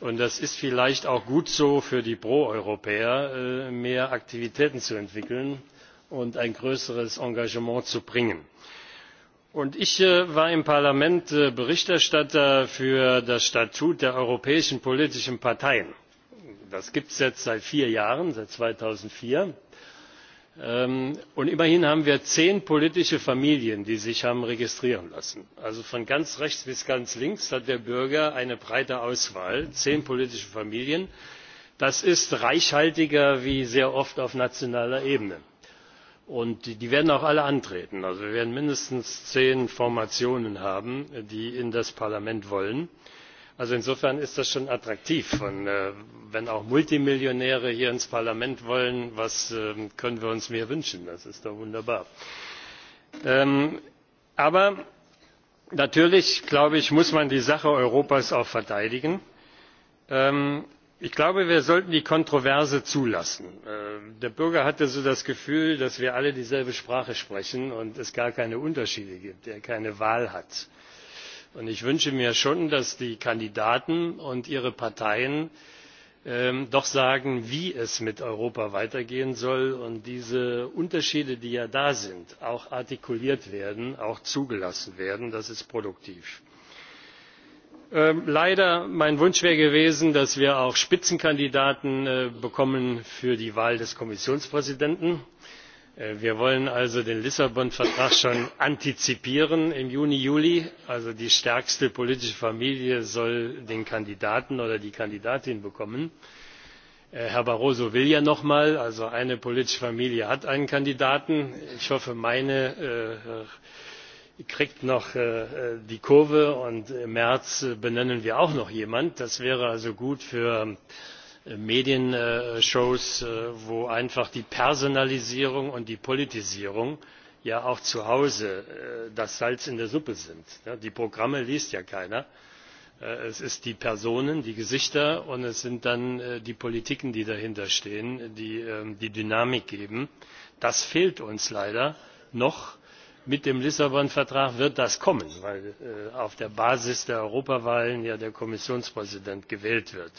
und das ist vielleicht auch gut so für die pro europäer mehr aktivitäten zu entwickeln und ein größeres engagement zu bringen. ich war im parlament berichterstatter für das statut der europäischen politischen parteien. das gibt es jetzt seit vier jahren seit zweitausendvier und immerhin haben wir zehn politische familien die sich haben registrieren lassen. also von ganz rechts bis ganz links hat der bürger eine breite auswahl zehn politische familien das ist reichhaltiger wie sehr oft auf nationaler ebene. und die werden auch alle antreten. also wir werden mindestens zehn formationen haben die in das parlament wollen also insofern ist das schon attraktiv wenn auch multimillionäre hier ins parlament wollen was können wir uns mehr wünschen? das ist doch wunderbar. aber natürlich muss man die sache europas auch verteidigen. ich glaube wir sollten die kontroverse zulassen. der bürger hatte so das gefühl dass wir alle dieselbe sprache sprechen und es gar keine unterschiede gibt er keine wahl hat und ich wünsche mir schon dass die kandidaten und ihre parteien doch sagen wie es mit europa weitergehen soll und diese unterschiede die ja da sind auch artikuliert werden auch zugelassen werden. das ist produktiv. leider wäre mein wunsch gewesen dass wir auch spitzenkandidaten bekommen für die wahl des kommissionspräsidenten wir wollen also den lissabon vertrag schon antizipieren im juni juli also die stärkste politische familie soll den kandidaten oder die kandidatin bekommen. herr barroso will ja noch einmal also eine politische familie hat einen kandidaten. ich hoffe meine kriegt noch die kurve und im märz benennen wir auch noch jemanden. das wäre also gut für medienshows wo einfach die personalisierung und die politisierung ja auch zu hause das salz in der suppe sind. die programme liest ja keiner es sind die personen die gesichter und es sind dann die politiken die dahinter stehen die die dynamik geben. das fehlt uns leider noch. mit dem lissabon vertrag wird das kommen weil auf der basis der europawahlen ja der kommissionspräsident gewählt wird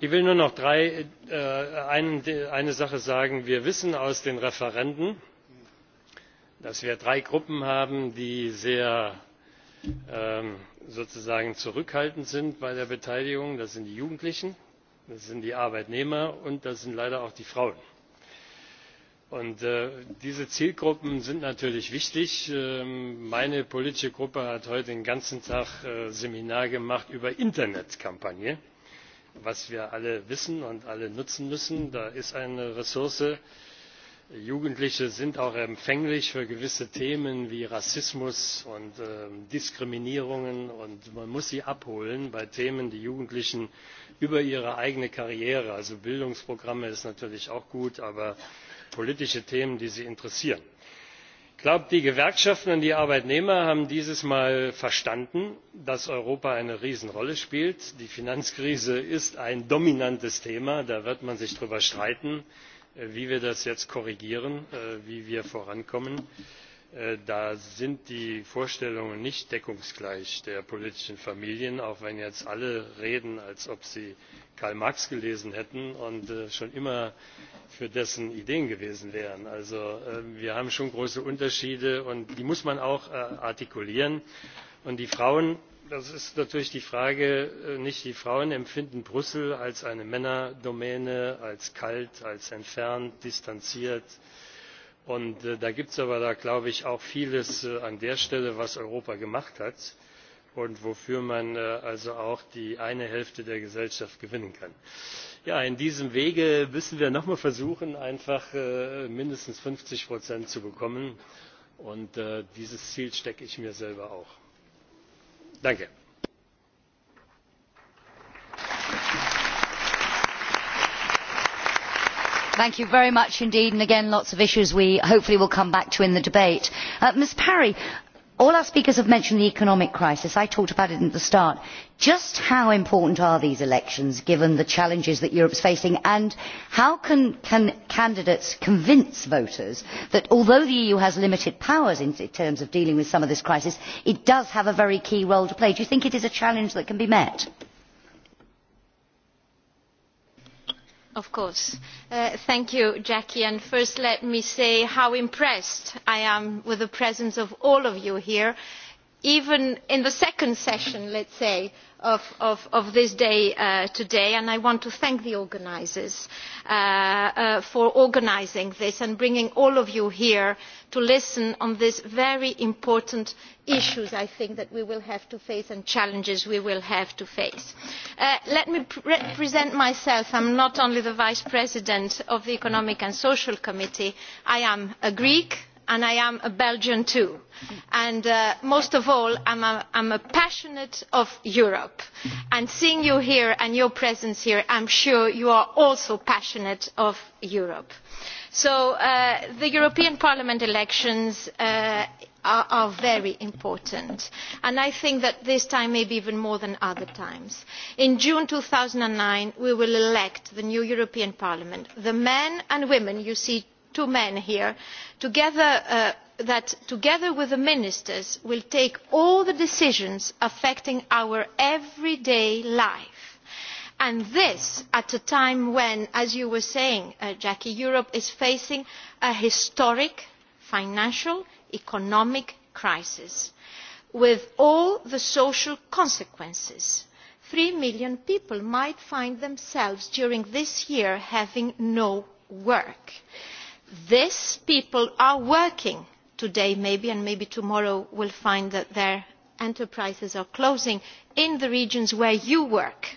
ich will nur noch eine sache sagen wir wissen aus den referenden dass wir drei gruppen haben die sehr sozusagen zurückhaltend sind bei der beteiligung das sind die jugendlichen das sind die arbeitnehmer und das sind leider auch die frauen. diese zielgruppen sind natürlich wichtig. meine politische fraktion hat heute den ganzen tag ein seminar gemacht über internetkampagnen was wir alle wissen und alle nutzen müssen. da ist eine ressource. jugendliche sind auch empfänglich für gewisse themen wie rassismus und diskriminierungen und man muss sie abholen bei themen die jugendlichen über ihre eigene karriere also bildungsprogramme sind natürlich auch gut aber politische themen die sie interessieren ich glaube die gewerkschaften und die arbeitnehmer haben dieses mal verstanden dass europa eine riesenrolle spielt. die finanzkrise ist ein dominantes thema da wird man sich darüber streiten wie wir das jetzt korrigieren wie wir vorankommen da sind die vorstellungen nicht deckungsgleich der politischen familien auch wenn jetzt alle reden als ob sie karl marx gelesen hätten und schon immer für dessen ideen gewesen wären. also wir haben schon große unterschiede und die muss man auch artikulieren. und die frauen das ist natürlich die frage nicht die frauen empfinden brüssel als eine männerdomäne als kalt als entfernt distanziert und da gibt es aber glaube ich auch vieles an der stelle was europa gemacht hat und wofür man also auch die eine hälfte der gesellschaft gewinnen kann. in diesem wege müssen wir noch einmal versuchen einfach mindestens fünfzig zu bekommen und dieses ziel stecke ich mir selber auch. danke! thank you very much indeed and again lots of issues we hopefully will come back to in the debate. ms parry all our speakers have mentioned the economic crisis i talked about it at the start. just how important are these elections given the challenges that europe is facing and how can candidates convince voters that although the eu has limited powers in terms of dealing with some of this crisis it does have a very key role to play? do you think it is a challenge that can be met? Of course. thank you, Jackie. And first, let me say how impressed I am with the presence of all of you here even in the second session let us say of this day today and i want to thank the organisers for organising this and bringing all of you here to listen on these very important issues i think that we will have to face and challenges we will have to face. let me present myself i am not only the vice president of the economic and social committee i am a greek and i am a belgian too and most of all i am a passionate about europe and seeing you here and your presence here i am sure you are also passionate about europe. so the european parliament elections are very important and i think that this time maybe even more than other times. in june two thousand and nine we will elect the new european parliament the men and women you see two men here that together with the ministers will take all the decisions affecting our everyday life and this at a time when as you were saying jackie europe is facing a historic financial and economic crisis with all the social consequences. three million people might find themselves during this year having no work these people are working today maybe and maybe tomorrow will find that their enterprises are closing in the regions where you work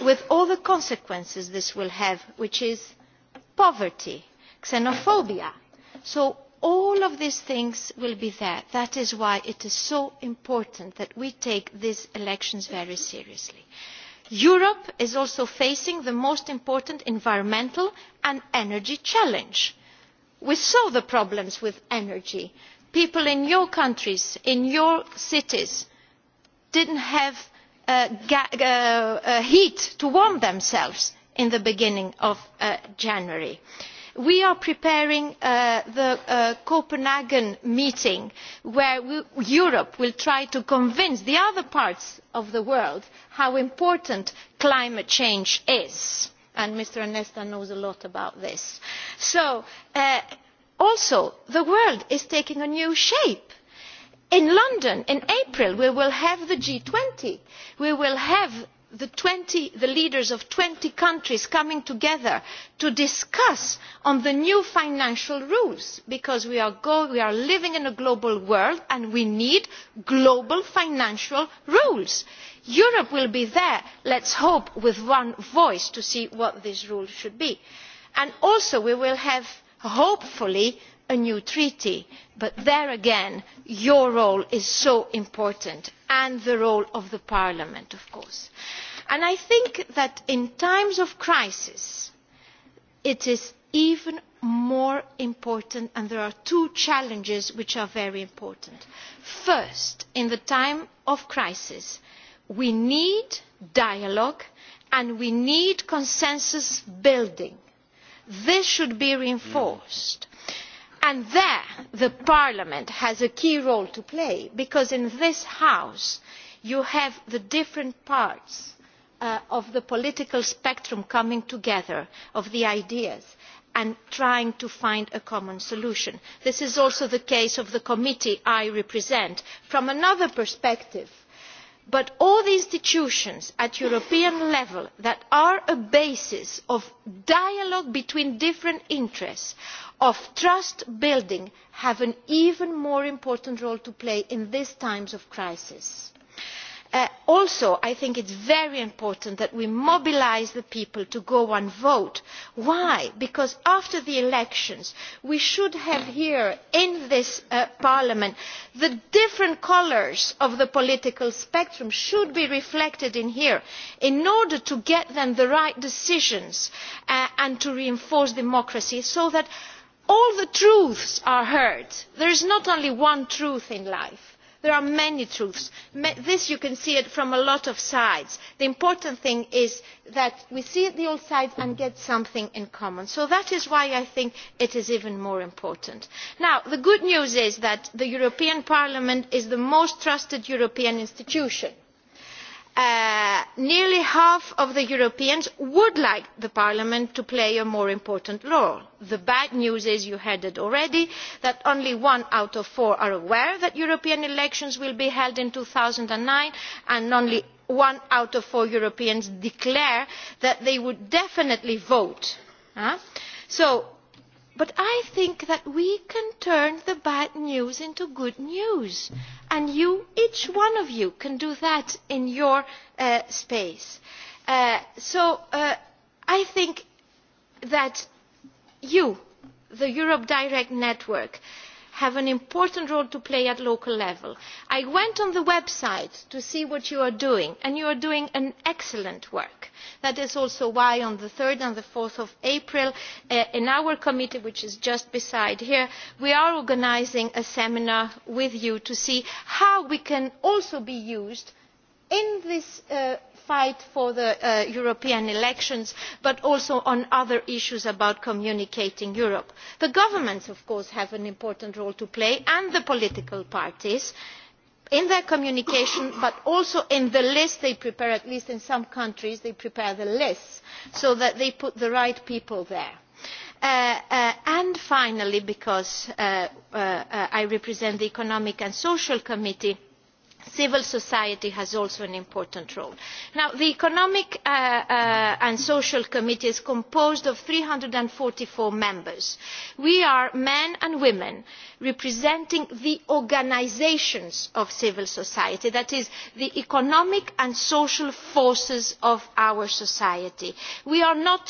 with all the consequences this will have which is poverty xenophobia so all of these things will be there that is why it is so important that we take these elections very seriously europe is also facing the most important environmental and energy challenge. we saw the problems with energy. people in your countries in your cities did not have heat to warm themselves at the beginning of january we are preparing the copenhagen meeting where europe will try to convince the other parts of the world how important climate change is and mr nesta knows a lot about this. also the world is taking a new shape in london in april we will have the g twenty we will have the leaders of twenty countries coming together to discuss the new financial rules because we are living in a global world and we need global financial rules. europe will be there let us hope with one voice to see what these rules should be. also we will have hopefully a new treaty but there again your role is so important and the role of parliament of course. i think that in times of crisis it is even more important and there are two challenges which are very important. first in the time of crisis we need dialogue and we need consensus building. this should be reinforced and there parliament has a key role to play because in this house you have the different parts of the political spectrum coming together of the ideas and trying to find a common solution. this is also the case of the committee i represent from another perspective but all the institutions at european level that are a basis of dialogue between different interests of trust building have an even more important role to play in these times of crisis. also i think it is very important that we mobilise the people to go and vote. why? because after the elections we should have here in this parliament the different colours of the political spectrum should be reflected in here in order to get the right decisions and to reinforce democracy so that all the truths are heard. there is not only one truth in life there are many truths. this you can see from a lot of sides. the important thing is that we see the old sides and get something in common. so that is why i think it is even more important. the good news is that the european parliament is the most trusted european institution nearly half of the europeans would like parliament to play a more important role. the bad news is you heard it already that only one out of four are aware that european elections will be held in two thousand and nine and only one out of four europeans declare that they would definitely vote. But I think that we can turn the bad news into good news. And you, each one of you, can do that in your uh, space. Uh, so uh, I think that you, the Europe Direct Network, uh, have an important role to play at local level. i went on the website to see what you are doing and you are doing excellent work. that is also why on three and four april in our committee which is just beside here we are organising a seminar with you to see how we can also be used in this fight for the european elections but also on other issues about communicating europe. the governments of course have an important role to play and the political parties in their communication but also in the list they prepare at least in some countries they prepare the lists so that they put the right people there and finally because i represent the economic and social committee civil society has also an important role. the economic and social committee is composed of three hundred and forty four members. we are men and women representing the organisations of civil society that is the economic and social forces of our society. we are not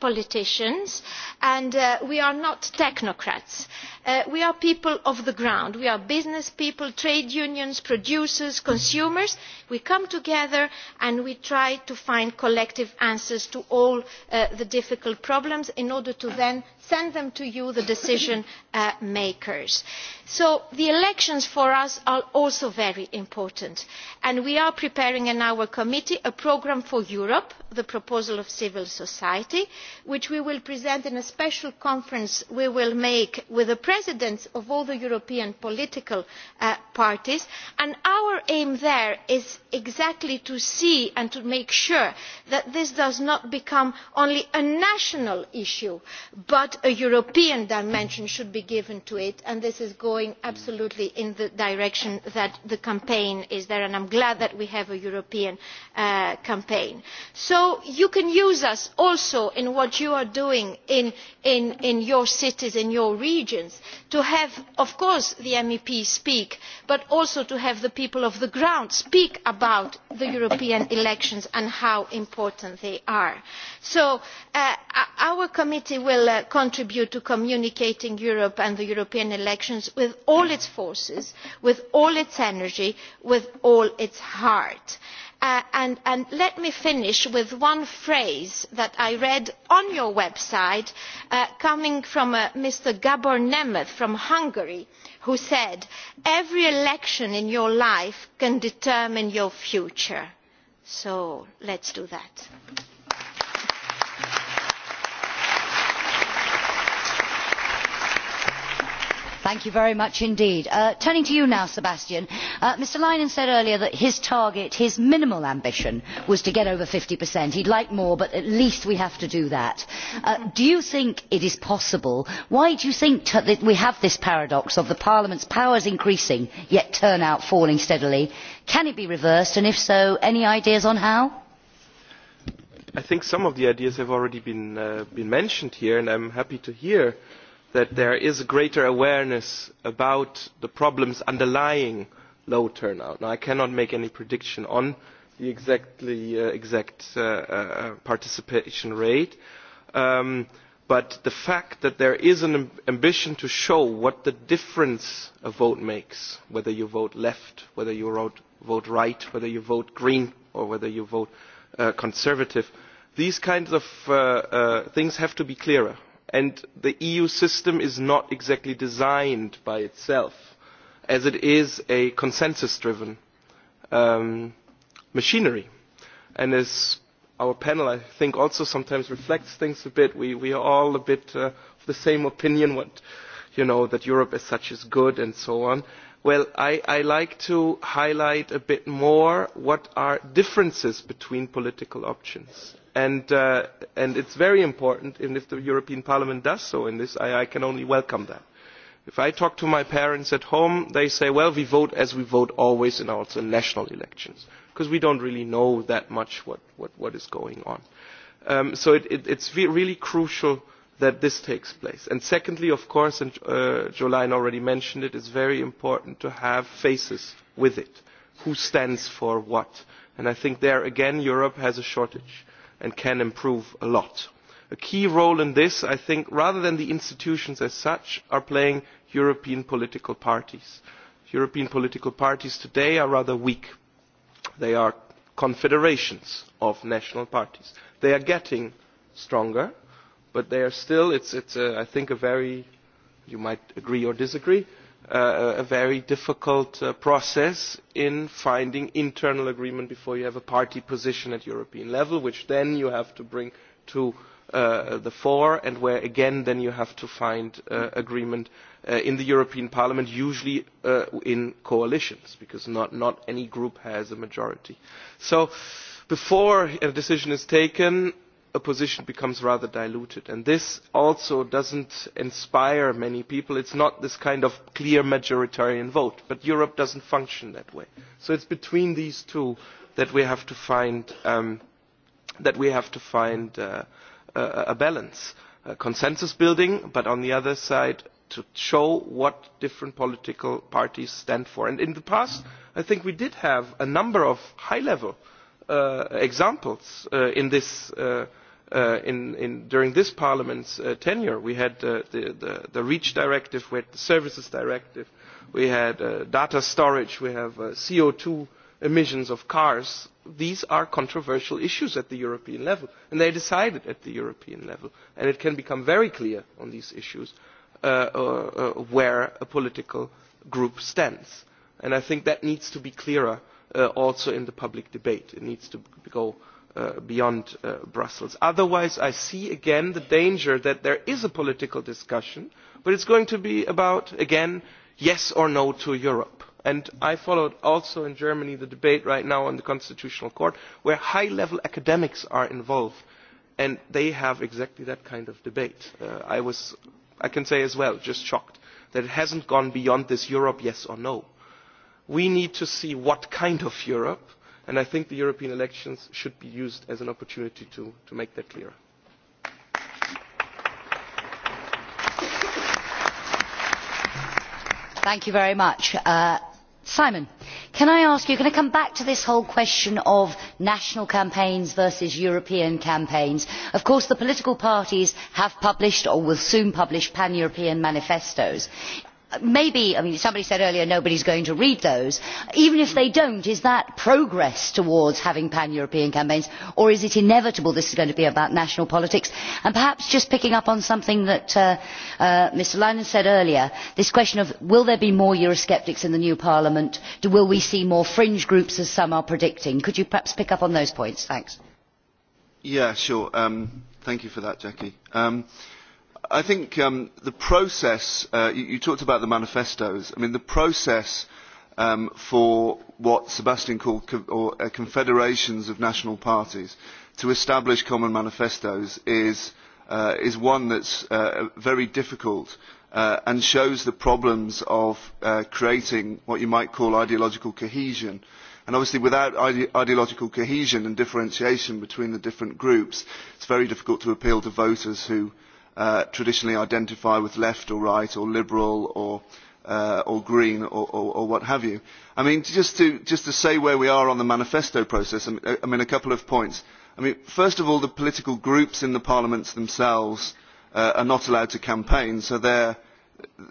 politicians and we are not technocrats we are people of the ground we are business people trade unions producers consumers. we come together and we try to find collective answers to all the difficult problems in order to then send them to you, the decision makers so the elections for us are also very important and we are preparing in our committee a programme for europe the proposal of civil society which we will present in a special conference we will make with the presidents of all the european political parties and our aim there is exactly to see and to make sure that this does not become only a national issue but a european dimension should be given to it and this is going absolutely in the direction that the campaign is there, and I am glad that we have a European campaign. So you can use us also in what you are doing in, your cities, in your regions, to have, of course, the MEPs speak, but also to have the people on the ground speak about the European elections and how important they are. So our committee will contribute to communicating Europe and the European elections with all its forces with all its energy with all its heart. let me finish with one phrase that i read on your website coming from mr gabor nemeth from hungary who said every election in your life can determine your future'. so let us do that. thank you very much indeed. turning to you now sebastian mr leinen said earlier that his target his minimal ambition was to get over fifty he would like more but at least we have to do that. do you think it is possible? why do you think that we have this paradox of parliament's powers increasing yet turnout falling steadily? can it be reversed and if so any ideas on how? i think some of the ideas have already been mentioned here and i am happy to hear that there is greater awareness about the problems underlying low turnout. I cannot make any prediction on the exact participation rate, but the fact that there is an ambition to show what the difference a vote makes, whether you vote left, whether you vote, right, whether you vote green, or whether you vote conservative, these kinds of things have to be clearer and the eu system is not exactly designed by itself as it is a consensus driven machinery and as our panel i think also sometimes reflects things a bit we, we are all a bit uh, of the same opinion what you know that europe as such is good and so on Well, I, I like to highlight a bit more what are differences between political options. And, uh, and it's very important, and if the European Parliament does so in this, I, I can only welcome that. If I talk to my parents at home, they say, well, we vote as we vote always in our national elections, because we don't really know that much what, what, what is going on. Um, so it, it, it's really crucial that this takes place. secondly, of course, and uh, Jolaine already mentioned it, it is very important to have faces with it. Who stands for what? And I think there again Europe has a shortage and can improve a lot. A key role in this, I think, rather than the institutions as such, are playing European political parties. European political parties today are rather weak. They are confederations of national parties. They are getting stronger, but they are still, it's, it's uh, I think, a very, you might agree or disagree, uh, a very difficult uh, process in finding internal agreement before you have a party position at European level, which then you have to bring to uh, the fore and where again then you have to find uh, agreement uh, in the European Parliament, usually uh, in coalitions, because not, not any group has a majority. So before a decision is taken, a position becomes rather diluted. And this also doesn't inspire many people. It's not this kind of clear majoritarian vote. But Europe doesn't function that way. So it's between these two that we have to find, that we have to find a, balance. consensus building, but on the other side, to show what different political parties stand for. And in the past, I think we did have a number of high-level examples in this uh, in, in, during this Parliament's uh, tenure. We had uh, the, the, the REACH directive, we had the services directive, we had uh, data storage, we have uh, CO2 emissions of cars. These are controversial issues at the European level, and they are decided at the European level. And it can become very clear on these issues uh, uh, where a political group stands. And I think that needs to be clearer uh, also in the public debate. It needs to go beyond Brussels. Otherwise, I see again the danger that there is a political discussion, but it is going to be about, again, yes or no to Europe. And I followed also in Germany the debate right now on the Constitutional Court, where high-level academics are involved, and they have exactly that kind of debate. I was, I can say as well, just shocked that it has not gone beyond this Europe, yes or no. We need to see what kind of Europe, and i think the european elections should be used as an opportunity to, make that clear. simon, can i ask you, can i come back to this whole question of national campaigns versus european campaigns? of course the political parties have published or will soon publish pan-european manifestos maybe somebody said earlier nobody is going to read those even if they do not is that progress towards having pan european campaigns or is it inevitable this is going to be about national politics? And perhaps just picking up on something that mr leinen said earlier this question of will there be more eurosceptics in the new parliament will we see more fringe groups as some are predicting could you perhaps pick up on those points? thank you for that jackie I think um, the process, uh, you, you talked about the manifestos. I mean, the process um, for what Sebastian called co- or, uh, confederations of national parties to establish common manifestos is, uh, is one that's uh, very difficult uh, and shows the problems of uh, creating what you might call ideological cohesion. And obviously without ide ideological cohesion and differentiation between the different groups, it's very difficult to appeal to voters who, traditionally identify with left or right or liberal or uh, or green or, or, or what have you. I mean, just to, just to say where we are on the manifesto process, I mean, a couple of points. I mean, first of all, the political groups in the parliaments themselves uh, are not allowed to campaign, so they're,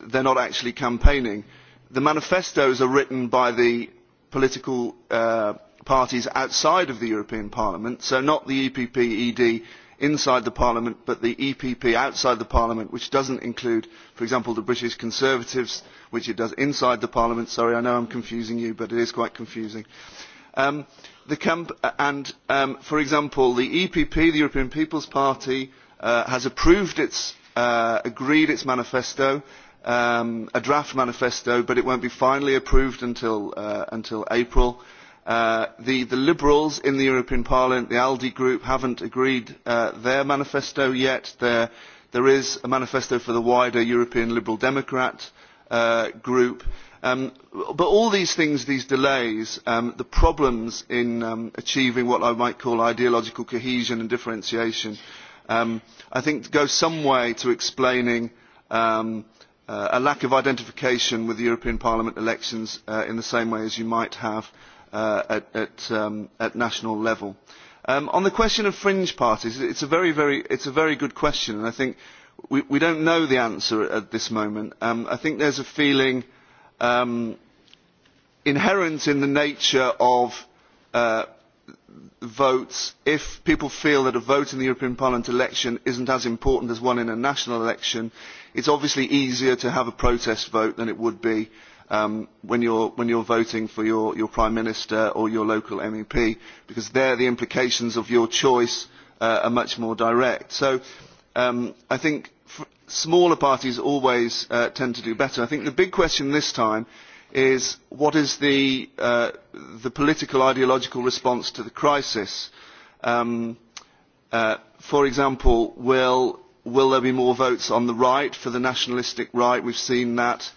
they're not actually campaigning. The manifestos are written by the political uh, parties outside of the European Parliament, so not the EPP, ED, inside parliament but the epp outside parliament which does not include for example the british conservatives which it does inside parliament sorry i know i am confusing you but it is quite confusing. for example the epp the european people's party has approved its agreed its manifesto a draft manifesto but it will not be finally approved until april the, Liberals in the European Parliament, the ALDE group, haven't agreed their manifesto yet. There, is a manifesto for the wider European Liberal Democrat group. but all these things, these delays, the problems in achieving what I might call ideological cohesion and differentiation, I think go some way to explaining a lack of identification with the European Parliament elections in the same way as you might have at, national level. on the question of fringe parties, it is a very, very, it's a very good question, and I think we, we don't know the answer at this moment. I think there is a feeling inherent in the nature of votes if people feel that a vote in the European Parliament election is not as important as one in a national election, it is obviously easier to have a protest vote than it would be um, when, you're, when you're voting for your, your Prime Minister or your local MEP, because there the implications of your choice uh, are much more direct. So um, I think smaller parties always uh, tend to do better. I think the big question this time is what is the, uh, the political ideological response to the crisis? Um, uh, for example, will, will there be more votes on the right for the nationalistic right? We've seen that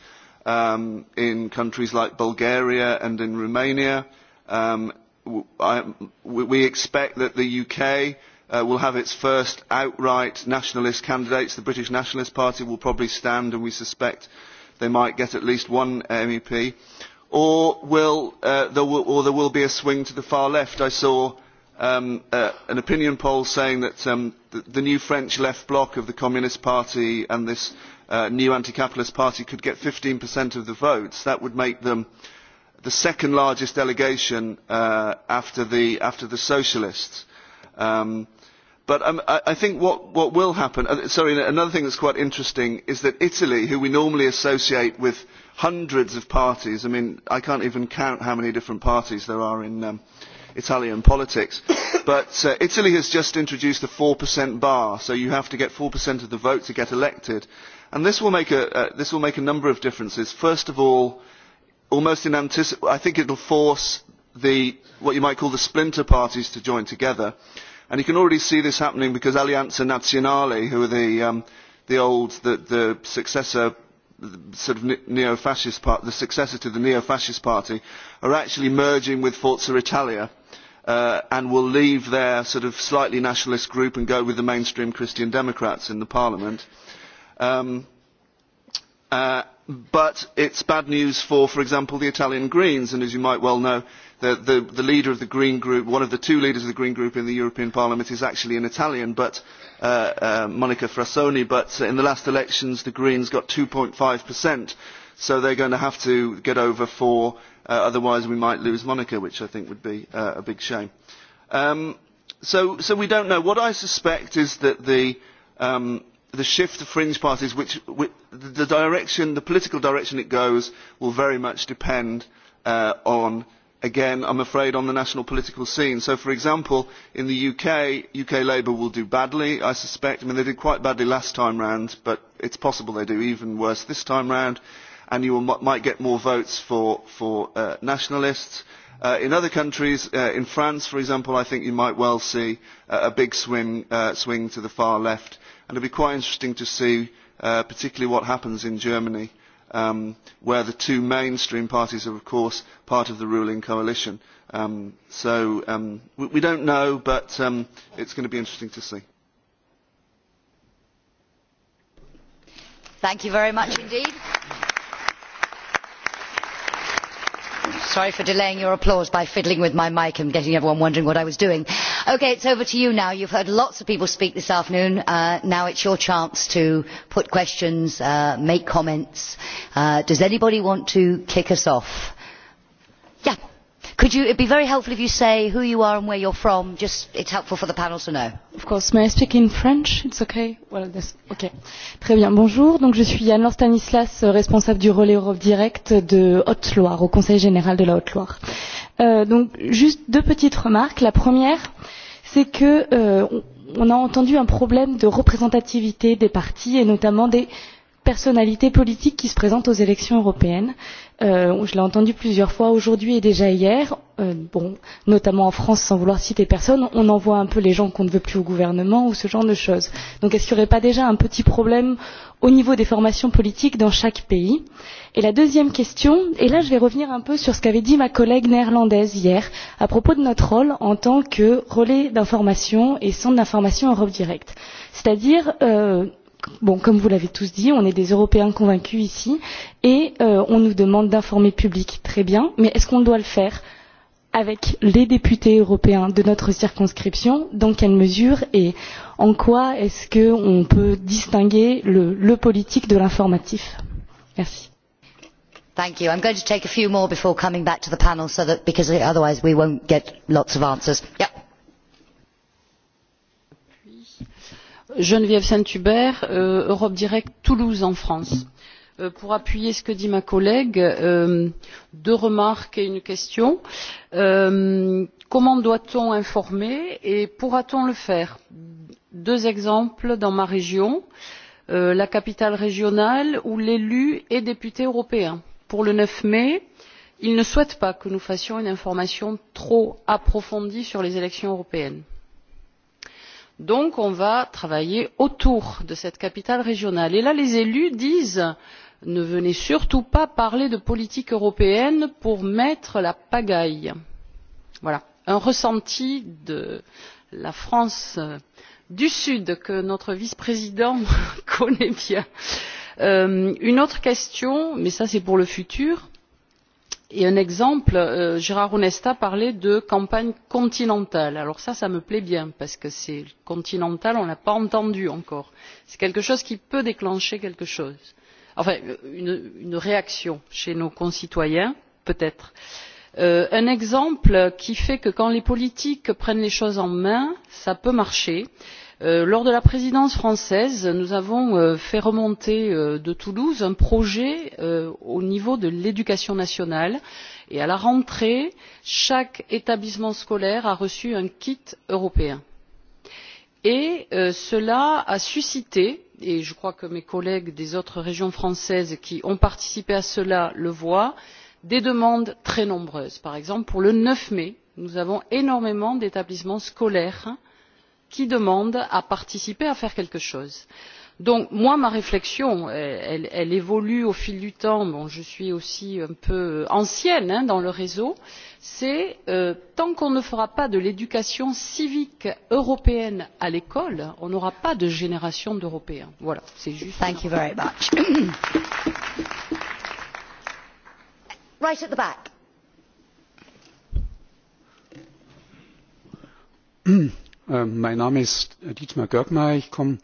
in countries like Bulgaria and in Romania. we expect that the UK will have its first outright nationalist candidates. The British Nationalist Party will probably stand, and we suspect they might get at least one MEP. Or, will, there, will, be a swing to the far left. I saw an opinion poll saying that the new French left bloc of the Communist Party and this new anti capitalist party could get fifteen of the votes that would make them the second largest delegation after the socialists but i think what will happen another thing that is quite interesting is that italy who we normally associate with hundreds of parties i mean i cannot even count how many different parties there are in italian politics but italy has just introduced a four bar so you have to get four of the vote to get elected. And this will make a, uh, this will make a number of differences. First of all, almost in anticip- I think it will force the, what you might call the splinter parties to join together. And you can already see this happening because Alianza Nazionale, who are the, um, the old, the, the successor sort of neo-fascist part, the successor to the neo-fascist party, are actually merging with Forza Italia uh, and will leave their sort of slightly nationalist group and go with the mainstream Christian Democrats in the parliament. Uh, but it is bad news for, for example, the Italian Greens. And as you might well know, the, the, the leader of the Green Group, one of the two leaders of the Green Group in the European Parliament is actually an Italian, but uh, uh, Monica Frassoni. But in the last elections, the Greens got two five So they're going to have to get over four, uh, otherwise we might lose Monica, which I think would be uh, a big shame. Um, so, so we don't know. What I suspect is that the, um, the shift of fringe parties, which, which the direction, the political direction it goes, will very much depend uh, on, again, I'm afraid, on the national political scene. So, for example, in the UK, UK Labour will do badly, I suspect. I mean, they did quite badly last time round, but it's possible they do even worse this time round. And you will, might get more votes for, for uh, nationalists. Uh, in other countries, uh, in France, for example, I think you might well see uh, a big swing, uh, swing to the far left and it will be quite interesting to see particularly what happens in Germany, where the two mainstream parties are, of course, part of the ruling coalition. so um, we, we don't know, but um, it's going to be interesting to see. Thank you very much indeed. sorry for delaying your applause by fiddling with my mic and getting everyone wondering what i was doing. okay it is over to you now you have heard lots of people speak this afternoon now it is your chance to put questions make comments. does anybody want to kick us off? it would be very helpful if you say who you are and where you are from just it is helpful for the panel to know. of course may i speak in french it's okay well this okay très bien bonjour donc je suis anne Laure Stanislas responsable du relais Europe Direct de Haute Loire au conseil général de la Haute Loire euh, donc juste deux petites remarques la première c'est que euh, on a entendu un problème de représentativité des partis et notamment des personnalités politiques qui se présentent aux élections européennes je l'ai entendu plusieurs fois aujourd'hui et déjà hier, notamment en France, sans vouloir citer personne, on envoie un peu les gens qu'on ne veut plus au gouvernement ou ce genre de choses. Donc est-ce qu'il n'y aurait pas déjà un petit problème au niveau des formations politiques dans chaque pays Et la deuxième question, et là je vais revenir un peu sur ce qu'avait dit ma collègue néerlandaise hier à propos de notre rôle en tant que relais d'information et centre d'information Europe Direct. C'est-à-dire Bon, comme vous l'avez tous dit, on est des Européens convaincus ici et euh, on nous demande d'informer le public très bien, mais est-ce qu'on doit le faire avec les députés européens de notre circonscription Dans quelle mesure et en quoi est-ce qu'on peut distinguer le, le politique de l'informatif Merci. Thank you. I'm going to take a few more before coming back to the panel so that because otherwise we won't get lots of answers. Yep. Geneviève Saint-Hubert, Europe Direct Toulouse en France. pour appuyer ce que dit ma collègue, deux remarques et une question. comment doit-on informer et pourra-t-on le faire Deux exemples dans ma région, la capitale régionale où l'élu est député européen. Pour le neuf mai, il ne souhaite pas que nous fassions une information trop approfondie sur les élections européennes donc on va travailler autour de cette capitale régionale et là les élus disent ne venez surtout pas parler de politique européenne pour mettre la pagaille. voilà un ressenti de la france du sud que notre vice président connaît bien. une autre question mais cela c'est pour le futur un exemple gérard onesta parlait de campagne continentale. alors ça ça me plaît bien parce que c'est continental on ne l'a pas entendu encore. c'est quelque chose qui peut déclencher quelque chose enfin une réaction chez nos concitoyens peut être. un exemple qui fait que quand les politiques prennent les choses en main ça peut marcher c'est lors de la présidence française nous avons fait remonter de toulouse un projet au niveau de l'éducation nationale et à la rentrée chaque établissement scolaire a reçu un kit européen. cela a suscité et je crois que mes collègues des autres régions françaises qui ont participé à cela le voient des demandes très nombreuses. par exemple pour le neuf mai nous avons énormément d'établissements scolaires qui qui demandent à participer à faire quelque chose. donc ma réflexion évolue au fil du temps je suis aussi un peu ancienne dans le réseau c'est que tant qu'on ne fera pas de l'éducation civique européenne à l'école on n'aura pas de génération d'européens. voilà c'est juste mein Name ist Dietmar Görgmeier. Ich komme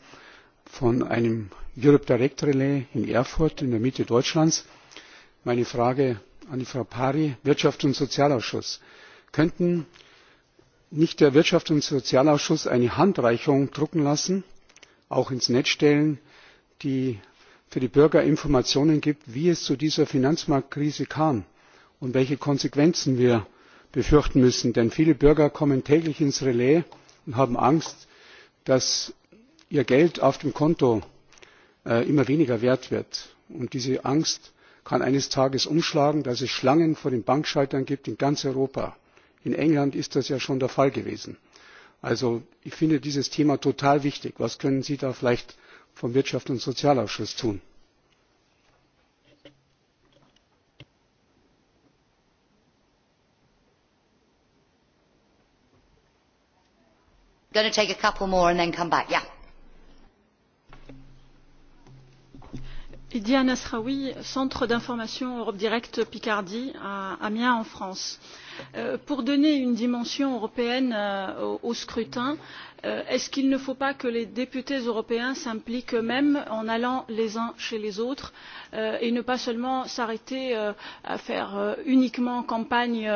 von einem Europe Direct Relais in Erfurt in der Mitte Deutschlands. Meine Frage an die Frau Pari, Wirtschaft und Sozialausschuss. Könnten nicht der Wirtschaft und Sozialausschuss eine Handreichung drucken lassen, auch ins Netz stellen, die für die Bürger Informationen gibt, wie es zu dieser Finanzmarktkrise kam und welche Konsequenzen wir befürchten müssen. Denn viele Bürger kommen täglich ins Relais und haben angst dass ihr geld auf dem konto immer weniger wert wird. und diese angst kann eines tages umschlagen dass es schlangen vor den bankschaltern gibt in ganz europa. in england ist das ja schon der fall gewesen. also ich finde dieses thema total wichtig. was können sie da vielleicht vom wirtschafts und sozialausschuss tun? Going to take a couple more and then come back. Yeah. Idia Nasraoui, Centre d'information Europe Direct Picardie à Amiens en France. Pour donner une dimension européenne au scrutin, euh, est ce qu'il ne faut pas que les députés européens s'impliquent eux mêmes en allant les uns chez les autres et ne pas seulement s'arrêter à faire uniquement campagne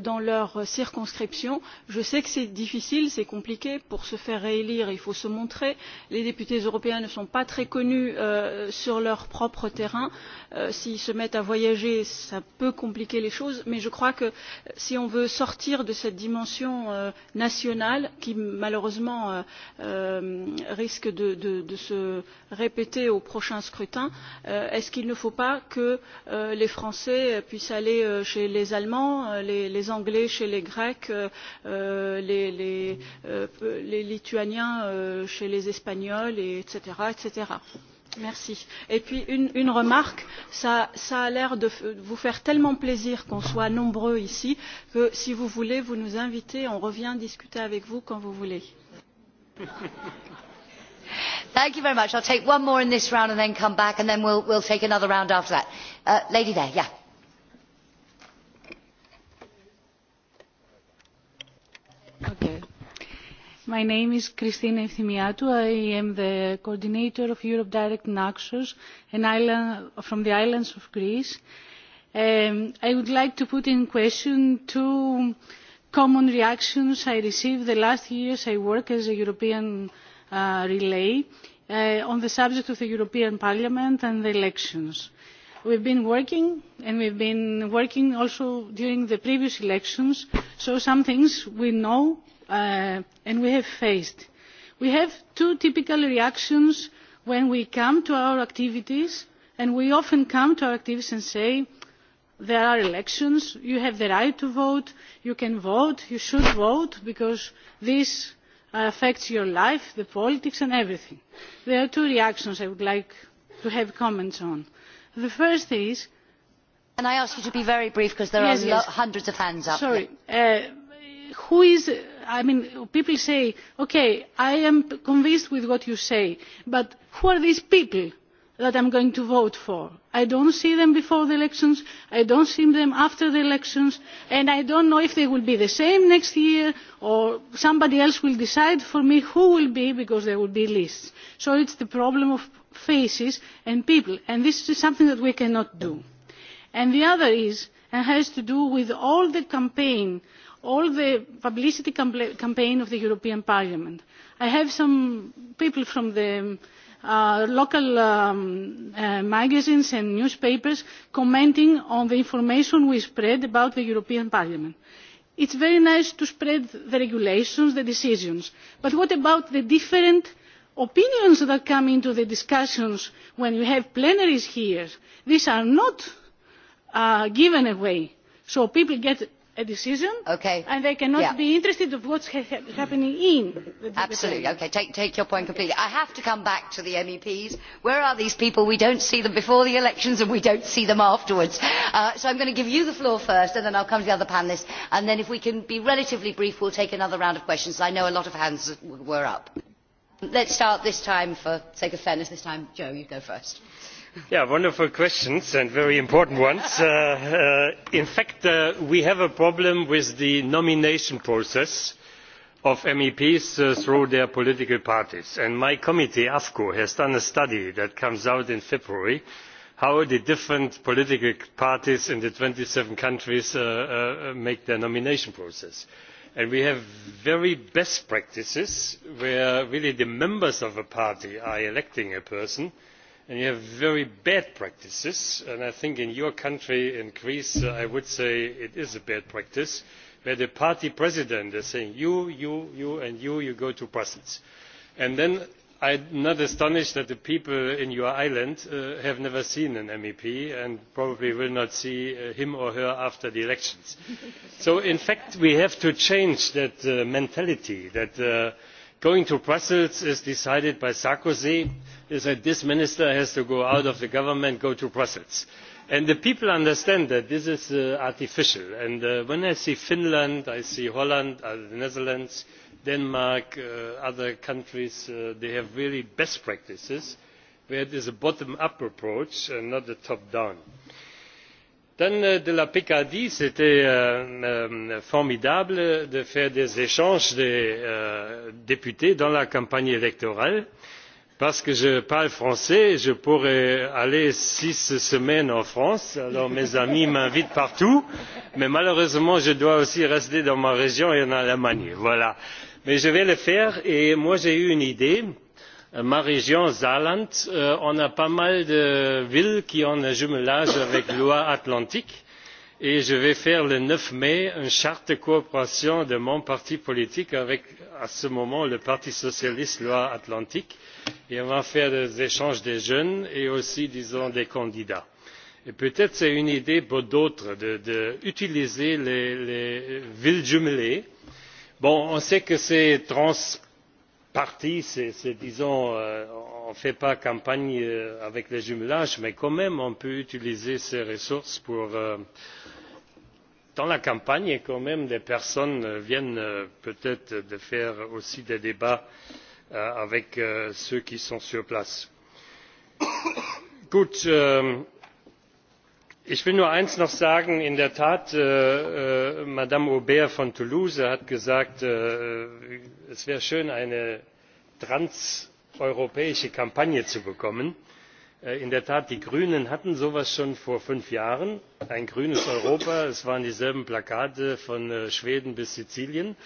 dans leur circonscription? je sais que c'est difficile c'est compliqué pour se faire réélire il faut se montrer les députés européens ne sont pas très connus sur leur propre terrain s'ils se mettent à voyager cela peut compliquer les choses mais je crois que si on veut sortir de cette dimension nationale qui malheureusement malheureusement risque de se répéter au prochain scrutin est ce qu'il ne faut pas que les français puissent aller chez les allemands les anglais chez les grecs les lituaniens chez les espagnols etc. Merci. Et puis une, une remarque, ça, ça a l'air de vous faire tellement plaisir qu'on soit nombreux ici que si vous voulez, vous nous invitez, on revient discuter avec vous quand vous voulez. Thank you very much. I'll take one more in this round and then come back and then we'll, we'll take another round after that. Uh, lady there, yeah My name is Christine Efthimiatou. I am the coordinator of Europe Direct Naxos, an island from the islands of Greece. Um, I would like to put in question two common reactions I received the last years I work as a European uh, relay uh, on the subject of the European Parliament and the elections. We've been working, and we've been working also during the previous elections, so some things we know and we have faced. We have two typical reactions when we come to our activities, and we often come to our activities and say, there are elections, you have the right to vote, you can vote, you should vote, because this affects your life, the politics and everything. There are two reactions I would like to have comments on. The first is... Can I ask you to be very brief because there are hundreds of hands up. Sorry. who is I mean, people say, okay, I am convinced with what you say, but who are these people that I am going to vote for? I do not see them before the elections, I do not see them after the elections, and I do not know if they will be the same next year or somebody else will decide for me who will be because there will be lists. So it is the problem of faces and people, and this is something that we cannot do. And the other is, and has to do with all the campaign all the publicity campaign of the European Parliament. I have some people from the local magazines and newspapers commenting on the information we spread about the European Parliament. It is very nice to spread the regulations, the decisions, but what about the different opinions that come into the discussions when you have plenaries here? These are not given away, so people get a decision and they cannot be interested in what is happening in the absolutely okay take, take your point completely i have to come back to the meps where are these people we don't see them before the elections and we don't see them afterwards uh, so i'm going to give you the floor first and then i'll come to the other panelists and then if we can be relatively brief we'll take another round of questions i know a lot of hands were up let's start this time for sake of fairness this time joe you go first Yeah, wonderful questions and very important ones. in fact, we have a problem with the nomination process of meps through their political parties and my committee afco has done a study that comes out in february on how the different political parties in the twenty seven countries make their nomination process we have very best practices where really the members of a party are electing a person and you have very bad practices and i think in your country in greece i would say it is a bad practice where the party president is saying you you you and you you go to brussels and then i am not astonished that the people in your island have never seen an mep and probably will not see him or her after the elections. so in fact we have to change that mentality that going to brussels is decided by sarkozy he said this minister has to go out of the government and go to brussels and the people understand that this is artificial and when i see finland i see holland the netherlands denmark other countries they have really best practices where it is a bottom up approach and not a top down de la picardie c'était formidable de faire des échanges de députés dans la campagne électorale parce que je parle français et je pourrais aller six semaines en france alors mes amis m'invitent partout mais malheureusement je dois aussi rester dans ma région et en allemagne voilà mais je vais le faire et j'ai eu une idée ma région saarland on a pas mal de villes qui ont un jumelage avec la loire atlantique et je vais faire le neuf mai une charte de coopération de mon parti politique avec à ce moment le parti socialiste loire atlantique et on va faire des échanges de jeunes et aussi disons des candidats. peut être c'est une idée pour d'autres d'utiliser les villes jumelées. on sait que c'est parti disons on ne fait pas campagne avec les jumelages mais quand même on peut utiliser ces ressources pour dans la campagne quand même des personnes viennent peut être de faire aussi des débats avec ceux qui sont sur place. écoute ich will nur eines noch sagen in der tat madame aubert von toulouse hat gesagt es wäre schön eine transeuropäische kampagne zu bekommen. in der tat die grünen hatten so etwas schon vor fünf jahren ein grünes europa es waren dieselben plakate von schweden bis sizilien.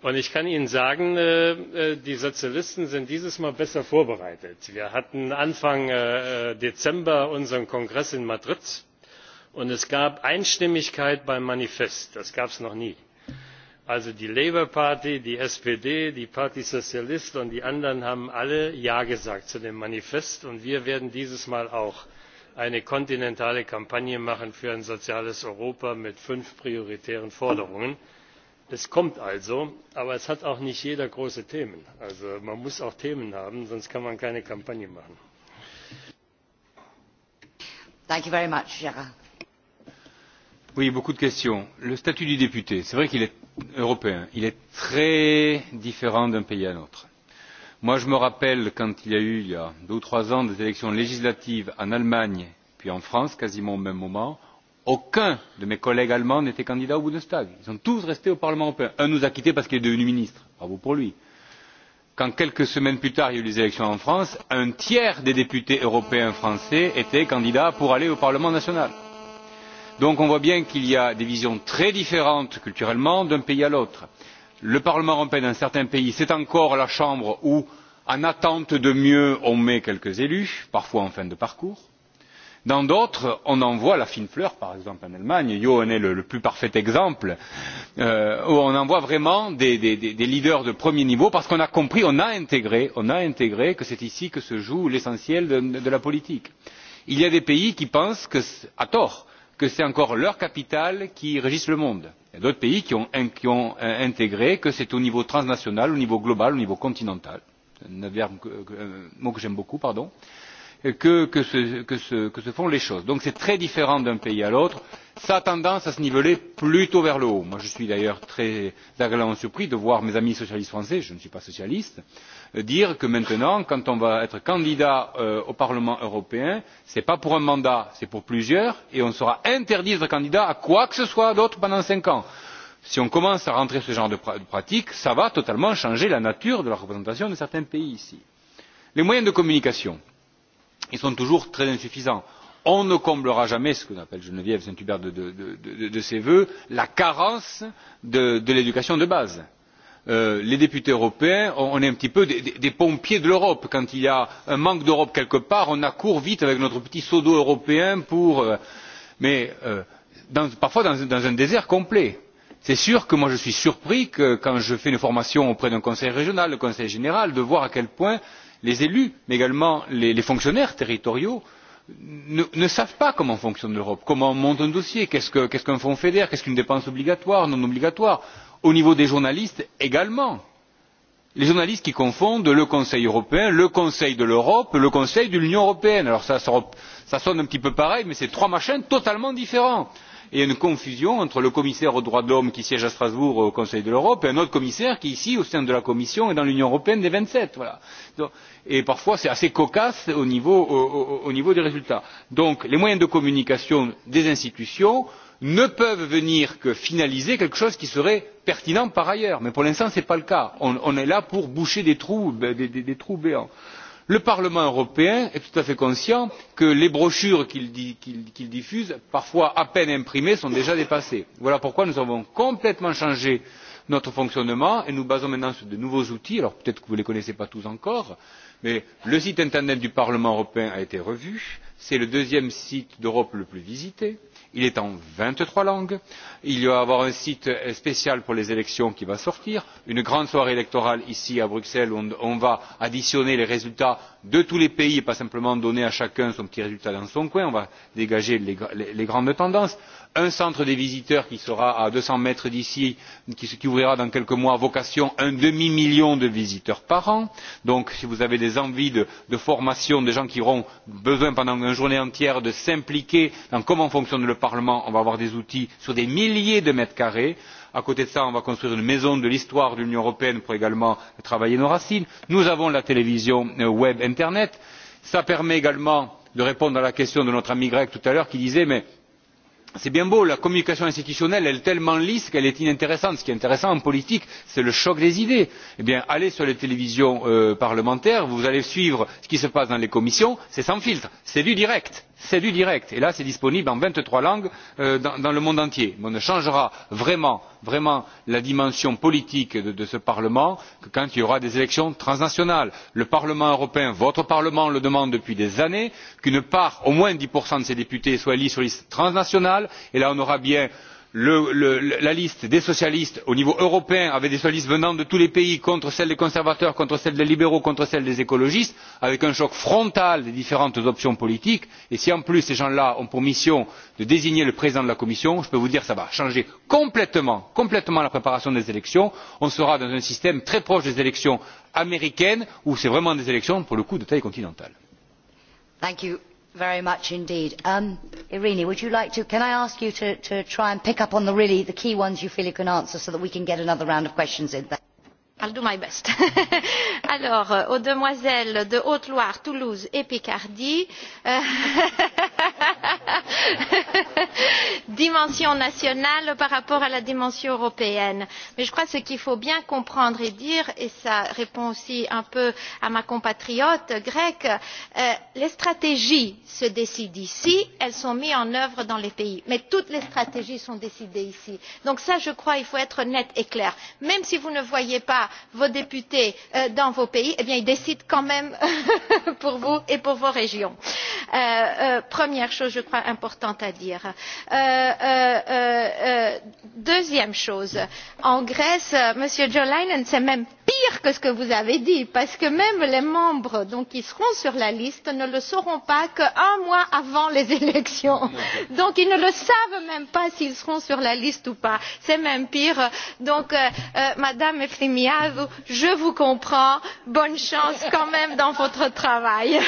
und ich kann ihnen sagen die sozialisten sind dieses mal besser vorbereitet. wir hatten anfang dezember unseren kongress in madrid und es gab einstimmigkeit beim manifest das gab es noch nie. also die labour party die spd die parti socialiste und die anderen haben alle ja gesagt zu dem manifest und wir werden dieses mal auch eine kontinentale kampagne machen für ein soziales europa mit fünf prioritären forderungen. es kommt also aber es hat auch nicht jeder große themen. also man muss auch themen haben sonst kann man keine kampagne machen. Oui, beaucoup de questions. Le statut du député, c'est vrai qu'il est européen. Il est très différent d'un pays à l'autre. Moi, je me rappelle quand il y a eu, il y a deux ou trois ans, des élections législatives en Allemagne, puis en France, quasiment au même moment. Aucun de mes collègues allemands n'était candidat au Bundestag. Ils sont tous restés au Parlement européen. Un nous a quittés parce qu'il est devenu ministre. Bravo pour lui. Quand quelques semaines plus tard, il y a eu les élections en France, un tiers des députés européens français étaient candidats pour aller au Parlement national donc on voit bien qu'il y a des visions très différentes culturellement d'un pays à l'autre. le parlement européen dans certains pays c'est encore la chambre où en attente de mieux on met quelques élus parfois en fin de parcours. dans d'autres on en voit la fine fleur par exemple en allemagne en est le plus parfait exemple où on en voit vraiment des leaders de premier niveau parce qu'on a compris on a intégré que c'est ici que se joue l'essentiel de la politique. il y a des pays qui pensent à tort que c'est encore leur capital qui régisse le monde. il y a d'autres pays qui ont intégré que c'est au niveau transnational au niveau global au niveau continental un mot que j'aime beaucoup que, se, font les choses. Donc c'est très différent d'un pays à l'autre. cela a tendance à se niveler plutôt vers le haut. je suis d'ailleurs très agréablement surpris de voir mes amis socialistes français, je ne suis pas socialiste, dire que maintenant quand on va être candidat au parlement européen ce n'est pas pour un mandat c'est pour plusieurs et on sera interdit d'être candidat à quoi que ce soit d'autre pendant cinq ans. si on commence à entrer dans ce genre de pratique cela va totalement changer la nature de la représentation de certains pays ici. les moyens de communication sont toujours très insuffisants on ne comblera jamais ce que appelle geneviève saint hubert de ses vœux la carence de l'éducation de base les députés européens on est un petit peu des pompiers de l'europe quand il y a un manque d'europe quelque part on accourt vite avec notre petit seau d'eau européen mais parfois dans un désert complet. c'est sûr que je suis surpris quand je fais une formation auprès d'un conseil régional d'un conseil général de voir à quel point les élus mais également les fonctionnaires territoriaux ne savent pas comment fonctionne l'europe comment on monte un dossier qu'est ce qu'un fonds feder qu'est ce qu'une dépense obligatoire non obligatoire au niveau des journalistes également les journalistes qui confondent le conseil européen le conseil de l'europe le conseil de l'union européenne. alors cela sonne un petit peu pareil mais ce sont trois machins totalement différents. il y a une confusion entre le commissaire aux droits de l'homme qui siège à strasbourg au conseil de l'europe et un autre commissaire qui ici au sein de la commission et dans l'union européenne des vingt sept et parfois c'est assez cocasse au niveau des résultats. donc les moyens de communication des institutions ne peuvent venir que finaliser quelque chose qui serait pertinent par ailleurs mais pour l'instant ce n'est pas le cas on est là pour boucher des trous béants. le parlement européen est tout à fait conscient que les brochures qu'il diffuse parfois à peine imprimées sont déjà dépassées. voilà pourquoi nous avons complètement changé notre fonctionnement et nous basons maintenant sur de nouveaux outils alors peut être que vous ne les connaissez pas tous encore mais le site internet du parlement européen a été revu c'est le deuxième site d'europe le plus visité il est en vingt trois langues il va y avoir un site spécial pour les élections qui va sortir une grande soirée électorale ici à bruxelles où on va additionner les résultats de tous les pays et pas simplement donner à chacun son petit résultat dans son coin on va dégager les grandes tendances un centre des visiteurs qui sera à deux cents mètres d'ici qui ouvrira dans quelques mois vocation un demi million de visiteurs par an donc si vous avez des envies de formation des gens qui auront besoin pendant une journée entière de s'impliquer dans comment fonctionne le parlement on va avoir des outils sur des milliers de mètres carrés à côté de cela on va construire une maison de l'histoire de l'union européenne pour également travailler nos racines nous avons la télévision web internet cela permet également de répondre à la question de notre ami grec tout à l'heure qui disait mais c'est bien beau la communication institutionnelle est tellement lisse qu'elle est inintéressante. ce qui est intéressant en politique c'est le choc des idées. Eh bien, allez sur les télévisions parlementaires vous allez suivre ce qui se passe dans les commissions c'est sans filtre c'est du direct c'est du direct et là c'est disponible en vingt trois langues dans le monde entier. Mais on ne changera vraiment la dimension politique de ce parlement que quand il y aura des élections transnationales. le parlement européen votre parlement le demande depuis des années qu'une part au moins dix de ses députés soit élue sur liste transnationale et là on aura bien la liste des socialistes au niveau européen avec des socialistes venant de tous les pays contre celle des conservateurs contre celle des libéraux contre celle des écologistes avec un choc frontal des différentes options politiques et si en plus ces gens là ont pour mission de désigner le président de la commission je peux vous dire que cela va changer complètement la préparation des élections on sera dans un système très proche des élections américaines où ce sont vraiment des élections pour le coup de taille continentale very much indeed. Irene, would you like to, can I ask you to, to try and pick up on the really, the key ones you feel you can answer so that we can get another round of questions in there? I'll do my best. Alors, aux demoiselles de Haute-Loire, Toulouse et Picardie, dimension nationale par rapport à la dimension européenne. Mais je crois que ce qu'il faut bien comprendre et dire, et ça répond aussi un peu à ma compatriote grecque, euh, les stratégies se décident ici, elles sont mises en œuvre dans les pays. Mais toutes les stratégies sont décidées ici. Donc ça, je crois, il faut être net et clair. Même si vous ne voyez pas pas vos députés dans vos pays eh bien ils décident quand même pour vous et pour vos régions. première chose je crois importante à dire. deuxième chose en grèce monsieur jo leinen c'est même pire que ce que vous avez dit parce que même les membres qui seront sur la liste ne le sauront pas qu'un mois avant les élections donc ils ne le savent même pas s'ils seront sur la liste ou pas c'est même pire. donc madame efremia diaz je vous comprends bonne chance quand même dans votre travail.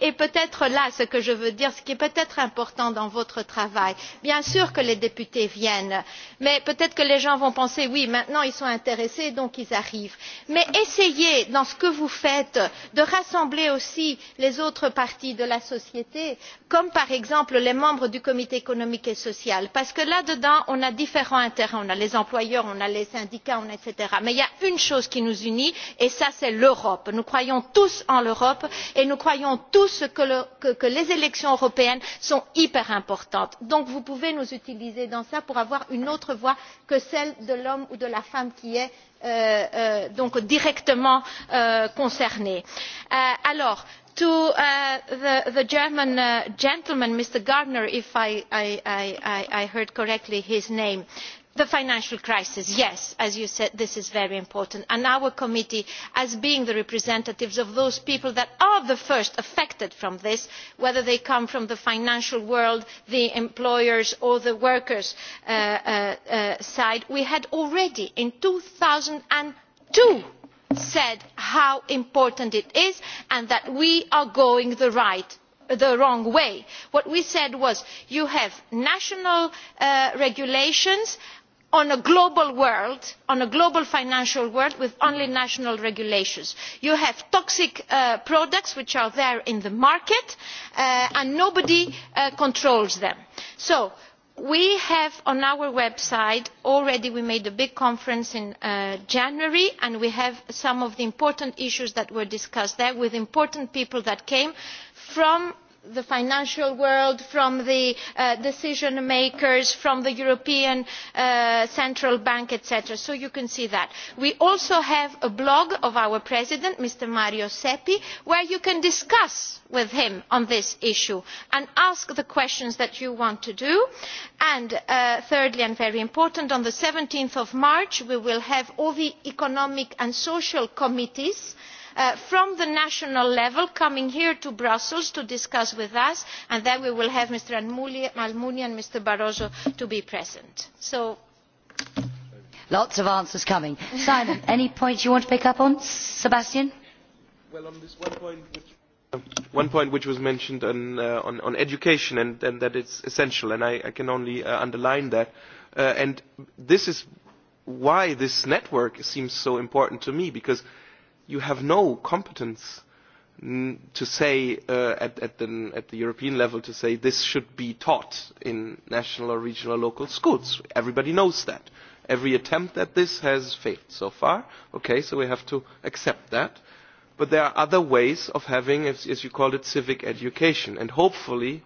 et peut être là ce que je veux dire ce qui est peut être important dans votre travail bien sûr que les députés viennent mais peut être que les gens vont penser oui maintenant ils sont intéressés donc ils arrivent mais essayez dans ce que vous faites de rassembler aussi les autres parties de la société comme par exemple les membres du comité économique et social parce que là dedans on a différents intérêts on a les employeurs on a les syndicats etc. mais il y a une chose qui nous unit et c'est l'europe. nous croyons tous en l'europe et nous croyons tous que les élections européennes sont hyper importantes. donc vous pouvez nous utiliser dans cela pour avoir une autre voix que celle de l'homme ou de la femme qui est directement concerné. alors to the german gentleman mr gardner if i heard correctly his name the financial crisis yes as you said this is very important and our committee as being the representatives of those people that are the first affected by this whether they come from the financial world the employers or the workers' side we had already in two thousand and two said how important it is and that we are going the wrong way. what we said was that you have national regulations on a global world on a global financial world with only national regulations. you have toxic products which are there in the market and nobody controls them we have on our website already we made a big conference in january and we have some of the important issues that were discussed there with important people that came from the financial world from the decision makers from the european central bank etc. so you can see that. we also have a blog of our president mr mario seppi where you can discuss with him on this issue and ask the questions that you want to do. and thirdly and very important on seventeen march we will have all the economic and social committees from the national level coming here to brussels to discuss with us and then we will have mr almunia and mr barroso to be present. lots of answers coming. simon any points you want to pick up on? sebastian? well on this one point which one point which was mentioned on, uh, on, on education and, and that it's essential and I, I can only uh, underline that uh, and this is why this network seems so important to me because you have no competence to say uh, at, at, the, at the European level to say this should be taught in national or regional or local schools. Everybody knows that. Every attempt at this has failed so far. Okay, so we have to accept that. But there are other ways of having, as, as you called it, civic education, and hopefully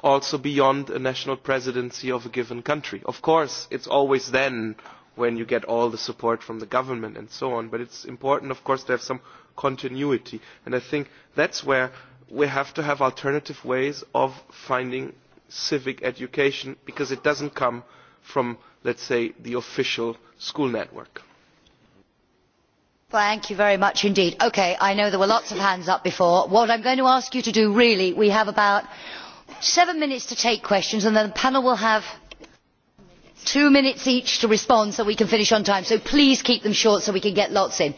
also beyond a national presidency of a given country. Of course, it's always then when you get all the support from the government and so on. But it is important, of course, to have some continuity. And I think that is where we have to have alternative ways of finding civic education because it does not come from, let us say, the official school network. Thank you very much indeed. Okay, I know there were lots of hands up before. What I'm going to ask you to do really, we have about seven minutes to take questions and then the panel will have two minutes each to respond so we can finish on time so please keep them short so we can get lots in.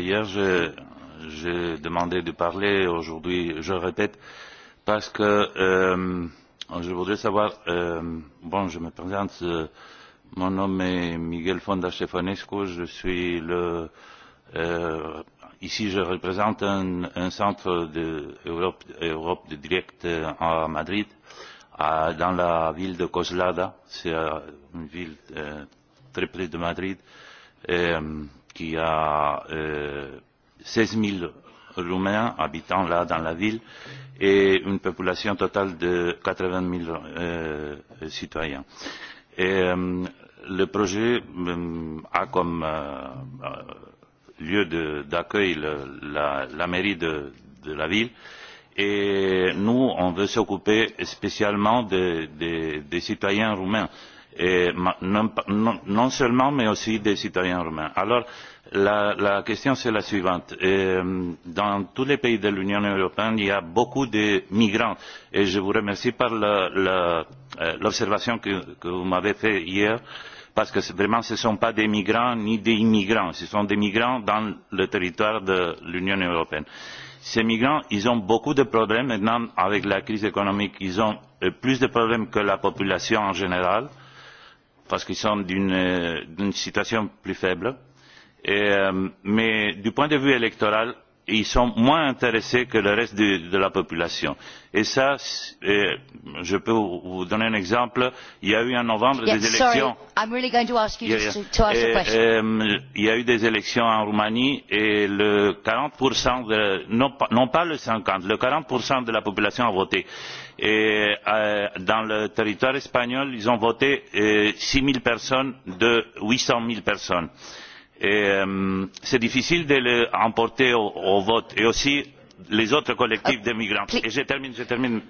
hier j'ai demandé de parler aujourd'hui je répète parce que je voudrais savoir bon je me présente mon nom est Miguel Fonda Stefanescu je suis le Ici, je représente un, un centre d'Europe de Europe, de direct à Madrid, à, dans la ville de Coslada. C'est une ville euh, très près de Madrid et, qui a euh, 16 000 Roumains habitant là dans la ville et une population totale de 80 000 euh, citoyens. Et, euh, le projet euh, a comme euh, lieu d'accueil, la, la mairie de, de la ville. Et nous, on veut s'occuper spécialement des, des, des citoyens roumains. Et non, non, non seulement, mais aussi des citoyens roumains. Alors, la, la question, c'est la suivante. Et dans tous les pays de l'Union européenne, il y a beaucoup de migrants. Et je vous remercie par l'observation que, que vous m'avez faite hier. Euh, parce que vraiment ce ne sont pas des migrants ni des immigrants ce sont des migrants dans le territoire de l'union européenne. ces migrants ont beaucoup de problèmes maintenant avec la crise économique ils ont plus de problèmes que la population en général parce qu'ils sont d'une situation plus faible mais du point de vue électoral ils sont moins intéressés que le reste de la population. et ça je peux vous donner un exemple il y a eu en novembre des élections il y a eu des élections en roumanie et le quarante non pas le cinquante le quarante de la population a voté et dans le territoire espagnol ils ont voté six 000 personnes de huit cents personnes c'est difficile de les emporter au, vote et aussi les autres collectifs de migrants. Et je termine, je termine.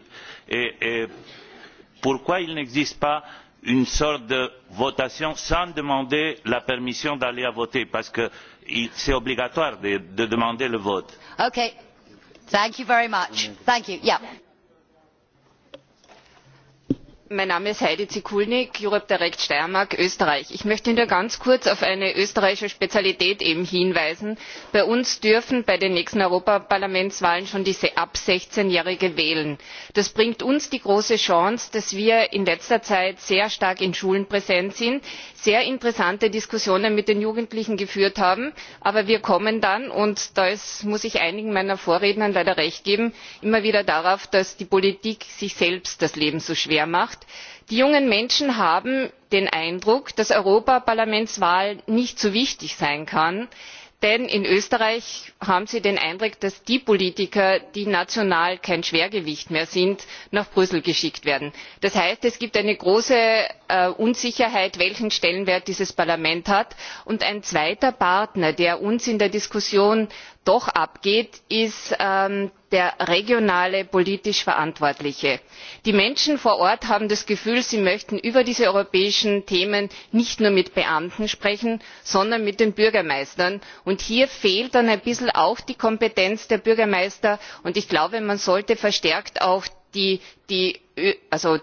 pourquoi il n'existe pas une sorte de votation sans demander la permission d'aller voter parce que c'est obligatoire de, demander le vote mein name ist heidi zikulnik europe direkt steiermark österreich. ich möchte nur ganz kurz auf eine österreichische spezialität hinweisen bei uns dürfen bei den nächsten europaparlamentswahlen schon diese ab sechzehn jährige wählen. das bringt uns die große chance dass wir in letzter zeit sehr stark in schulen präsent sind sehr interessante diskussionen mit den jugendlichen geführt haben aber wir kommen dann und da muss ich einigen meiner vorredner leider recht geben immer wieder darauf dass die politik sich selbst das leben so schwer macht macht die jungen menschen haben den eindruck dass Europaparlamentswahl nicht so wichtig sein kann, denn in österreich haben sie den eindruck dass die politiker die national kein schwergewicht mehr sind nach brüssel geschickt werden. das heißt es gibt eine große unsicherheit welchen stellenwert dieses parlament hat. und ein zweiter partner der uns in der diskussion doch abgeht ist der regionale politisch verantwortliche. die menschen vor ort haben das gefühl sie möchten über diese europäischen themen nicht nur mit beamten sprechen sondern mit den bürgermeistern. hier fehlt dann ein bisschen auch die kompetenz der bürgermeister und ich glaube man sollte verstärkt auch die die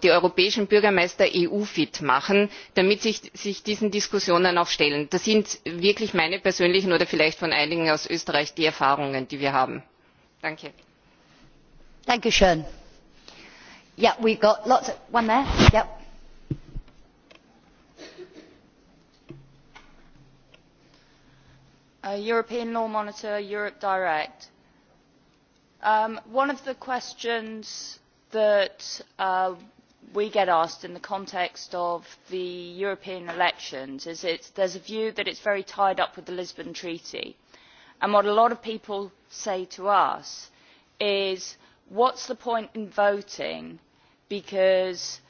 europäischen bürgermeister eu fit machen damit sie sich diesen diskussionen auch stellen. das sind wirklich meine persönlichen oder vielleicht von einigen aus österreich die erfahrungen die wir haben. danke. european law monitor europe direct one of the questions that we get asked in the context of the European elections is that there is a view that it is very tied up with the Lisbon Treaty. And what a lot of people say to us is, what is the point in voting because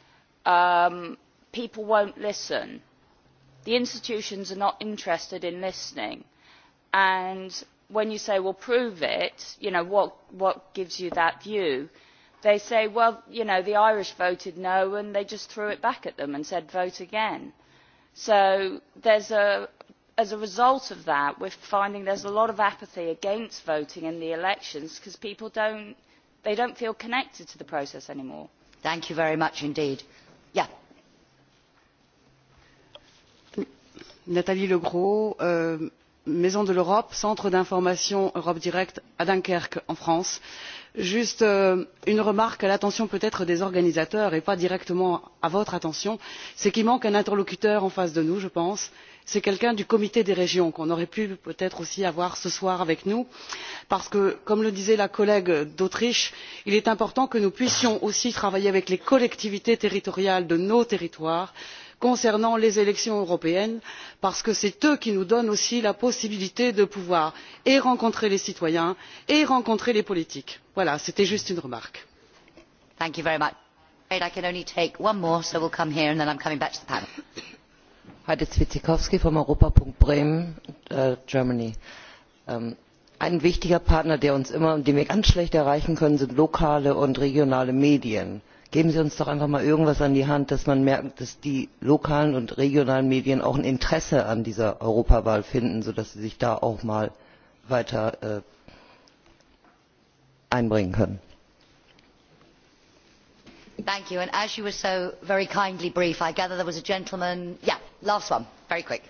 people will not listen? The institutions are not interested in listening. And when you say, well, prove it, you know, what, what gives you that view? they say well you know the irish voted no and they just threw it back at them and said vote again so there's a as a result of that we're finding there's a lot of apathy against voting in the elections because people don't they don't feel connected to the process anymore thank you very much indeed yeah Nathalie Legros, euh, maison de l'europe centre d'information europe direct à dunkerque en france. juste une remarque à l'attention peut être des organisateurs et pas directement à votre attention c'est qu'il manque un interlocuteur en face de nous je pense c'est quelqu'un du comité des régions qu'on aurait pu peut être aussi avoir ce soir avec nous parce que comme le disait la collègue d'autriche il est important que nous puissions aussi travailler avec les collectivités territoriales de nos territoires afin concernant les élections européennes parce que c'est eux qui nous donnent aussi la possibilité de pouvoir et rencontrer les citoyens et rencontrer les politiques. voilà c'était juste une remarque. ein wichtiger partner den wir ganz schlecht erreichen können sind lokale und regionale medien geben sie uns doch einfach mal irgendwas an die hand dass man merkt dass die lokalen und regionalen medien auch ein interesse an dieser europawahl finden sodass sie sich da auch mal weiter einbringen können. as you were so very kindly brief i gather there was a gentleman last one very quick.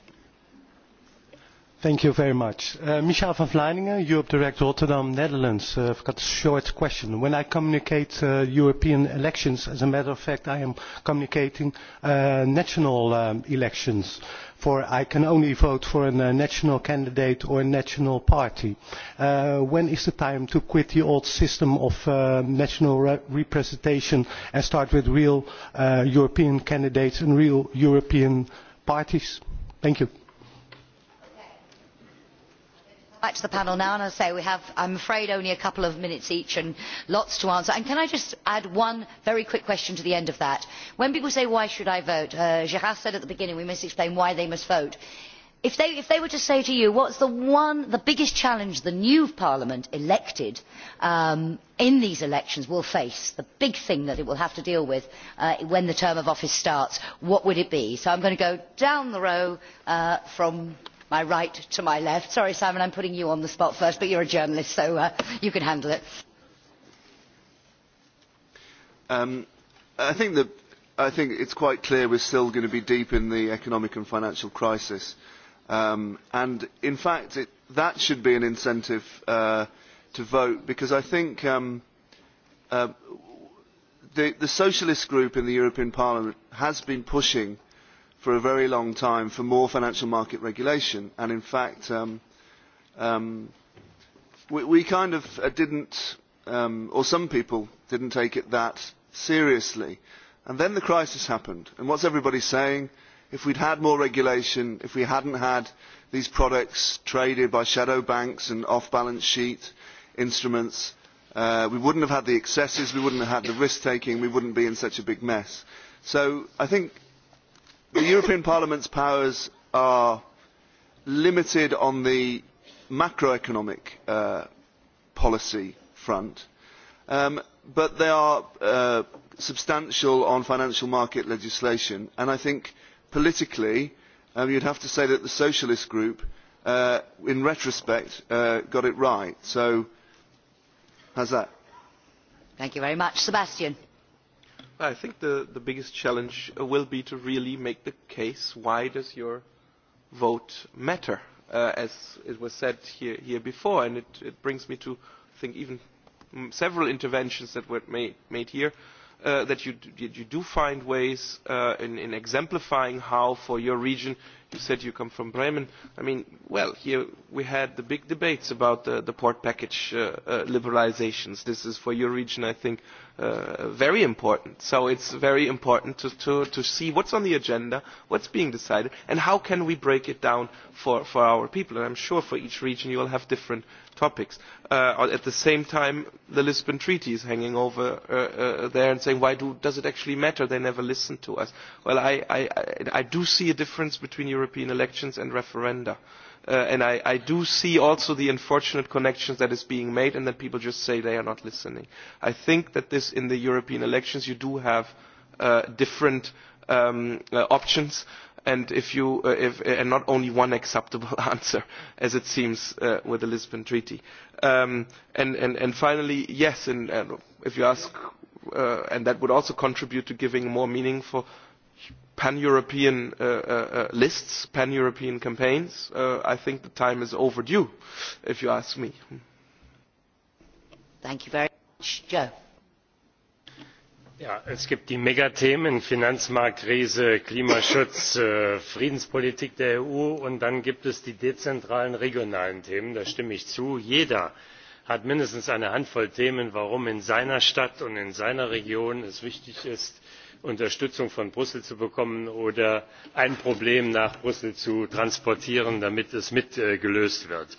Thank you very much. Uh, Michel van Vleiningen, Europe Director, Rotterdam, Netherlands. Uh, I've got a short question. When I communicate uh, European elections, as a matter of fact, I am communicating uh, national um, elections. For I can only vote for a uh, national candidate or a national party. Uh, when is the time to quit the old system of uh, national re representation and start with real uh, European candidates and real European parties? Thank you back to the panel now and i say we have i am afraid only a couple of minutes each and lots to answer. can i just add one very quick question to the end of that? when people say why should i vote gerard said at the beginning we must explain why they must vote. if they were to say to you what is the biggest challenge the new parliament elected in these elections will face the big thing that it will have to deal with when the term of office starts what would it be? so i am going to go down the row from my right to my left. Sorry, Simon, I'm putting you on the spot first, but you're a journalist, so uh, you can handle it. Um, I think that I think it's quite clear we're still going to be deep in the economic and financial crisis. Um, and in fact, it, that should be an incentive uh, to vote because I think um, uh, the, the socialist group in the European Parliament has been pushing for a very long time for more financial market regulation, and in fact, um, um, we, we kind of uh, didn't, um, or some people didn't take it that seriously. And then the crisis happened, and what's everybody saying? If we'd had more regulation, if we hadn't had these products traded by shadow banks and off-balance sheet instruments, uh, we wouldn't have had the excesses, we wouldn't have had the risk-taking, we wouldn't be in such a big mess. So I think the european parliament's powers are limited on the macroeconomic policy front but they are substantial on financial market legislation and i think politically you would have to say that the socialist group in retrospect got it right. so how's that? thank you very much. sebastian I think the, the biggest challenge will be to really make the case why does your vote matter, uh, as it was said here, here before. And it, it brings me to, I think, even several interventions that were made, made here that you, you do find ways uh, in, in exemplifying how for your region, you said you come from Bremen, I mean, well, here we had the big debates about the, the port package uh, uh, liberalizations. This is for your region, I think, uh, very important. So it's very important to, to, to see what's on the agenda, what's being decided, and how can we break it down for, for our people. And I'm sure for each region you will have different topics. Uh, at the same time, the Lisbon Treaty is hanging over uh, uh, there and saying, why do, does it actually matter? They never listen to us. Well, I, I, I do see a difference between European elections and referenda. Uh, and I, I do see also the unfortunate connections that is being made and that people just say they are not listening. I think that this, in the European elections, you do have uh, different um, uh, options and if you uh, if and not only one acceptable answer as it seems uh, with the lisbon treaty um, and, and and finally yes and, and if you ask uh, and that would also contribute to giving more meaning for pan-European uh, uh, lists, pan-European campaigns, uh, I think the time is overdue, if you ask me. Thank you very much. Joe es gibt die megathemen finanzmarktkrise klimaschutz friedenspolitik der eu und dann gibt es die dezentralen regionalen themen da stimme ich zu. jeder hat mindestens eine handvoll themen warum es in seiner stadt und in seiner region wichtig ist unterstützung von brüssel zu bekommen oder ein problem nach brüssel zu transportieren damit es mitgelöst wird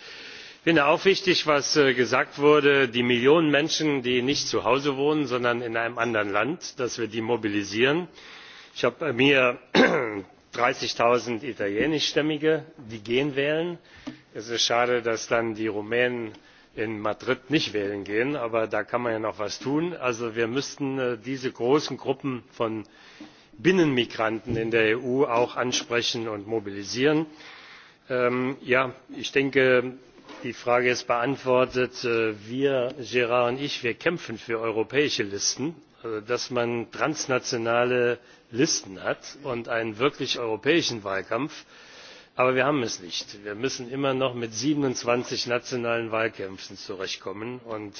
ich finde auch wichtig was gesagt wurde die millionen menschen die nicht zu hause wohnen sondern in einem anderen land dass wir die mobilisieren. ich habe bei mir dreißig null italienischstämmige die gehen wählen. es ist schade dass dann die rumänen in madrid nicht wählen gehen aber da kann man ja noch etwas tun. also wir müssten diese großen gruppen von binnenmigranten in der eu auch ansprechen und mobilisieren. ja ich denke die frage ist beantwortet wir gerard und ich wir kämpfen für europäische listen dass man transnationale listen hat und einen wirklich europäischen wahlkampf aber wir haben es nicht. wir müssen immer noch mit siebenundzwanzig nationalen wahlkämpfen zurechtkommen und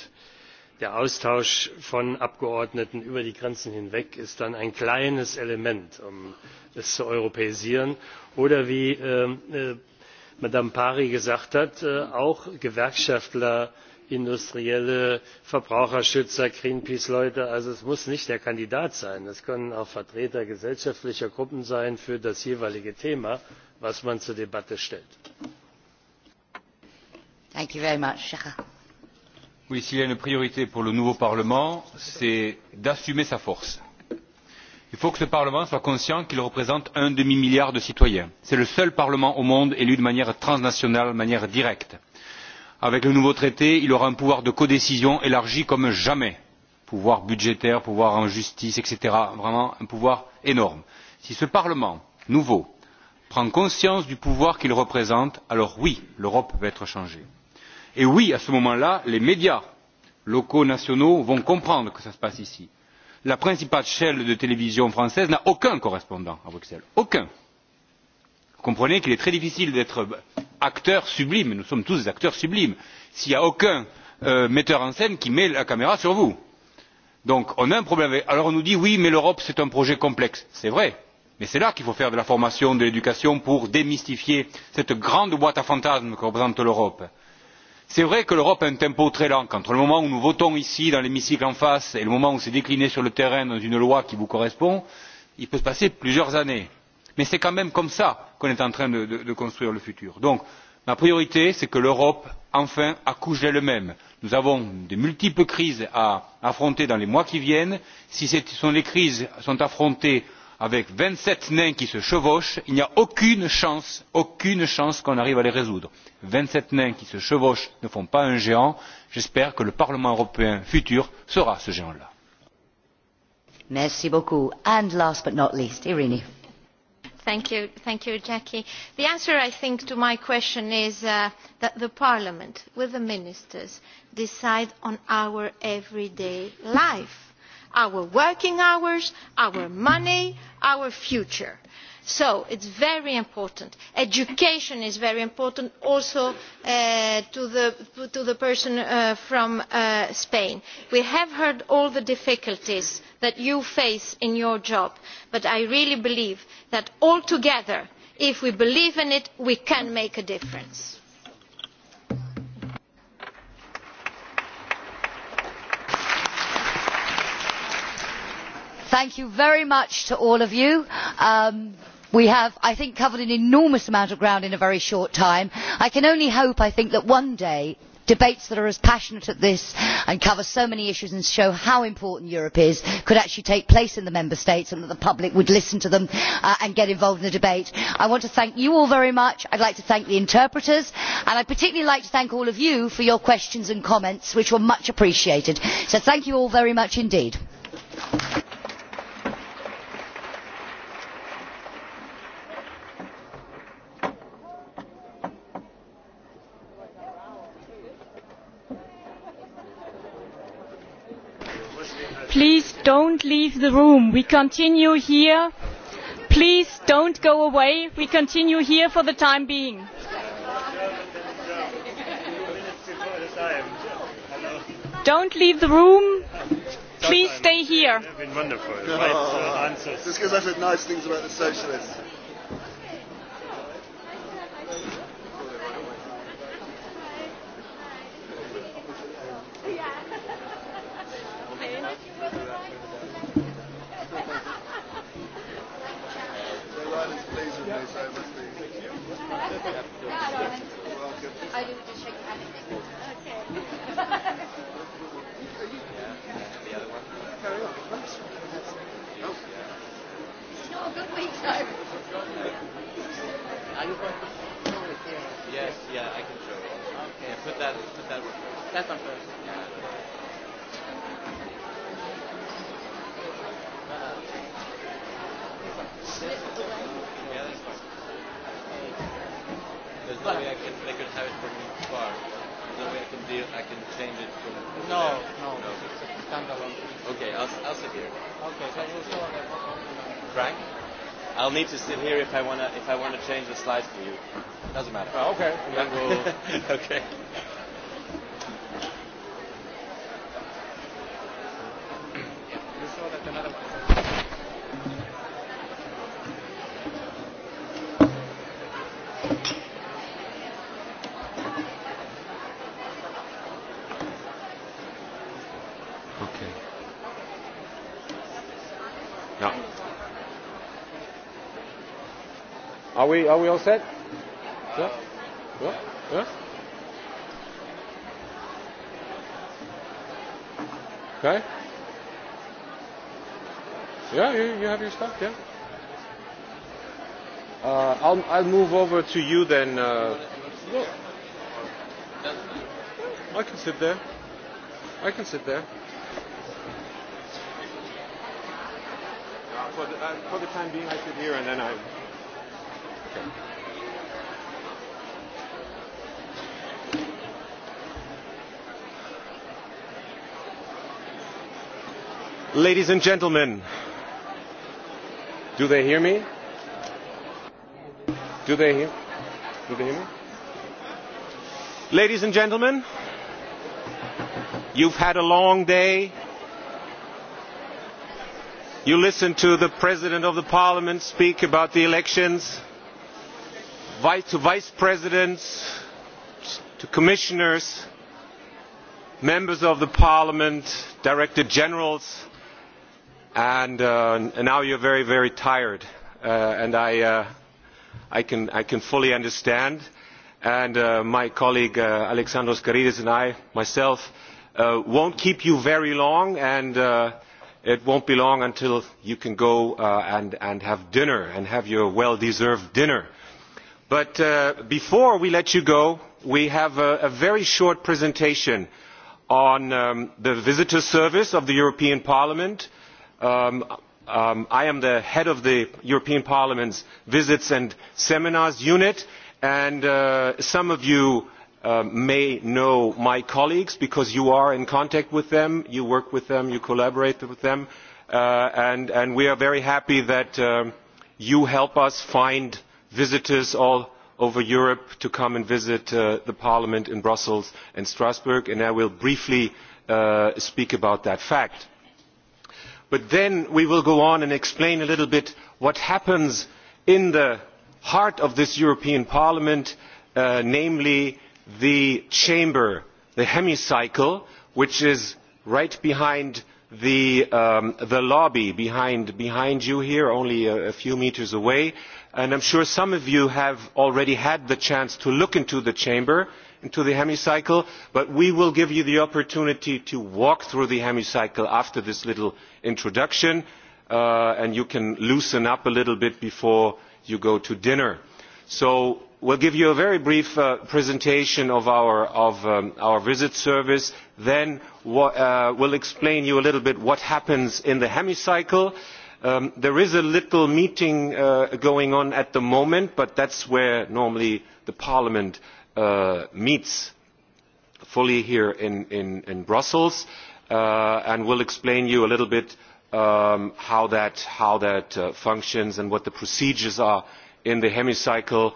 der austausch von abgeordneten über die grenzen hinweg ist dann ein kleines element um es zu europäisieren oder wie madame pari gesagt hat auch gewerkschaftler industrielle verbraucherschützer greenpeace leute also es muss nicht der kandidat sein es können auch vertreter gesellschaftlicher gruppen sein für das jeweilige thema das man zur debatte stellt. une priorité pour le nouveau parlement c'est d'assumer sa force il faut que ce parlement soit conscient qu'il représente un demi milliard de citoyens. c'est le seul parlement au monde élu de manière transnationale de manière directe. avec le nouveau traité il aura un pouvoir de codécision élargi comme jamais pouvoir budgétaire pouvoir en justice etc. vraiment un pouvoir énorme. si ce parlement nouveau prend conscience du pouvoir qu'il représente alors oui l'europe peut être changée. et oui à ce moment là les médias locaux nationaux vont comprendre que cela se passe ici la principale chaîne de télévision française n'a aucun correspondant à bruxelles. aucun! vous comprenez qu'il est très difficile d'être acteur sublime nous sommes tous des acteurs sublimes s'il n'y a aucun metteur en scène qui met la caméra sur vous. donc on a un problème. alors on nous dit oui mais l'europe c'est un projet complexe. c'est vrai mais c'est là qu'il faut faire de la formation de l'éducation pour démystifier cette grande boîte à fantasmes que représente l'europe c'est vrai que l'europe a un tempo très lent entre le moment où nous votons ici dans l'hémicycle en face et le moment où c'est décliné sur le terrain dans une loi qui vous correspond il peut se passer plusieurs années mais c'est quand même comme cela qu'on est en train de construire le futur. donc ma priorité c'est que l'europe enfin accouche d'elle même. nous avons de multiples crises à affronter dans les mois qui viennent. si les crises sont affrontées avec vingt sept nains qui se chevauchent il n'y a aucune chance aucune chance qu'on arrive à les résoudre vingt sept nains qui se chevauchent ne font pas un géant j'espère que le parlement européen futur sera ce géant là. Jackie, the answer i think to my question is that the parliament with the ministers decide on our everyday life our working hours our money our future so it is very important. education is very important also to the person from spain. we have heard all the difficulties that you face in your job but i really believe that all together if we believe in it we can make a difference. thank you very much to all of you. we have i think covered an enormous amount of ground in a very short time. i can only hope that one day debates that are as passionate as this and cover so many issues and show how important europe is could actually take place in the member states and that the public would listen to them and get involved in the debate. i want to thank you all very much. i would like to thank the interpreters and i would particularly like to thank all of you for your questions and comments which were much appreciated. so thank you all very much indeed. don't leave the room. We continue here. Please don't go away. We continue here for the time being. Don't leave the room. Please stay here. This guy said nice things about the socialists. Yeah, I can show it. Okay. Yeah, put that, put that one first. That's one first. Yeah. Yeah, that's fine. There's no way I can, I could have it for each bar. There's no way I can deal, I can change it from. no, there. no, no. It's a standalone. Okay, I'll, I'll sit here. Okay, so we'll show on the Frank. I'll need to sit here if I want to if I change the slides for you. Doesn't matter. okay. okay. we, are we all set? Yeah? Yeah? Yeah? Okay? Yeah, you, you have your stuff, yeah? Uh, I'll, I'll move over to you then. Uh, look. I can sit there. I can sit there. For the, uh, for the time being, I sit here and then I Ladies and gentlemen, do they hear me? Do they hear? Do they hear me? Ladies and gentlemen, you've had a long day. You listened to the President of the Parliament speak about the elections to vice presidents to commissioners members of the parliament director generals and uh, now you're very very tired uh, and I, uh, I, can, I can fully understand and uh, my colleague uh, Alexandros Karidis and I myself uh, won't keep you very long and uh, it won't be long until you can go uh, and, and have dinner and have your well-deserved dinner But before we let you go, we have a, very short presentation on the visitor service of the European Parliament. I am the head of the European Parliament's Visits and Seminars Unit, and some of you may know my colleagues because you are in contact with them, you work with them, you collaborate with them, and, we are very happy that you help us find visitors all over Europe to come and visit the Parliament in Brussels and Strasbourg, and I will briefly speak about that fact. But then we will go on and explain a little bit what happens in the heart of this European Parliament, namely the chamber, the hemicycle, which is right behind the, lobby, behind, you here, only a, few metres away and i am sure some of you have already had the chance to look into the chamber into the hemicycle but we will give you the opportunity to walk through the hemicycle after this little introduction and you can loosen up a little bit before you go to dinner. so we will give you a very brief presentation of our visit service then we will explain to you a little bit what happens in the hemicycle and there is a little meeting going on at the moment but that is where normally parliament meets fully here in brussels and will explain to you a little bit how that functions and what the procedures are in the hemicycle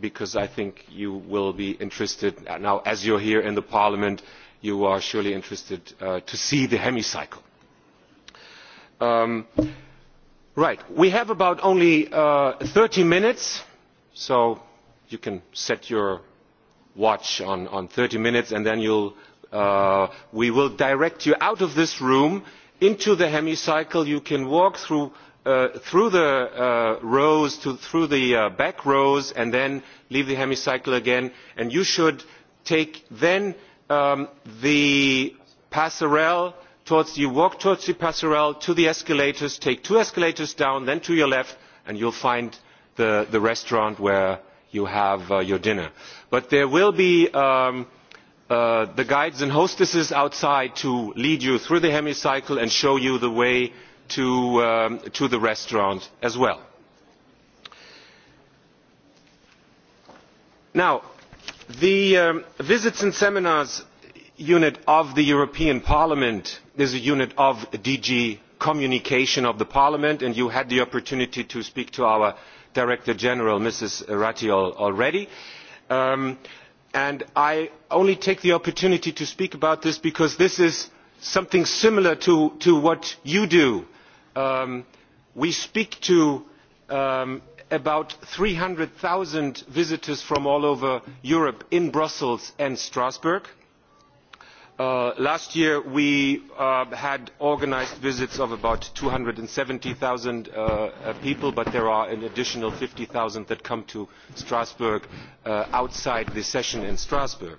because i think you will be interested now as you are here in parliament you are surely interested to see the hemicycle right we have about only thirty minutes so you can set your watch on thirty minutes and then you'll we will direct you out of this room into the hemicycle. You can walk through through the rows to through the back rows and then leave the hemicycle again. And you should take then the passerelle you walk towards the passerelle to the escalators take two escalators down then to your left and you will find the restaurant where you have your dinner. but there will be the guides and hostesses outside to lead you through the hemicycle and show you the way to the restaurant as well. now the visits and seminars unit of the european parliament is a unit of DG Communication of Parliament, and you had the opportunity to speak to our Director General, Mrs. Ratiol, already. and I only take the opportunity to speak about this because this is something similar to, what you do. we speak to about three hundred 300,000 visitors from all over Europe in Brussels and Strasbourg last year we had organised visits of about two hundred and seventy zero people but there are an additional fifty zero that come to strasbourg outside the session in strasbourg.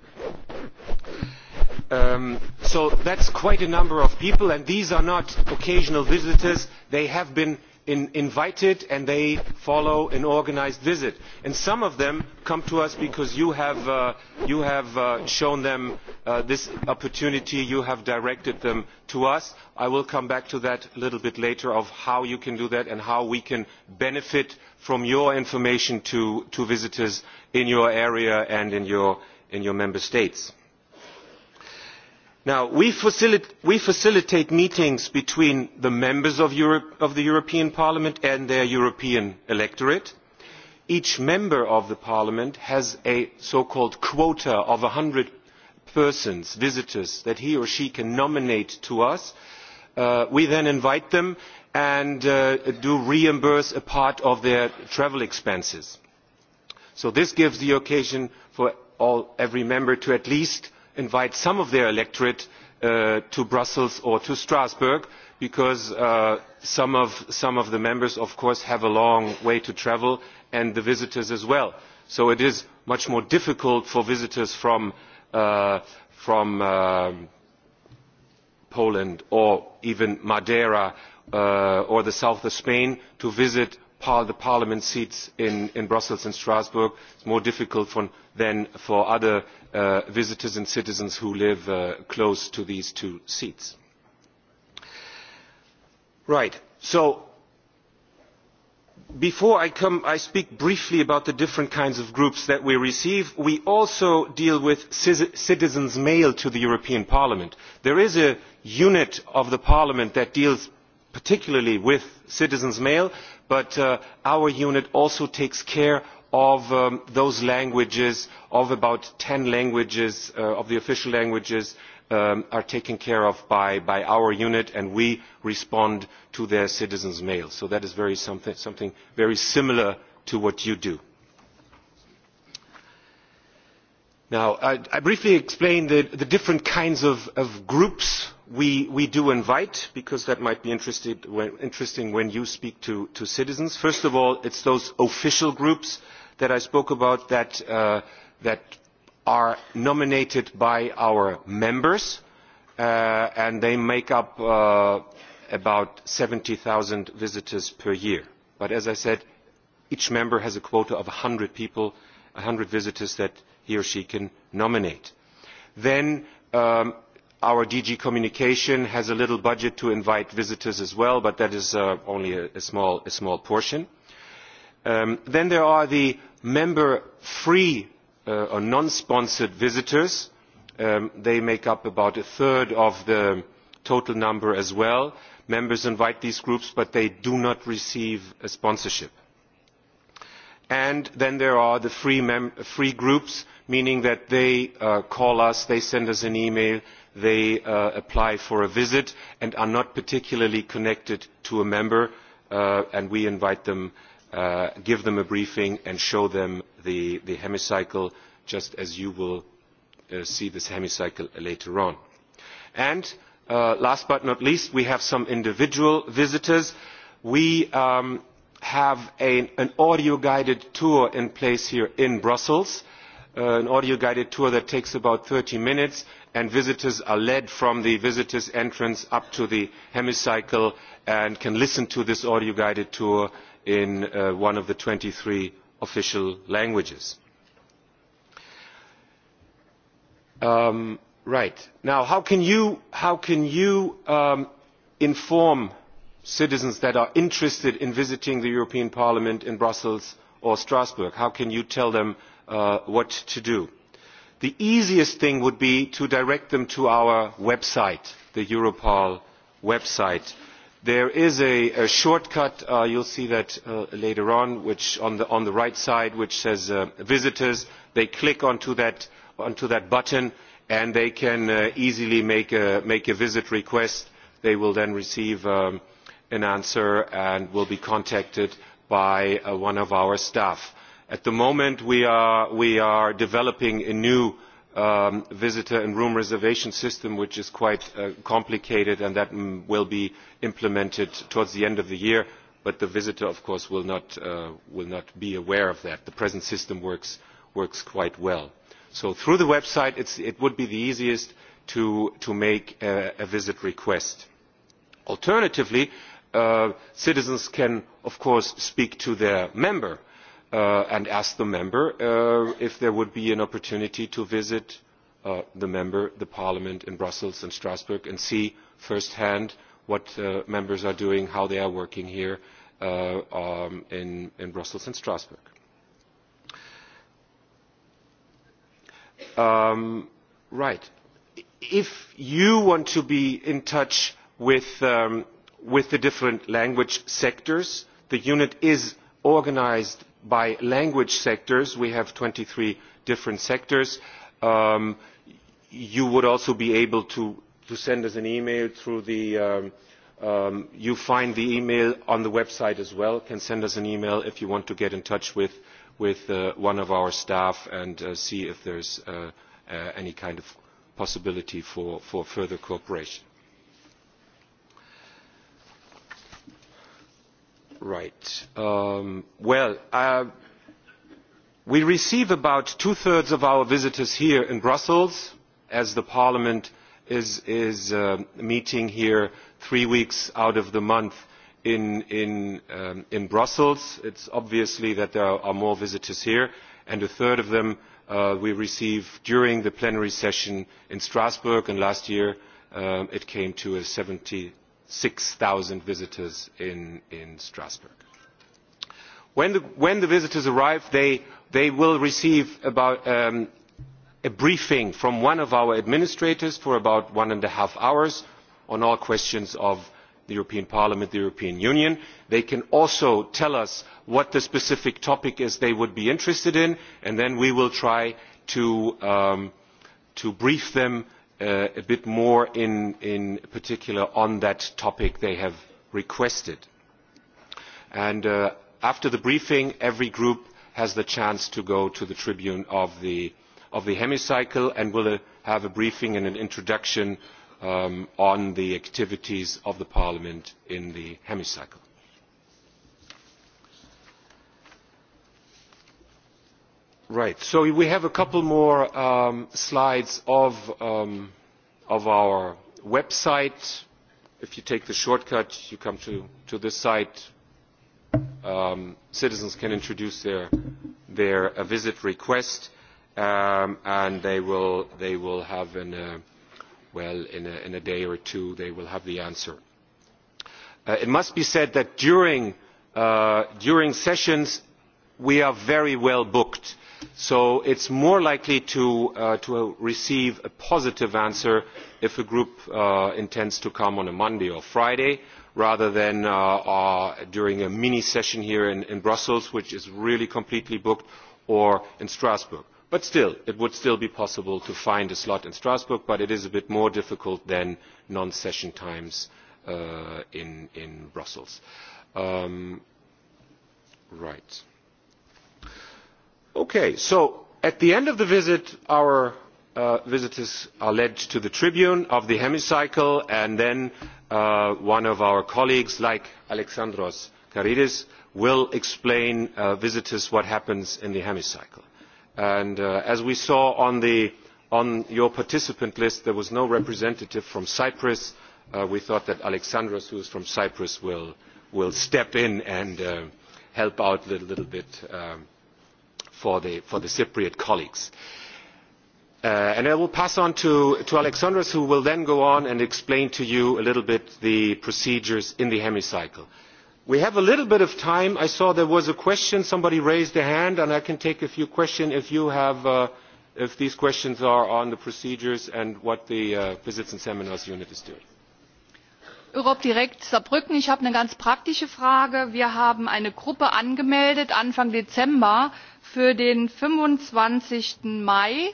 so that is quite a number of people and these are not occasional visitors they have been invited and they follow an organised visit. And some of them come to us because you have, shown them this opportunity, you have directed them to us. I will come back to that a little bit later on how you can do that and how we can benefit from your information to, visitors in your area and in your member states Now, we, facilitate meetings between the members of, the European Parliament and their European electorate. Each member of the Parliament has a so-called quota of one hundred persons, visitors, that he or she can nominate to us. we then invite them and do reimburse a part of their travel expenses. So this gives the occasion for every member to at least invite some of their electorate to brussels or to strasbourg because some of the members of course have a long way to travel and the visitors as well so it is much more difficult for visitors from poland or even madeira or the south of spain to visit the parliament seats in brussels and strasbourg. it is more difficult than for other visitors and citizens who live close to these two seats. Right, so before I, come, I speak briefly about the different kinds of groups that we receive, we also deal with citizens' mail to the European Parliament. There is a unit of the Parliament that deals particularly with citizens' mail, but our unit also takes care of those languages of about ten languages of the official languages are taken care of by our unit and we respond to their citizens' mail so that is something very similar to what you do. Now, I briefly explain the, the different kinds of, of groups we, we do invite, because that might be when, interesting when you speak to, to citizens. First of all, it's those official groups that I spoke about that, that are nominated by our members, and they make up about seventy 70,000 visitors per year. But as I said, each member has a quota of one hundred people, one hundred visitors that he or she can nominate. Then our DG Communication has a little budget to invite visitors as well, but that is only a, small, portion then there are the member free or non sponsored visitors they make up about a third of the total number as well. members invite these groups but they do not receive a sponsorship. and then there are the free groups meaning that they call us they send us an email they apply for a visit and are not particularly connected to a member and we invite them give them a briefing and show them the, the hemicycle just as you will see this hemicycle later on. And last but not least, we have some individual visitors. We have an audio-guided tour in place here in Brussels, an audio-guided tour that takes about thirty minutes, and visitors are led from the visitors' entrance up to the hemicycle and can listen to this audio-guided tour in one of the twenty three official languages. now how can you inform citizens that are interested in visiting the european parliament in brussels or strasbourg? how can you tell them what to do? the easiest thing would be to direct them to our website the europol website there is a shortcut you will see that later on on the right side which says visitors they click onto that button and they can easily make a visit request. they will then receive an answer and will be contacted by one of our staff. at the moment we are developing a new visitor and room reservation system which is quite complicated and that will be implemented towards the end of the year but the visitor of course will not be aware of that. the present system works quite well. so through the website it would be the easiest to make a visit request. alternatively citizens can of course speak to their member and ask the member if there would be an opportunity to visit the member, the parliament in Brussels and Strasbourg and see first hand what members are doing, how they are working here in, Brussels and Strasbourg. right. If you want to be in touch with, the different language sectors, the unit is organised by language sectors. We have twenty three different sectors. you would also be able to, send us an email through the... you find the email on the website as well. can send us an email if you want to get in touch with, with one of our staff and see if there is any kind of possibility for, for further cooperation Right. well, we receive about two-thirds of our visitors here in Brussels as the Parliament is, is meeting here three weeks out of the month in, in, um, in Brussels. It's obviously that there are more visitors here, and a third of them we receive during the plenary session in Strasbourg, and last year it came to a 6,000 visitors in, in Strasbourg. When the, when the visitors arrive, they, they will receive about, um, a briefing from one of our administrators for about one and a half hours on all questions of the European Parliament, the European Union. They can also tell us what the specific topic is they would be interested in, and then we will try to, brief them a bit more in particular on that topic they have requested. after the briefing every group has the chance to go to the tribune of the hemicycle and will have a briefing and an introduction on the activities of parliament in the hemicycle. Right. So we have a couple more um, slides of, um, of our website. If you take the shortcut, you come to, to this site. Um, citizens can introduce their, their a visit request, um, and they will, they will have, in a, well, in a, in a day or two, they will have the answer. Uh, it must be said that during, uh, during sessions, we are very well booked so it is more likely to receive a positive answer if a group intends to come on a monday or friday rather than during a mini session here in brussels which is really completely booked or in strasbourg. but still it would still be possible to find a slot in strasbourg but it is a bit more difficult than non session times in brussels. Okay, so at the end of the visit, our visitors are led to the tribune of the hemicycle, and then one of our colleagues, like Alexandros Karidis, will explain to visitors what happens in the hemicycle. And as we saw on, the, on your participant list, there was no representative from Cyprus. we thought that Alexandros, who is from Cyprus, will, will step in and help out a little, bit. Um, for the, for the Cypriot colleagues. and I will pass on to, to Alexandros, who will then go on and explain to you a little bit the procedures in the hemicycle. We have a little bit of time. I saw there was a question. Somebody raised their hand, and I can take a few questions if you have, uh, if these questions are on the procedures and what the uh, visits and seminars unit is doing europe direkt saarbrücken. ich habe eine ganz praktische frage wir haben eine gruppe angemeldet anfang dezember für den. fünfundzwanzig mai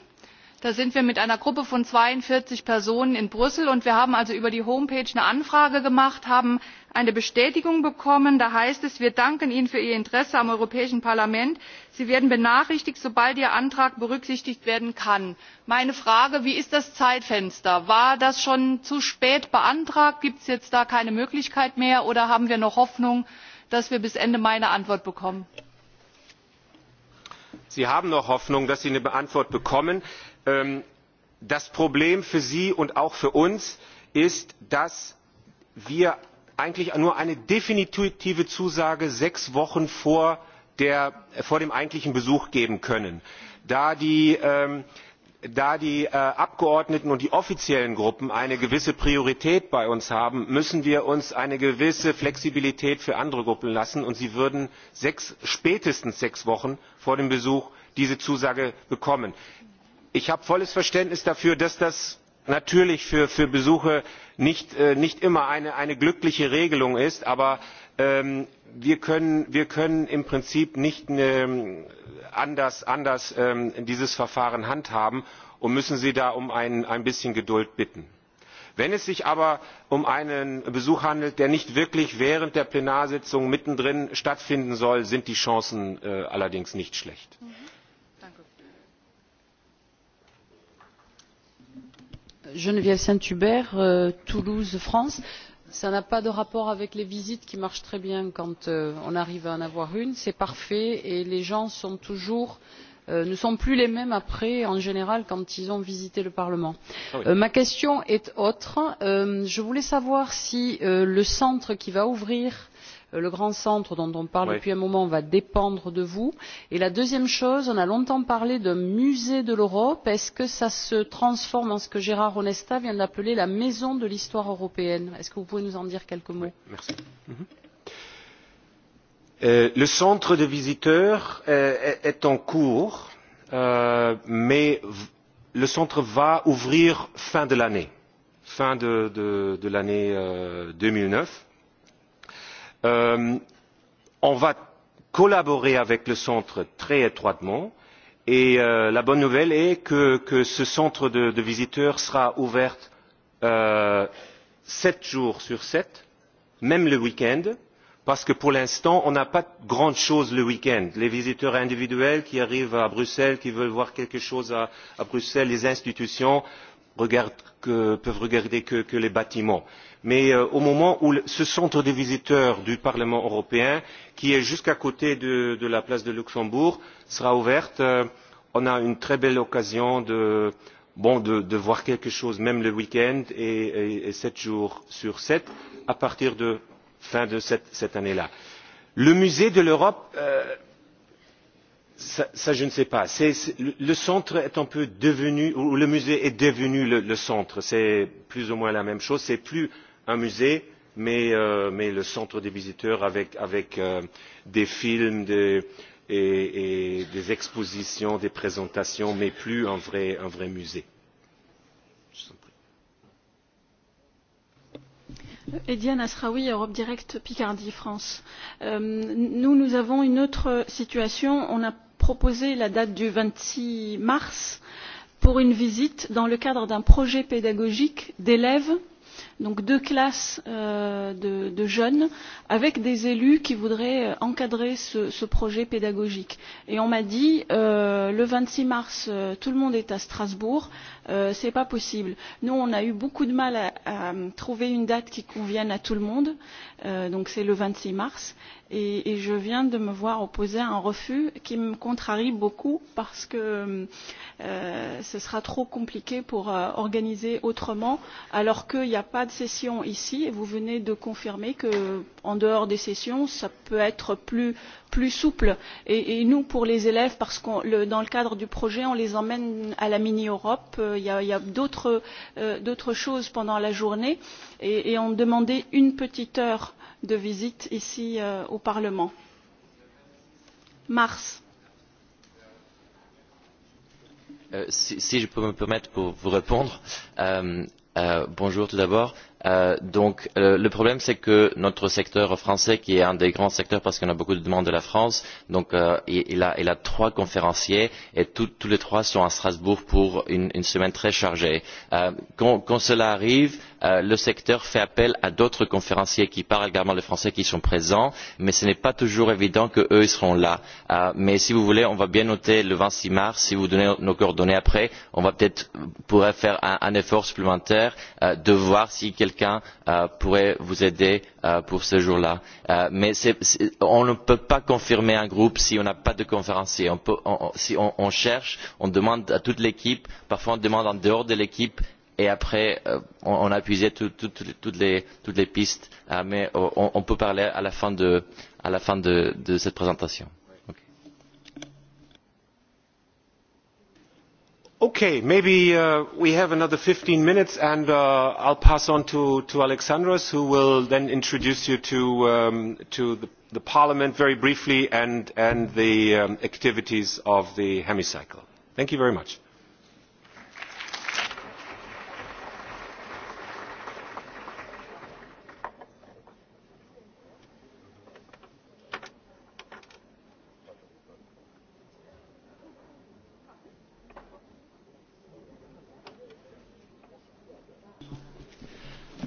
da sind wir mit einer gruppe von zweiundvierzig personen in brüssel und wir haben also über die homepage eine anfrage gemacht haben eine bestätigung bekommen da heißt es wir danken ihnen für ihr interesse am europäischen parlament sie werden benachrichtigt sobald ihr antrag berücksichtigt werden kann. meine frage wie ist das zeitfenster? war das schon zu spät beantragt gibt es jetzt da keine möglichkeit mehr oder haben wir noch hoffnung dass wir bis ende mai eine antwort bekommen? sie haben noch hoffnung dass sie eine antwort bekommen das problem für sie und auch für uns ist dass wir eigentlich nur eine definitive zusage sechs wochen vor dem eigentlichen besuch geben können da die abgeordneten und die offiziellen gruppen eine gewisse priorität bei uns haben müssen wir uns eine gewisse flexibilität für andere gruppen lassen und sie würden spätestens sechs wochen vor dem besuch diese zusage bekommen ich habe volles verständnis dafür dass das natürlich für besuche nicht immer eine glückliche regelung ist aber wir können im prinzip nicht anders dieses verfahren handhaben und müssen sie da um ein bisschen geduld bitten. wenn es sich aber um einen besuch handelt der nicht wirklich während der plenarsitzung mittendrin stattfinden soll sind die chancen allerdings nicht schlecht. Geneviève Saint-Hubert, Toulouse, France. Cela n'a pas de rapport avec les visites qui marchent très bien quand on arrive à en avoir une. C'est parfait et les gens sont toujours ne sont plus les mêmes après en général quand ils ont visité le parlement. ma question est autre je voulais savoir si le centre qui va ouvrir le grand centre dont on parle depuis un moment va dépendre de vous. et la deuxième chose on a longtemps parlé d'un musée de l'europe est ce que cela se transforme en ce que gérard onesta vient d'appeler la maison de l'histoire européenne? est ce que vous pouvez nous en dire quelques mots? le centre de visiteurs est en cours mais le centre va ouvrir fin de l'année fin de l'année deux mille neuf on va collaborer avec le centre très étroitement et la bonne nouvelle est que ce centre de visiteurs sera ouvert sept jours sur sept même le week end parce que pour l'instant on n'a pas grand chose le week end les visiteurs individuels qui arrivent à bruxelles qui veulent voir quelque chose à bruxelles les institutions peuvent regarder que les bâtiments mais au moment où ce centre des visiteurs du parlement européen qui est juste à côté de la place du luxembourg sera ouvert on a une très belle occasion de voir quelque chose même le week end et sept jours sur sept à partir de la fin de cette année là. le musée de l'europe ça je ne sais pas. le centre est un peu devenu ou le musée est devenu le, centre. C'est plus ou moins la même chose. Ce n'est plus un musée, mais, le centre des visiteurs avec, des films et, des expositions, des présentations, mais plus un vrai, un vrai musée. Ediane Asraoui, Europe Direct Picardie France. nous, nous avons une autre situation. On a proposé la date du vingt six mars pour une visite dans le cadre d'un projet pédagogique d'élèves donc deux classes de, jeunes avec des élus qui voudraient encadrer ce, projet pédagogique. Et on m'a dit le vingt six mars, tout le monde est à Strasbourg, euh, c'est pas possible. Nous, on a eu beaucoup de mal à, trouver une date qui convienne à tout le monde, donc c'est le vingt six mars et, et je viens de me voir opposer un refus qui me contrarie beaucoup parce que euh, ce sera trop compliqué pour euh, organiser autrement alors qu'il n'y a pas de session ici et vous venez de confirmer que en dehors des sessions ça peut être plus plus souple et, et nous pour les élèves parce que le, dans le cadre du projet on les emmène à la mini Europe il euh, y a, a d'autres euh, choses pendant la journée et, et on demandait une petite heure de visite ici au Parlement. Mars. si, je peux me permettre pour vous répondre, bonjour tout d'abord donc le problème c'est que notre secteur français qui est un des grands secteurs parce qu'on a beaucoup de demandes de la France il, a, trois conférenciers et tous les trois sont à Strasbourg pour une, semaine très chargée. quand, cela arrive, le secteur fait appel à d'autres conférenciers qui parlent également le français qui sont présents, mais ce n'est pas toujours évident qu'eux seront là. mais si vous voulez, on va bien noter le vingt six mars, si vous donnez nos coordonnées après, on va peut-être pourrait faire un, effort supplémentaire de voir si quelqu'un quelqu'un pourrait vous aider pour ce jour là. mais on ne peut pas confirmer un groupe si on n'a pas de conférencier. si on cherche on demande à toute l'équipe parfois on demande en dehors de l'équipe et après on a épuisé toutes les pistes mais on peut parler à la fin de cette présentation. Okay, maybe uh, we have another 15 minutes and uh, I'll pass on to, to Alexandros who will then introduce you to, um, to the, the Parliament very briefly and, and the um, activities of the hemicycle. Thank you very much.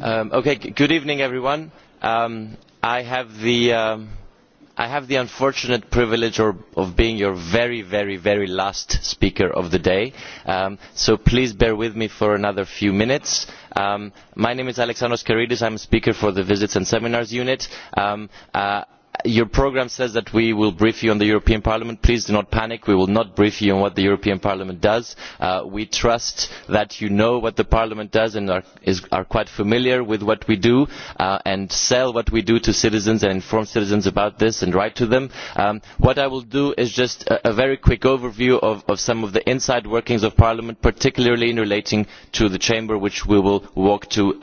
good evening everyone. i have the unfortunate privilege of being your very very very last speaker of the day so please bear with me for another few minutes. my name is alexandros karidis i am a speaker for the visits and seminars unit your programme says that we will brief you on the european parliament. please do not panic we will not brief you on what the european parliament does. we trust that you know what the parliament does and are quite familiar with what we do and sell what we do to citizens and inform citizens about this and write to them. what i will do is just a very quick overview of some of the inside workings of parliament particularly in relation to the chamber which we will walk to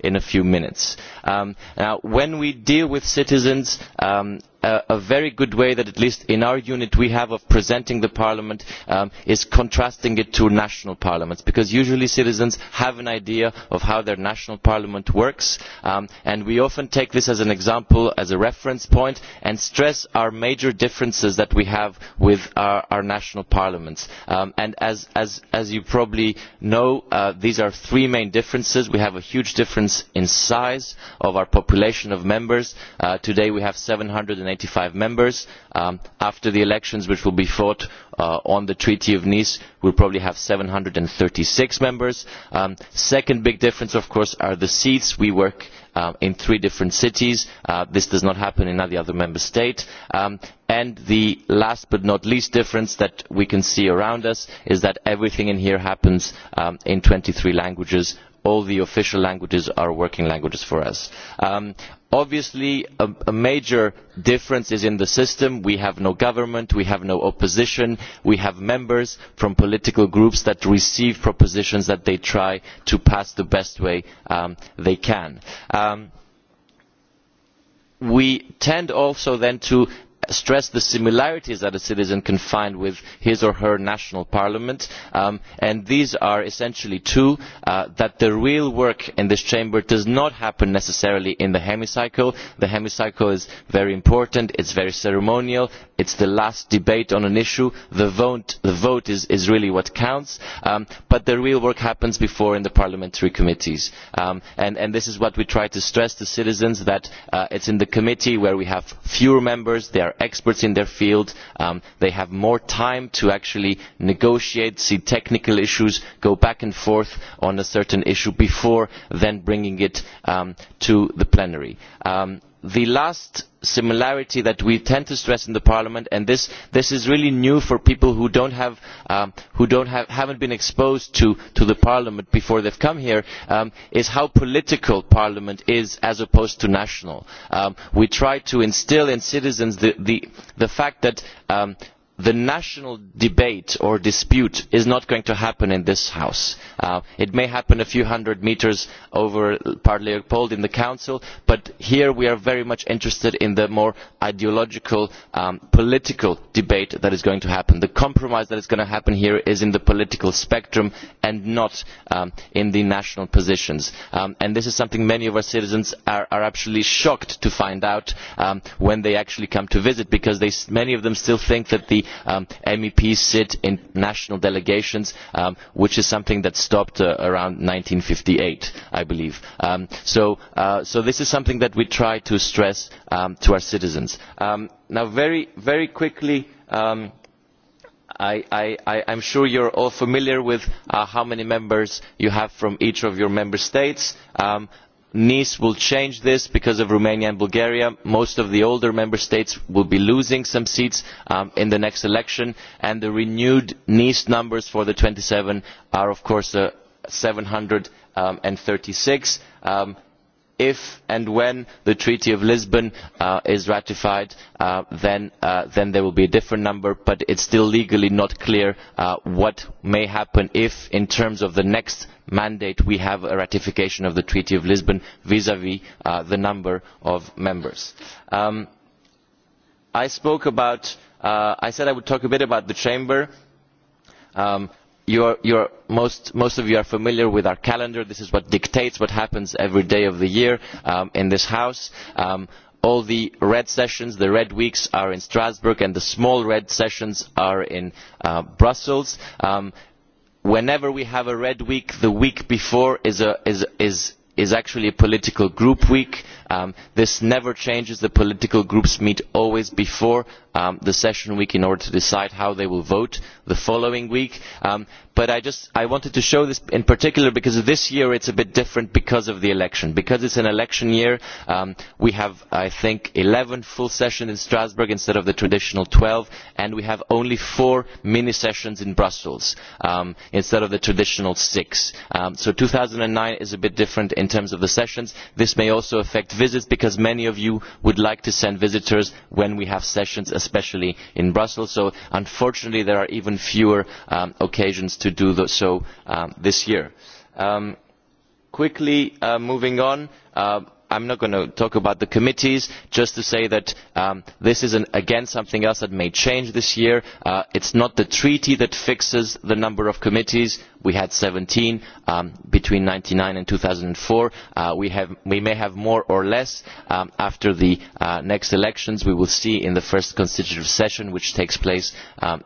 in a few minutes. when we deal with citizens um, a very good way that at least in our unit we have of presenting parliament is contrasting it to national parliaments because usually citizens have an idea of how their national parliament works and we often take this as an example as a reference point and stress our major differences that we have with our national parliaments. as you probably know these are three main differences we have a huge difference in size of our population of members today we have seven hundred eighty five members. after the elections which will be fought on the treaty of nice we will probably have seven hundred and thirty six members. the second big difference of course are the seats. we work in three different cities this does not happen in any other member state and the last but not least difference that we can see around us is that everything in here happens in twenty three languages all the official languages are working languages for us. obviously, a, major difference is in the system. We have no government, we have no opposition, we have members from political groups that receive propositions that they try to pass the best way they can. we tend also then to stress the similarities that a citizen can find with his or her national parliament and these are essentially two that the real work in this chamber does not happen necessarily in the hemicycle. the hemicycle is very important it is very ceremonial it is the last debate on an issue the vote is really what counts but the real work happens before in the parliamentary committees and this is what we try to stress to citizens that it is in the committee where we have fewer members they experts in their field. they have more time to actually negotiate, see technical issues, go back and forth on a certain issue before then bringing it to the plenary the last similarity that we tend to stress in parliament and this is really new for people who have not been exposed to parliament before they have come here is how political parliament is as opposed to national. we try to instil in citizens the fact that the national debate or dispute is not going to happen in this house. it may happen a few hundred metres over part leopold in the council but here we are very much interested in the more ideological political debate that is going to happen. the compromise that is going to happen here is in the political spectrum and not in the national positions and this is something many of our citizens are actually shocked to find out when they actually come to visit because many of them still think that the meps sit in national delegations which is something that stopped around one thousand nine hundred and fifty eight i believe. so this is something that we try to stress to our citizens. very quickly i am sure you are all familiar with how many members you have from each of your member states nice will change this because of romania and bulgaria. most of the older member states will be losing some seats in the next election and the renewed nice numbers for the twenty seven are of course seven hundred and thirty six if and when the treaty of lisbon is ratified then there will be a different number but it is still legally not clear what may happen if in terms of the next mandate we have a ratification of the treaty of lisbon vis vis the number of members. i said i would talk a bit about the chamber most of you are familiar with our calendar this is what dictates what happens every day of the year in this house all the red sessions the red weeks are in strasbourg and the small red sessions are in brussels whenever we have a red week the week before is actually a political group week. this never changes the political groups meet always before the session week in order to decide how they will vote the following week. but I just I wanted to show this in particular because this year it's a bit different because of the election. Because it's an election year, we have I think eleven full sessions in Strasbourg instead of the traditional twelve, and we have only four mini sessions in Brussels instead of the traditional six. Um, so nine is a bit different in terms of the sessions. This may also affect visits because many of you would like to send visitors when we have sessions especially in brussels so unfortunately there are even fewer occasions to do so this year. quickly moving on i am not going to talk about the committees just to say that this is again something else that may change this year. it is not the treaty that fixes the number of committees we had seventeen um, between ninety nine and two thousand and four. We may have more or less after the next elections. We will see in the first constitutive session, which takes place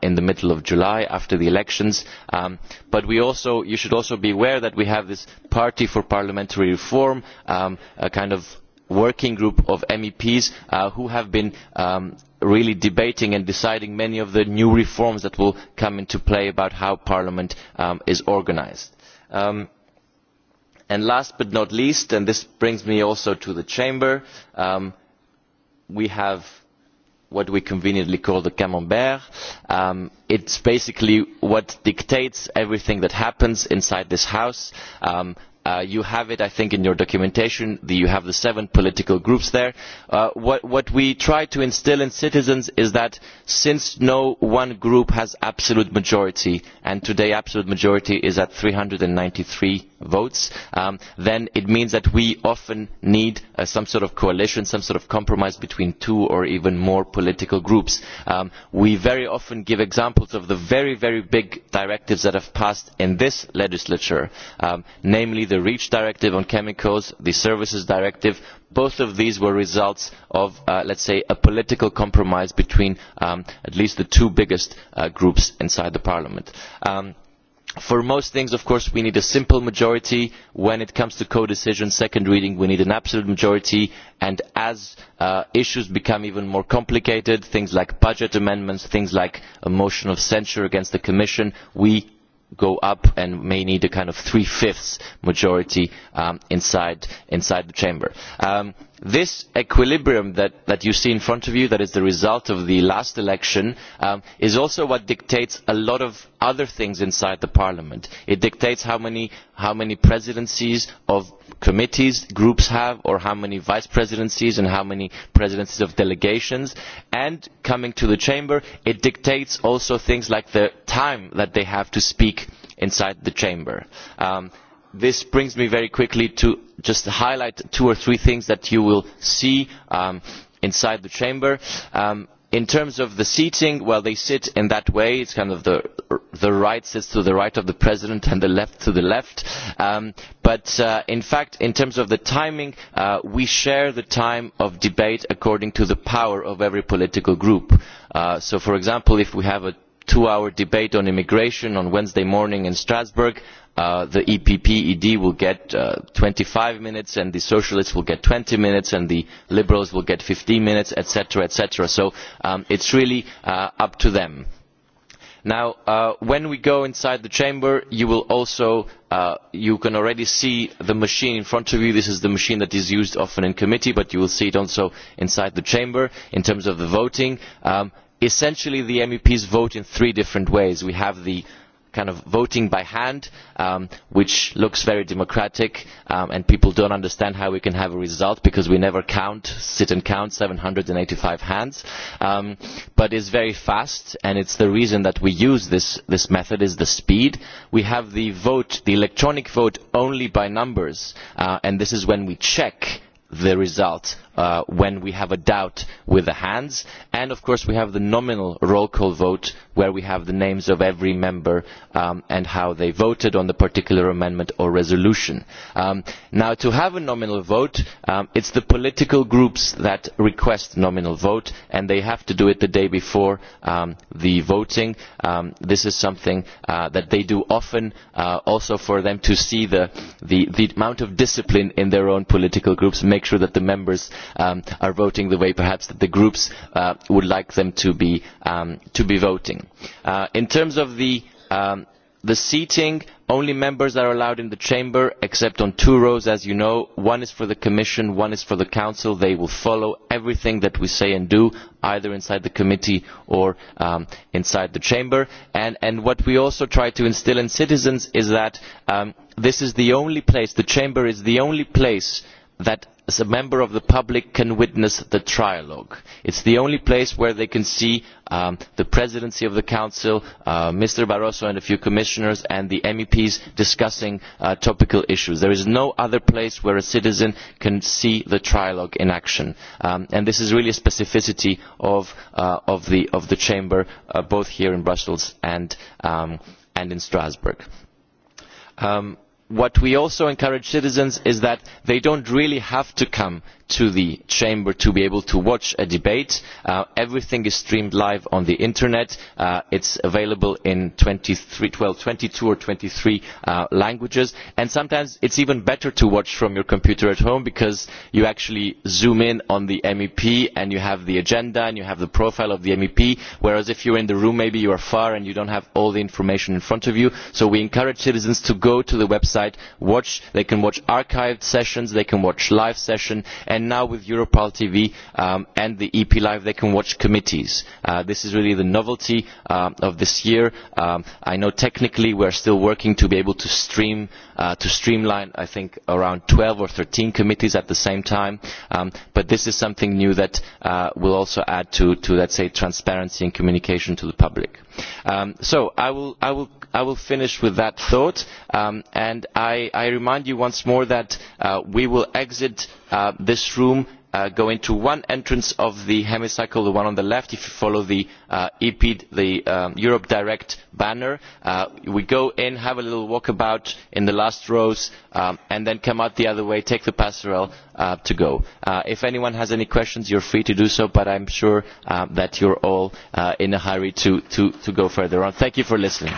in the middle of July after the elections. but we also, you should also be aware that we have this Party for Parliamentary Reform, a kind of working group of meps who have been really debating and deciding many of the new reforms that will come into play about how Parliament is organised. last but not least, and this brings me also to the Chamber, we have what we conveniently call the camembert. Um, it's basically what dictates everything that happens inside this house. Um, you have it, I think, in your documentation. you have the seven political groups there. what, we try to instil in citizens is that since no one group has absolute majority, and today absolute majority is at three hundred and ninety three votes, then it means that we often need some sort of coalition, some sort of compromise between two or even more political groups. we very often give examples of the very, very big directives that have passed in this legislature, namely the REACH directive on chemicals, the services directive. Both of these were results of, let us say, a political compromise between at least the two biggest groups inside parliament for most things of course we need a simple majority when it comes to codecision second reading we need an absolute majority and as issues become even more complicated things like budget amendments things like a motion of censure against the commission we go up and may need a kind of three-fifths majority inside, inside the chamber. Um, this equilibrium that you see in front of you that is the result of the last election is also what dictates a lot of other things inside parliament. it dictates how many presidencies of committees groups have or how many vice presidencies and how many presidencies of delegations and coming to the chamber it dictates also things like the time that they have to speak inside the chamber this brings me very quickly to just highlight two or three things that you will see inside the chamber. in terms of the seating, well, they sit in that way. It's kind of the, the right sits to the right of the president and the left to the left. but in fact, in terms of the timing, we share the time of debate according to the power of every political group. so, for example, if we have a two hour debate on immigration on wednesday morning in strasbourg the epp ed will get twenty five minutes and the socialists will get twenty minutes and the liberals will get fifteen minutes etc. so it is really up to them. when we go inside the chamber you will also you can already see the machine in front of you. This is the machine that is used often in committee, but you will see it also inside the chamber in terms of the voting essentially the meps vote in three different ways we have the kind of voting by hand which looks very democratic and people do not understand how we can have a result because we never count sit and count seven hundred and eighty five hands but it is very fast and it's the reason that we use this, this method is the speed we have the vote the electronic vote only by numbers and this is when we check the result when we have a doubt with the hands and of course we have the nominal roll call vote where we have the names of every member and how they voted on the particular amendment or resolution. now to have a nominal vote it is the political groups that request a nominal vote and they have to do it the day before the voting. this is something that they do often also for them to see the amount of discipline in their own political groups and make sure that the members are voting the way perhaps that the groups would like them to be voting. in terms of the seating only members are allowed in the chamber except on two rows as you know one is for the commission one is for the council they will follow everything that we say and do either inside the committee or inside the chamber what we also try to instil in citizens is that this is the only place the chamber is the only place that as a member of the public can witness the trialogue. It is the only place where they can see the presidency of the council, Mr. Barroso and a few commissioners and the MEPs discussing topical issues. There is no other place where a citizen can see the trialogue in action. and this is really a specificity of, the, chamber, both here in Brussels and, in Strasbourg what we also encourage citizens is that they do not really have to come to the chamber to be able to watch a debate. everything is streamed live on the internet. It is available in twenty two or twenty three languages. And sometimes it is even better to watch from your computer at home because you actually zoom in on the MEP and you have the agenda and you have the profile of the MEP. Whereas if you are in the room, maybe you are far and you do not have all the information in front of you. So we encourage citizens to go to the website, watch. They can watch archived sessions, they can watch live sessions, and and now with Europol TV and the EP Live, they can watch committees. this is really the novelty of this year. I know technically we are still working to be able to stream to streamline, I think, around twelve or thirteen committees at the same time. but this is something new that will also add to, to let's say, transparency and communication to the public. so I will, I will I will finish with that thought, and I, I remind you once more that we will exit this room go into one entrance of the hemicycle the one on the left if you follow the epid the europe direct banner we go in have a little walkabout in the last rows and then come out the other way take the passerelle to go if anyone has any questions you are free to do so but i am sure that you are all in a hurry to go further on. thank you for listening.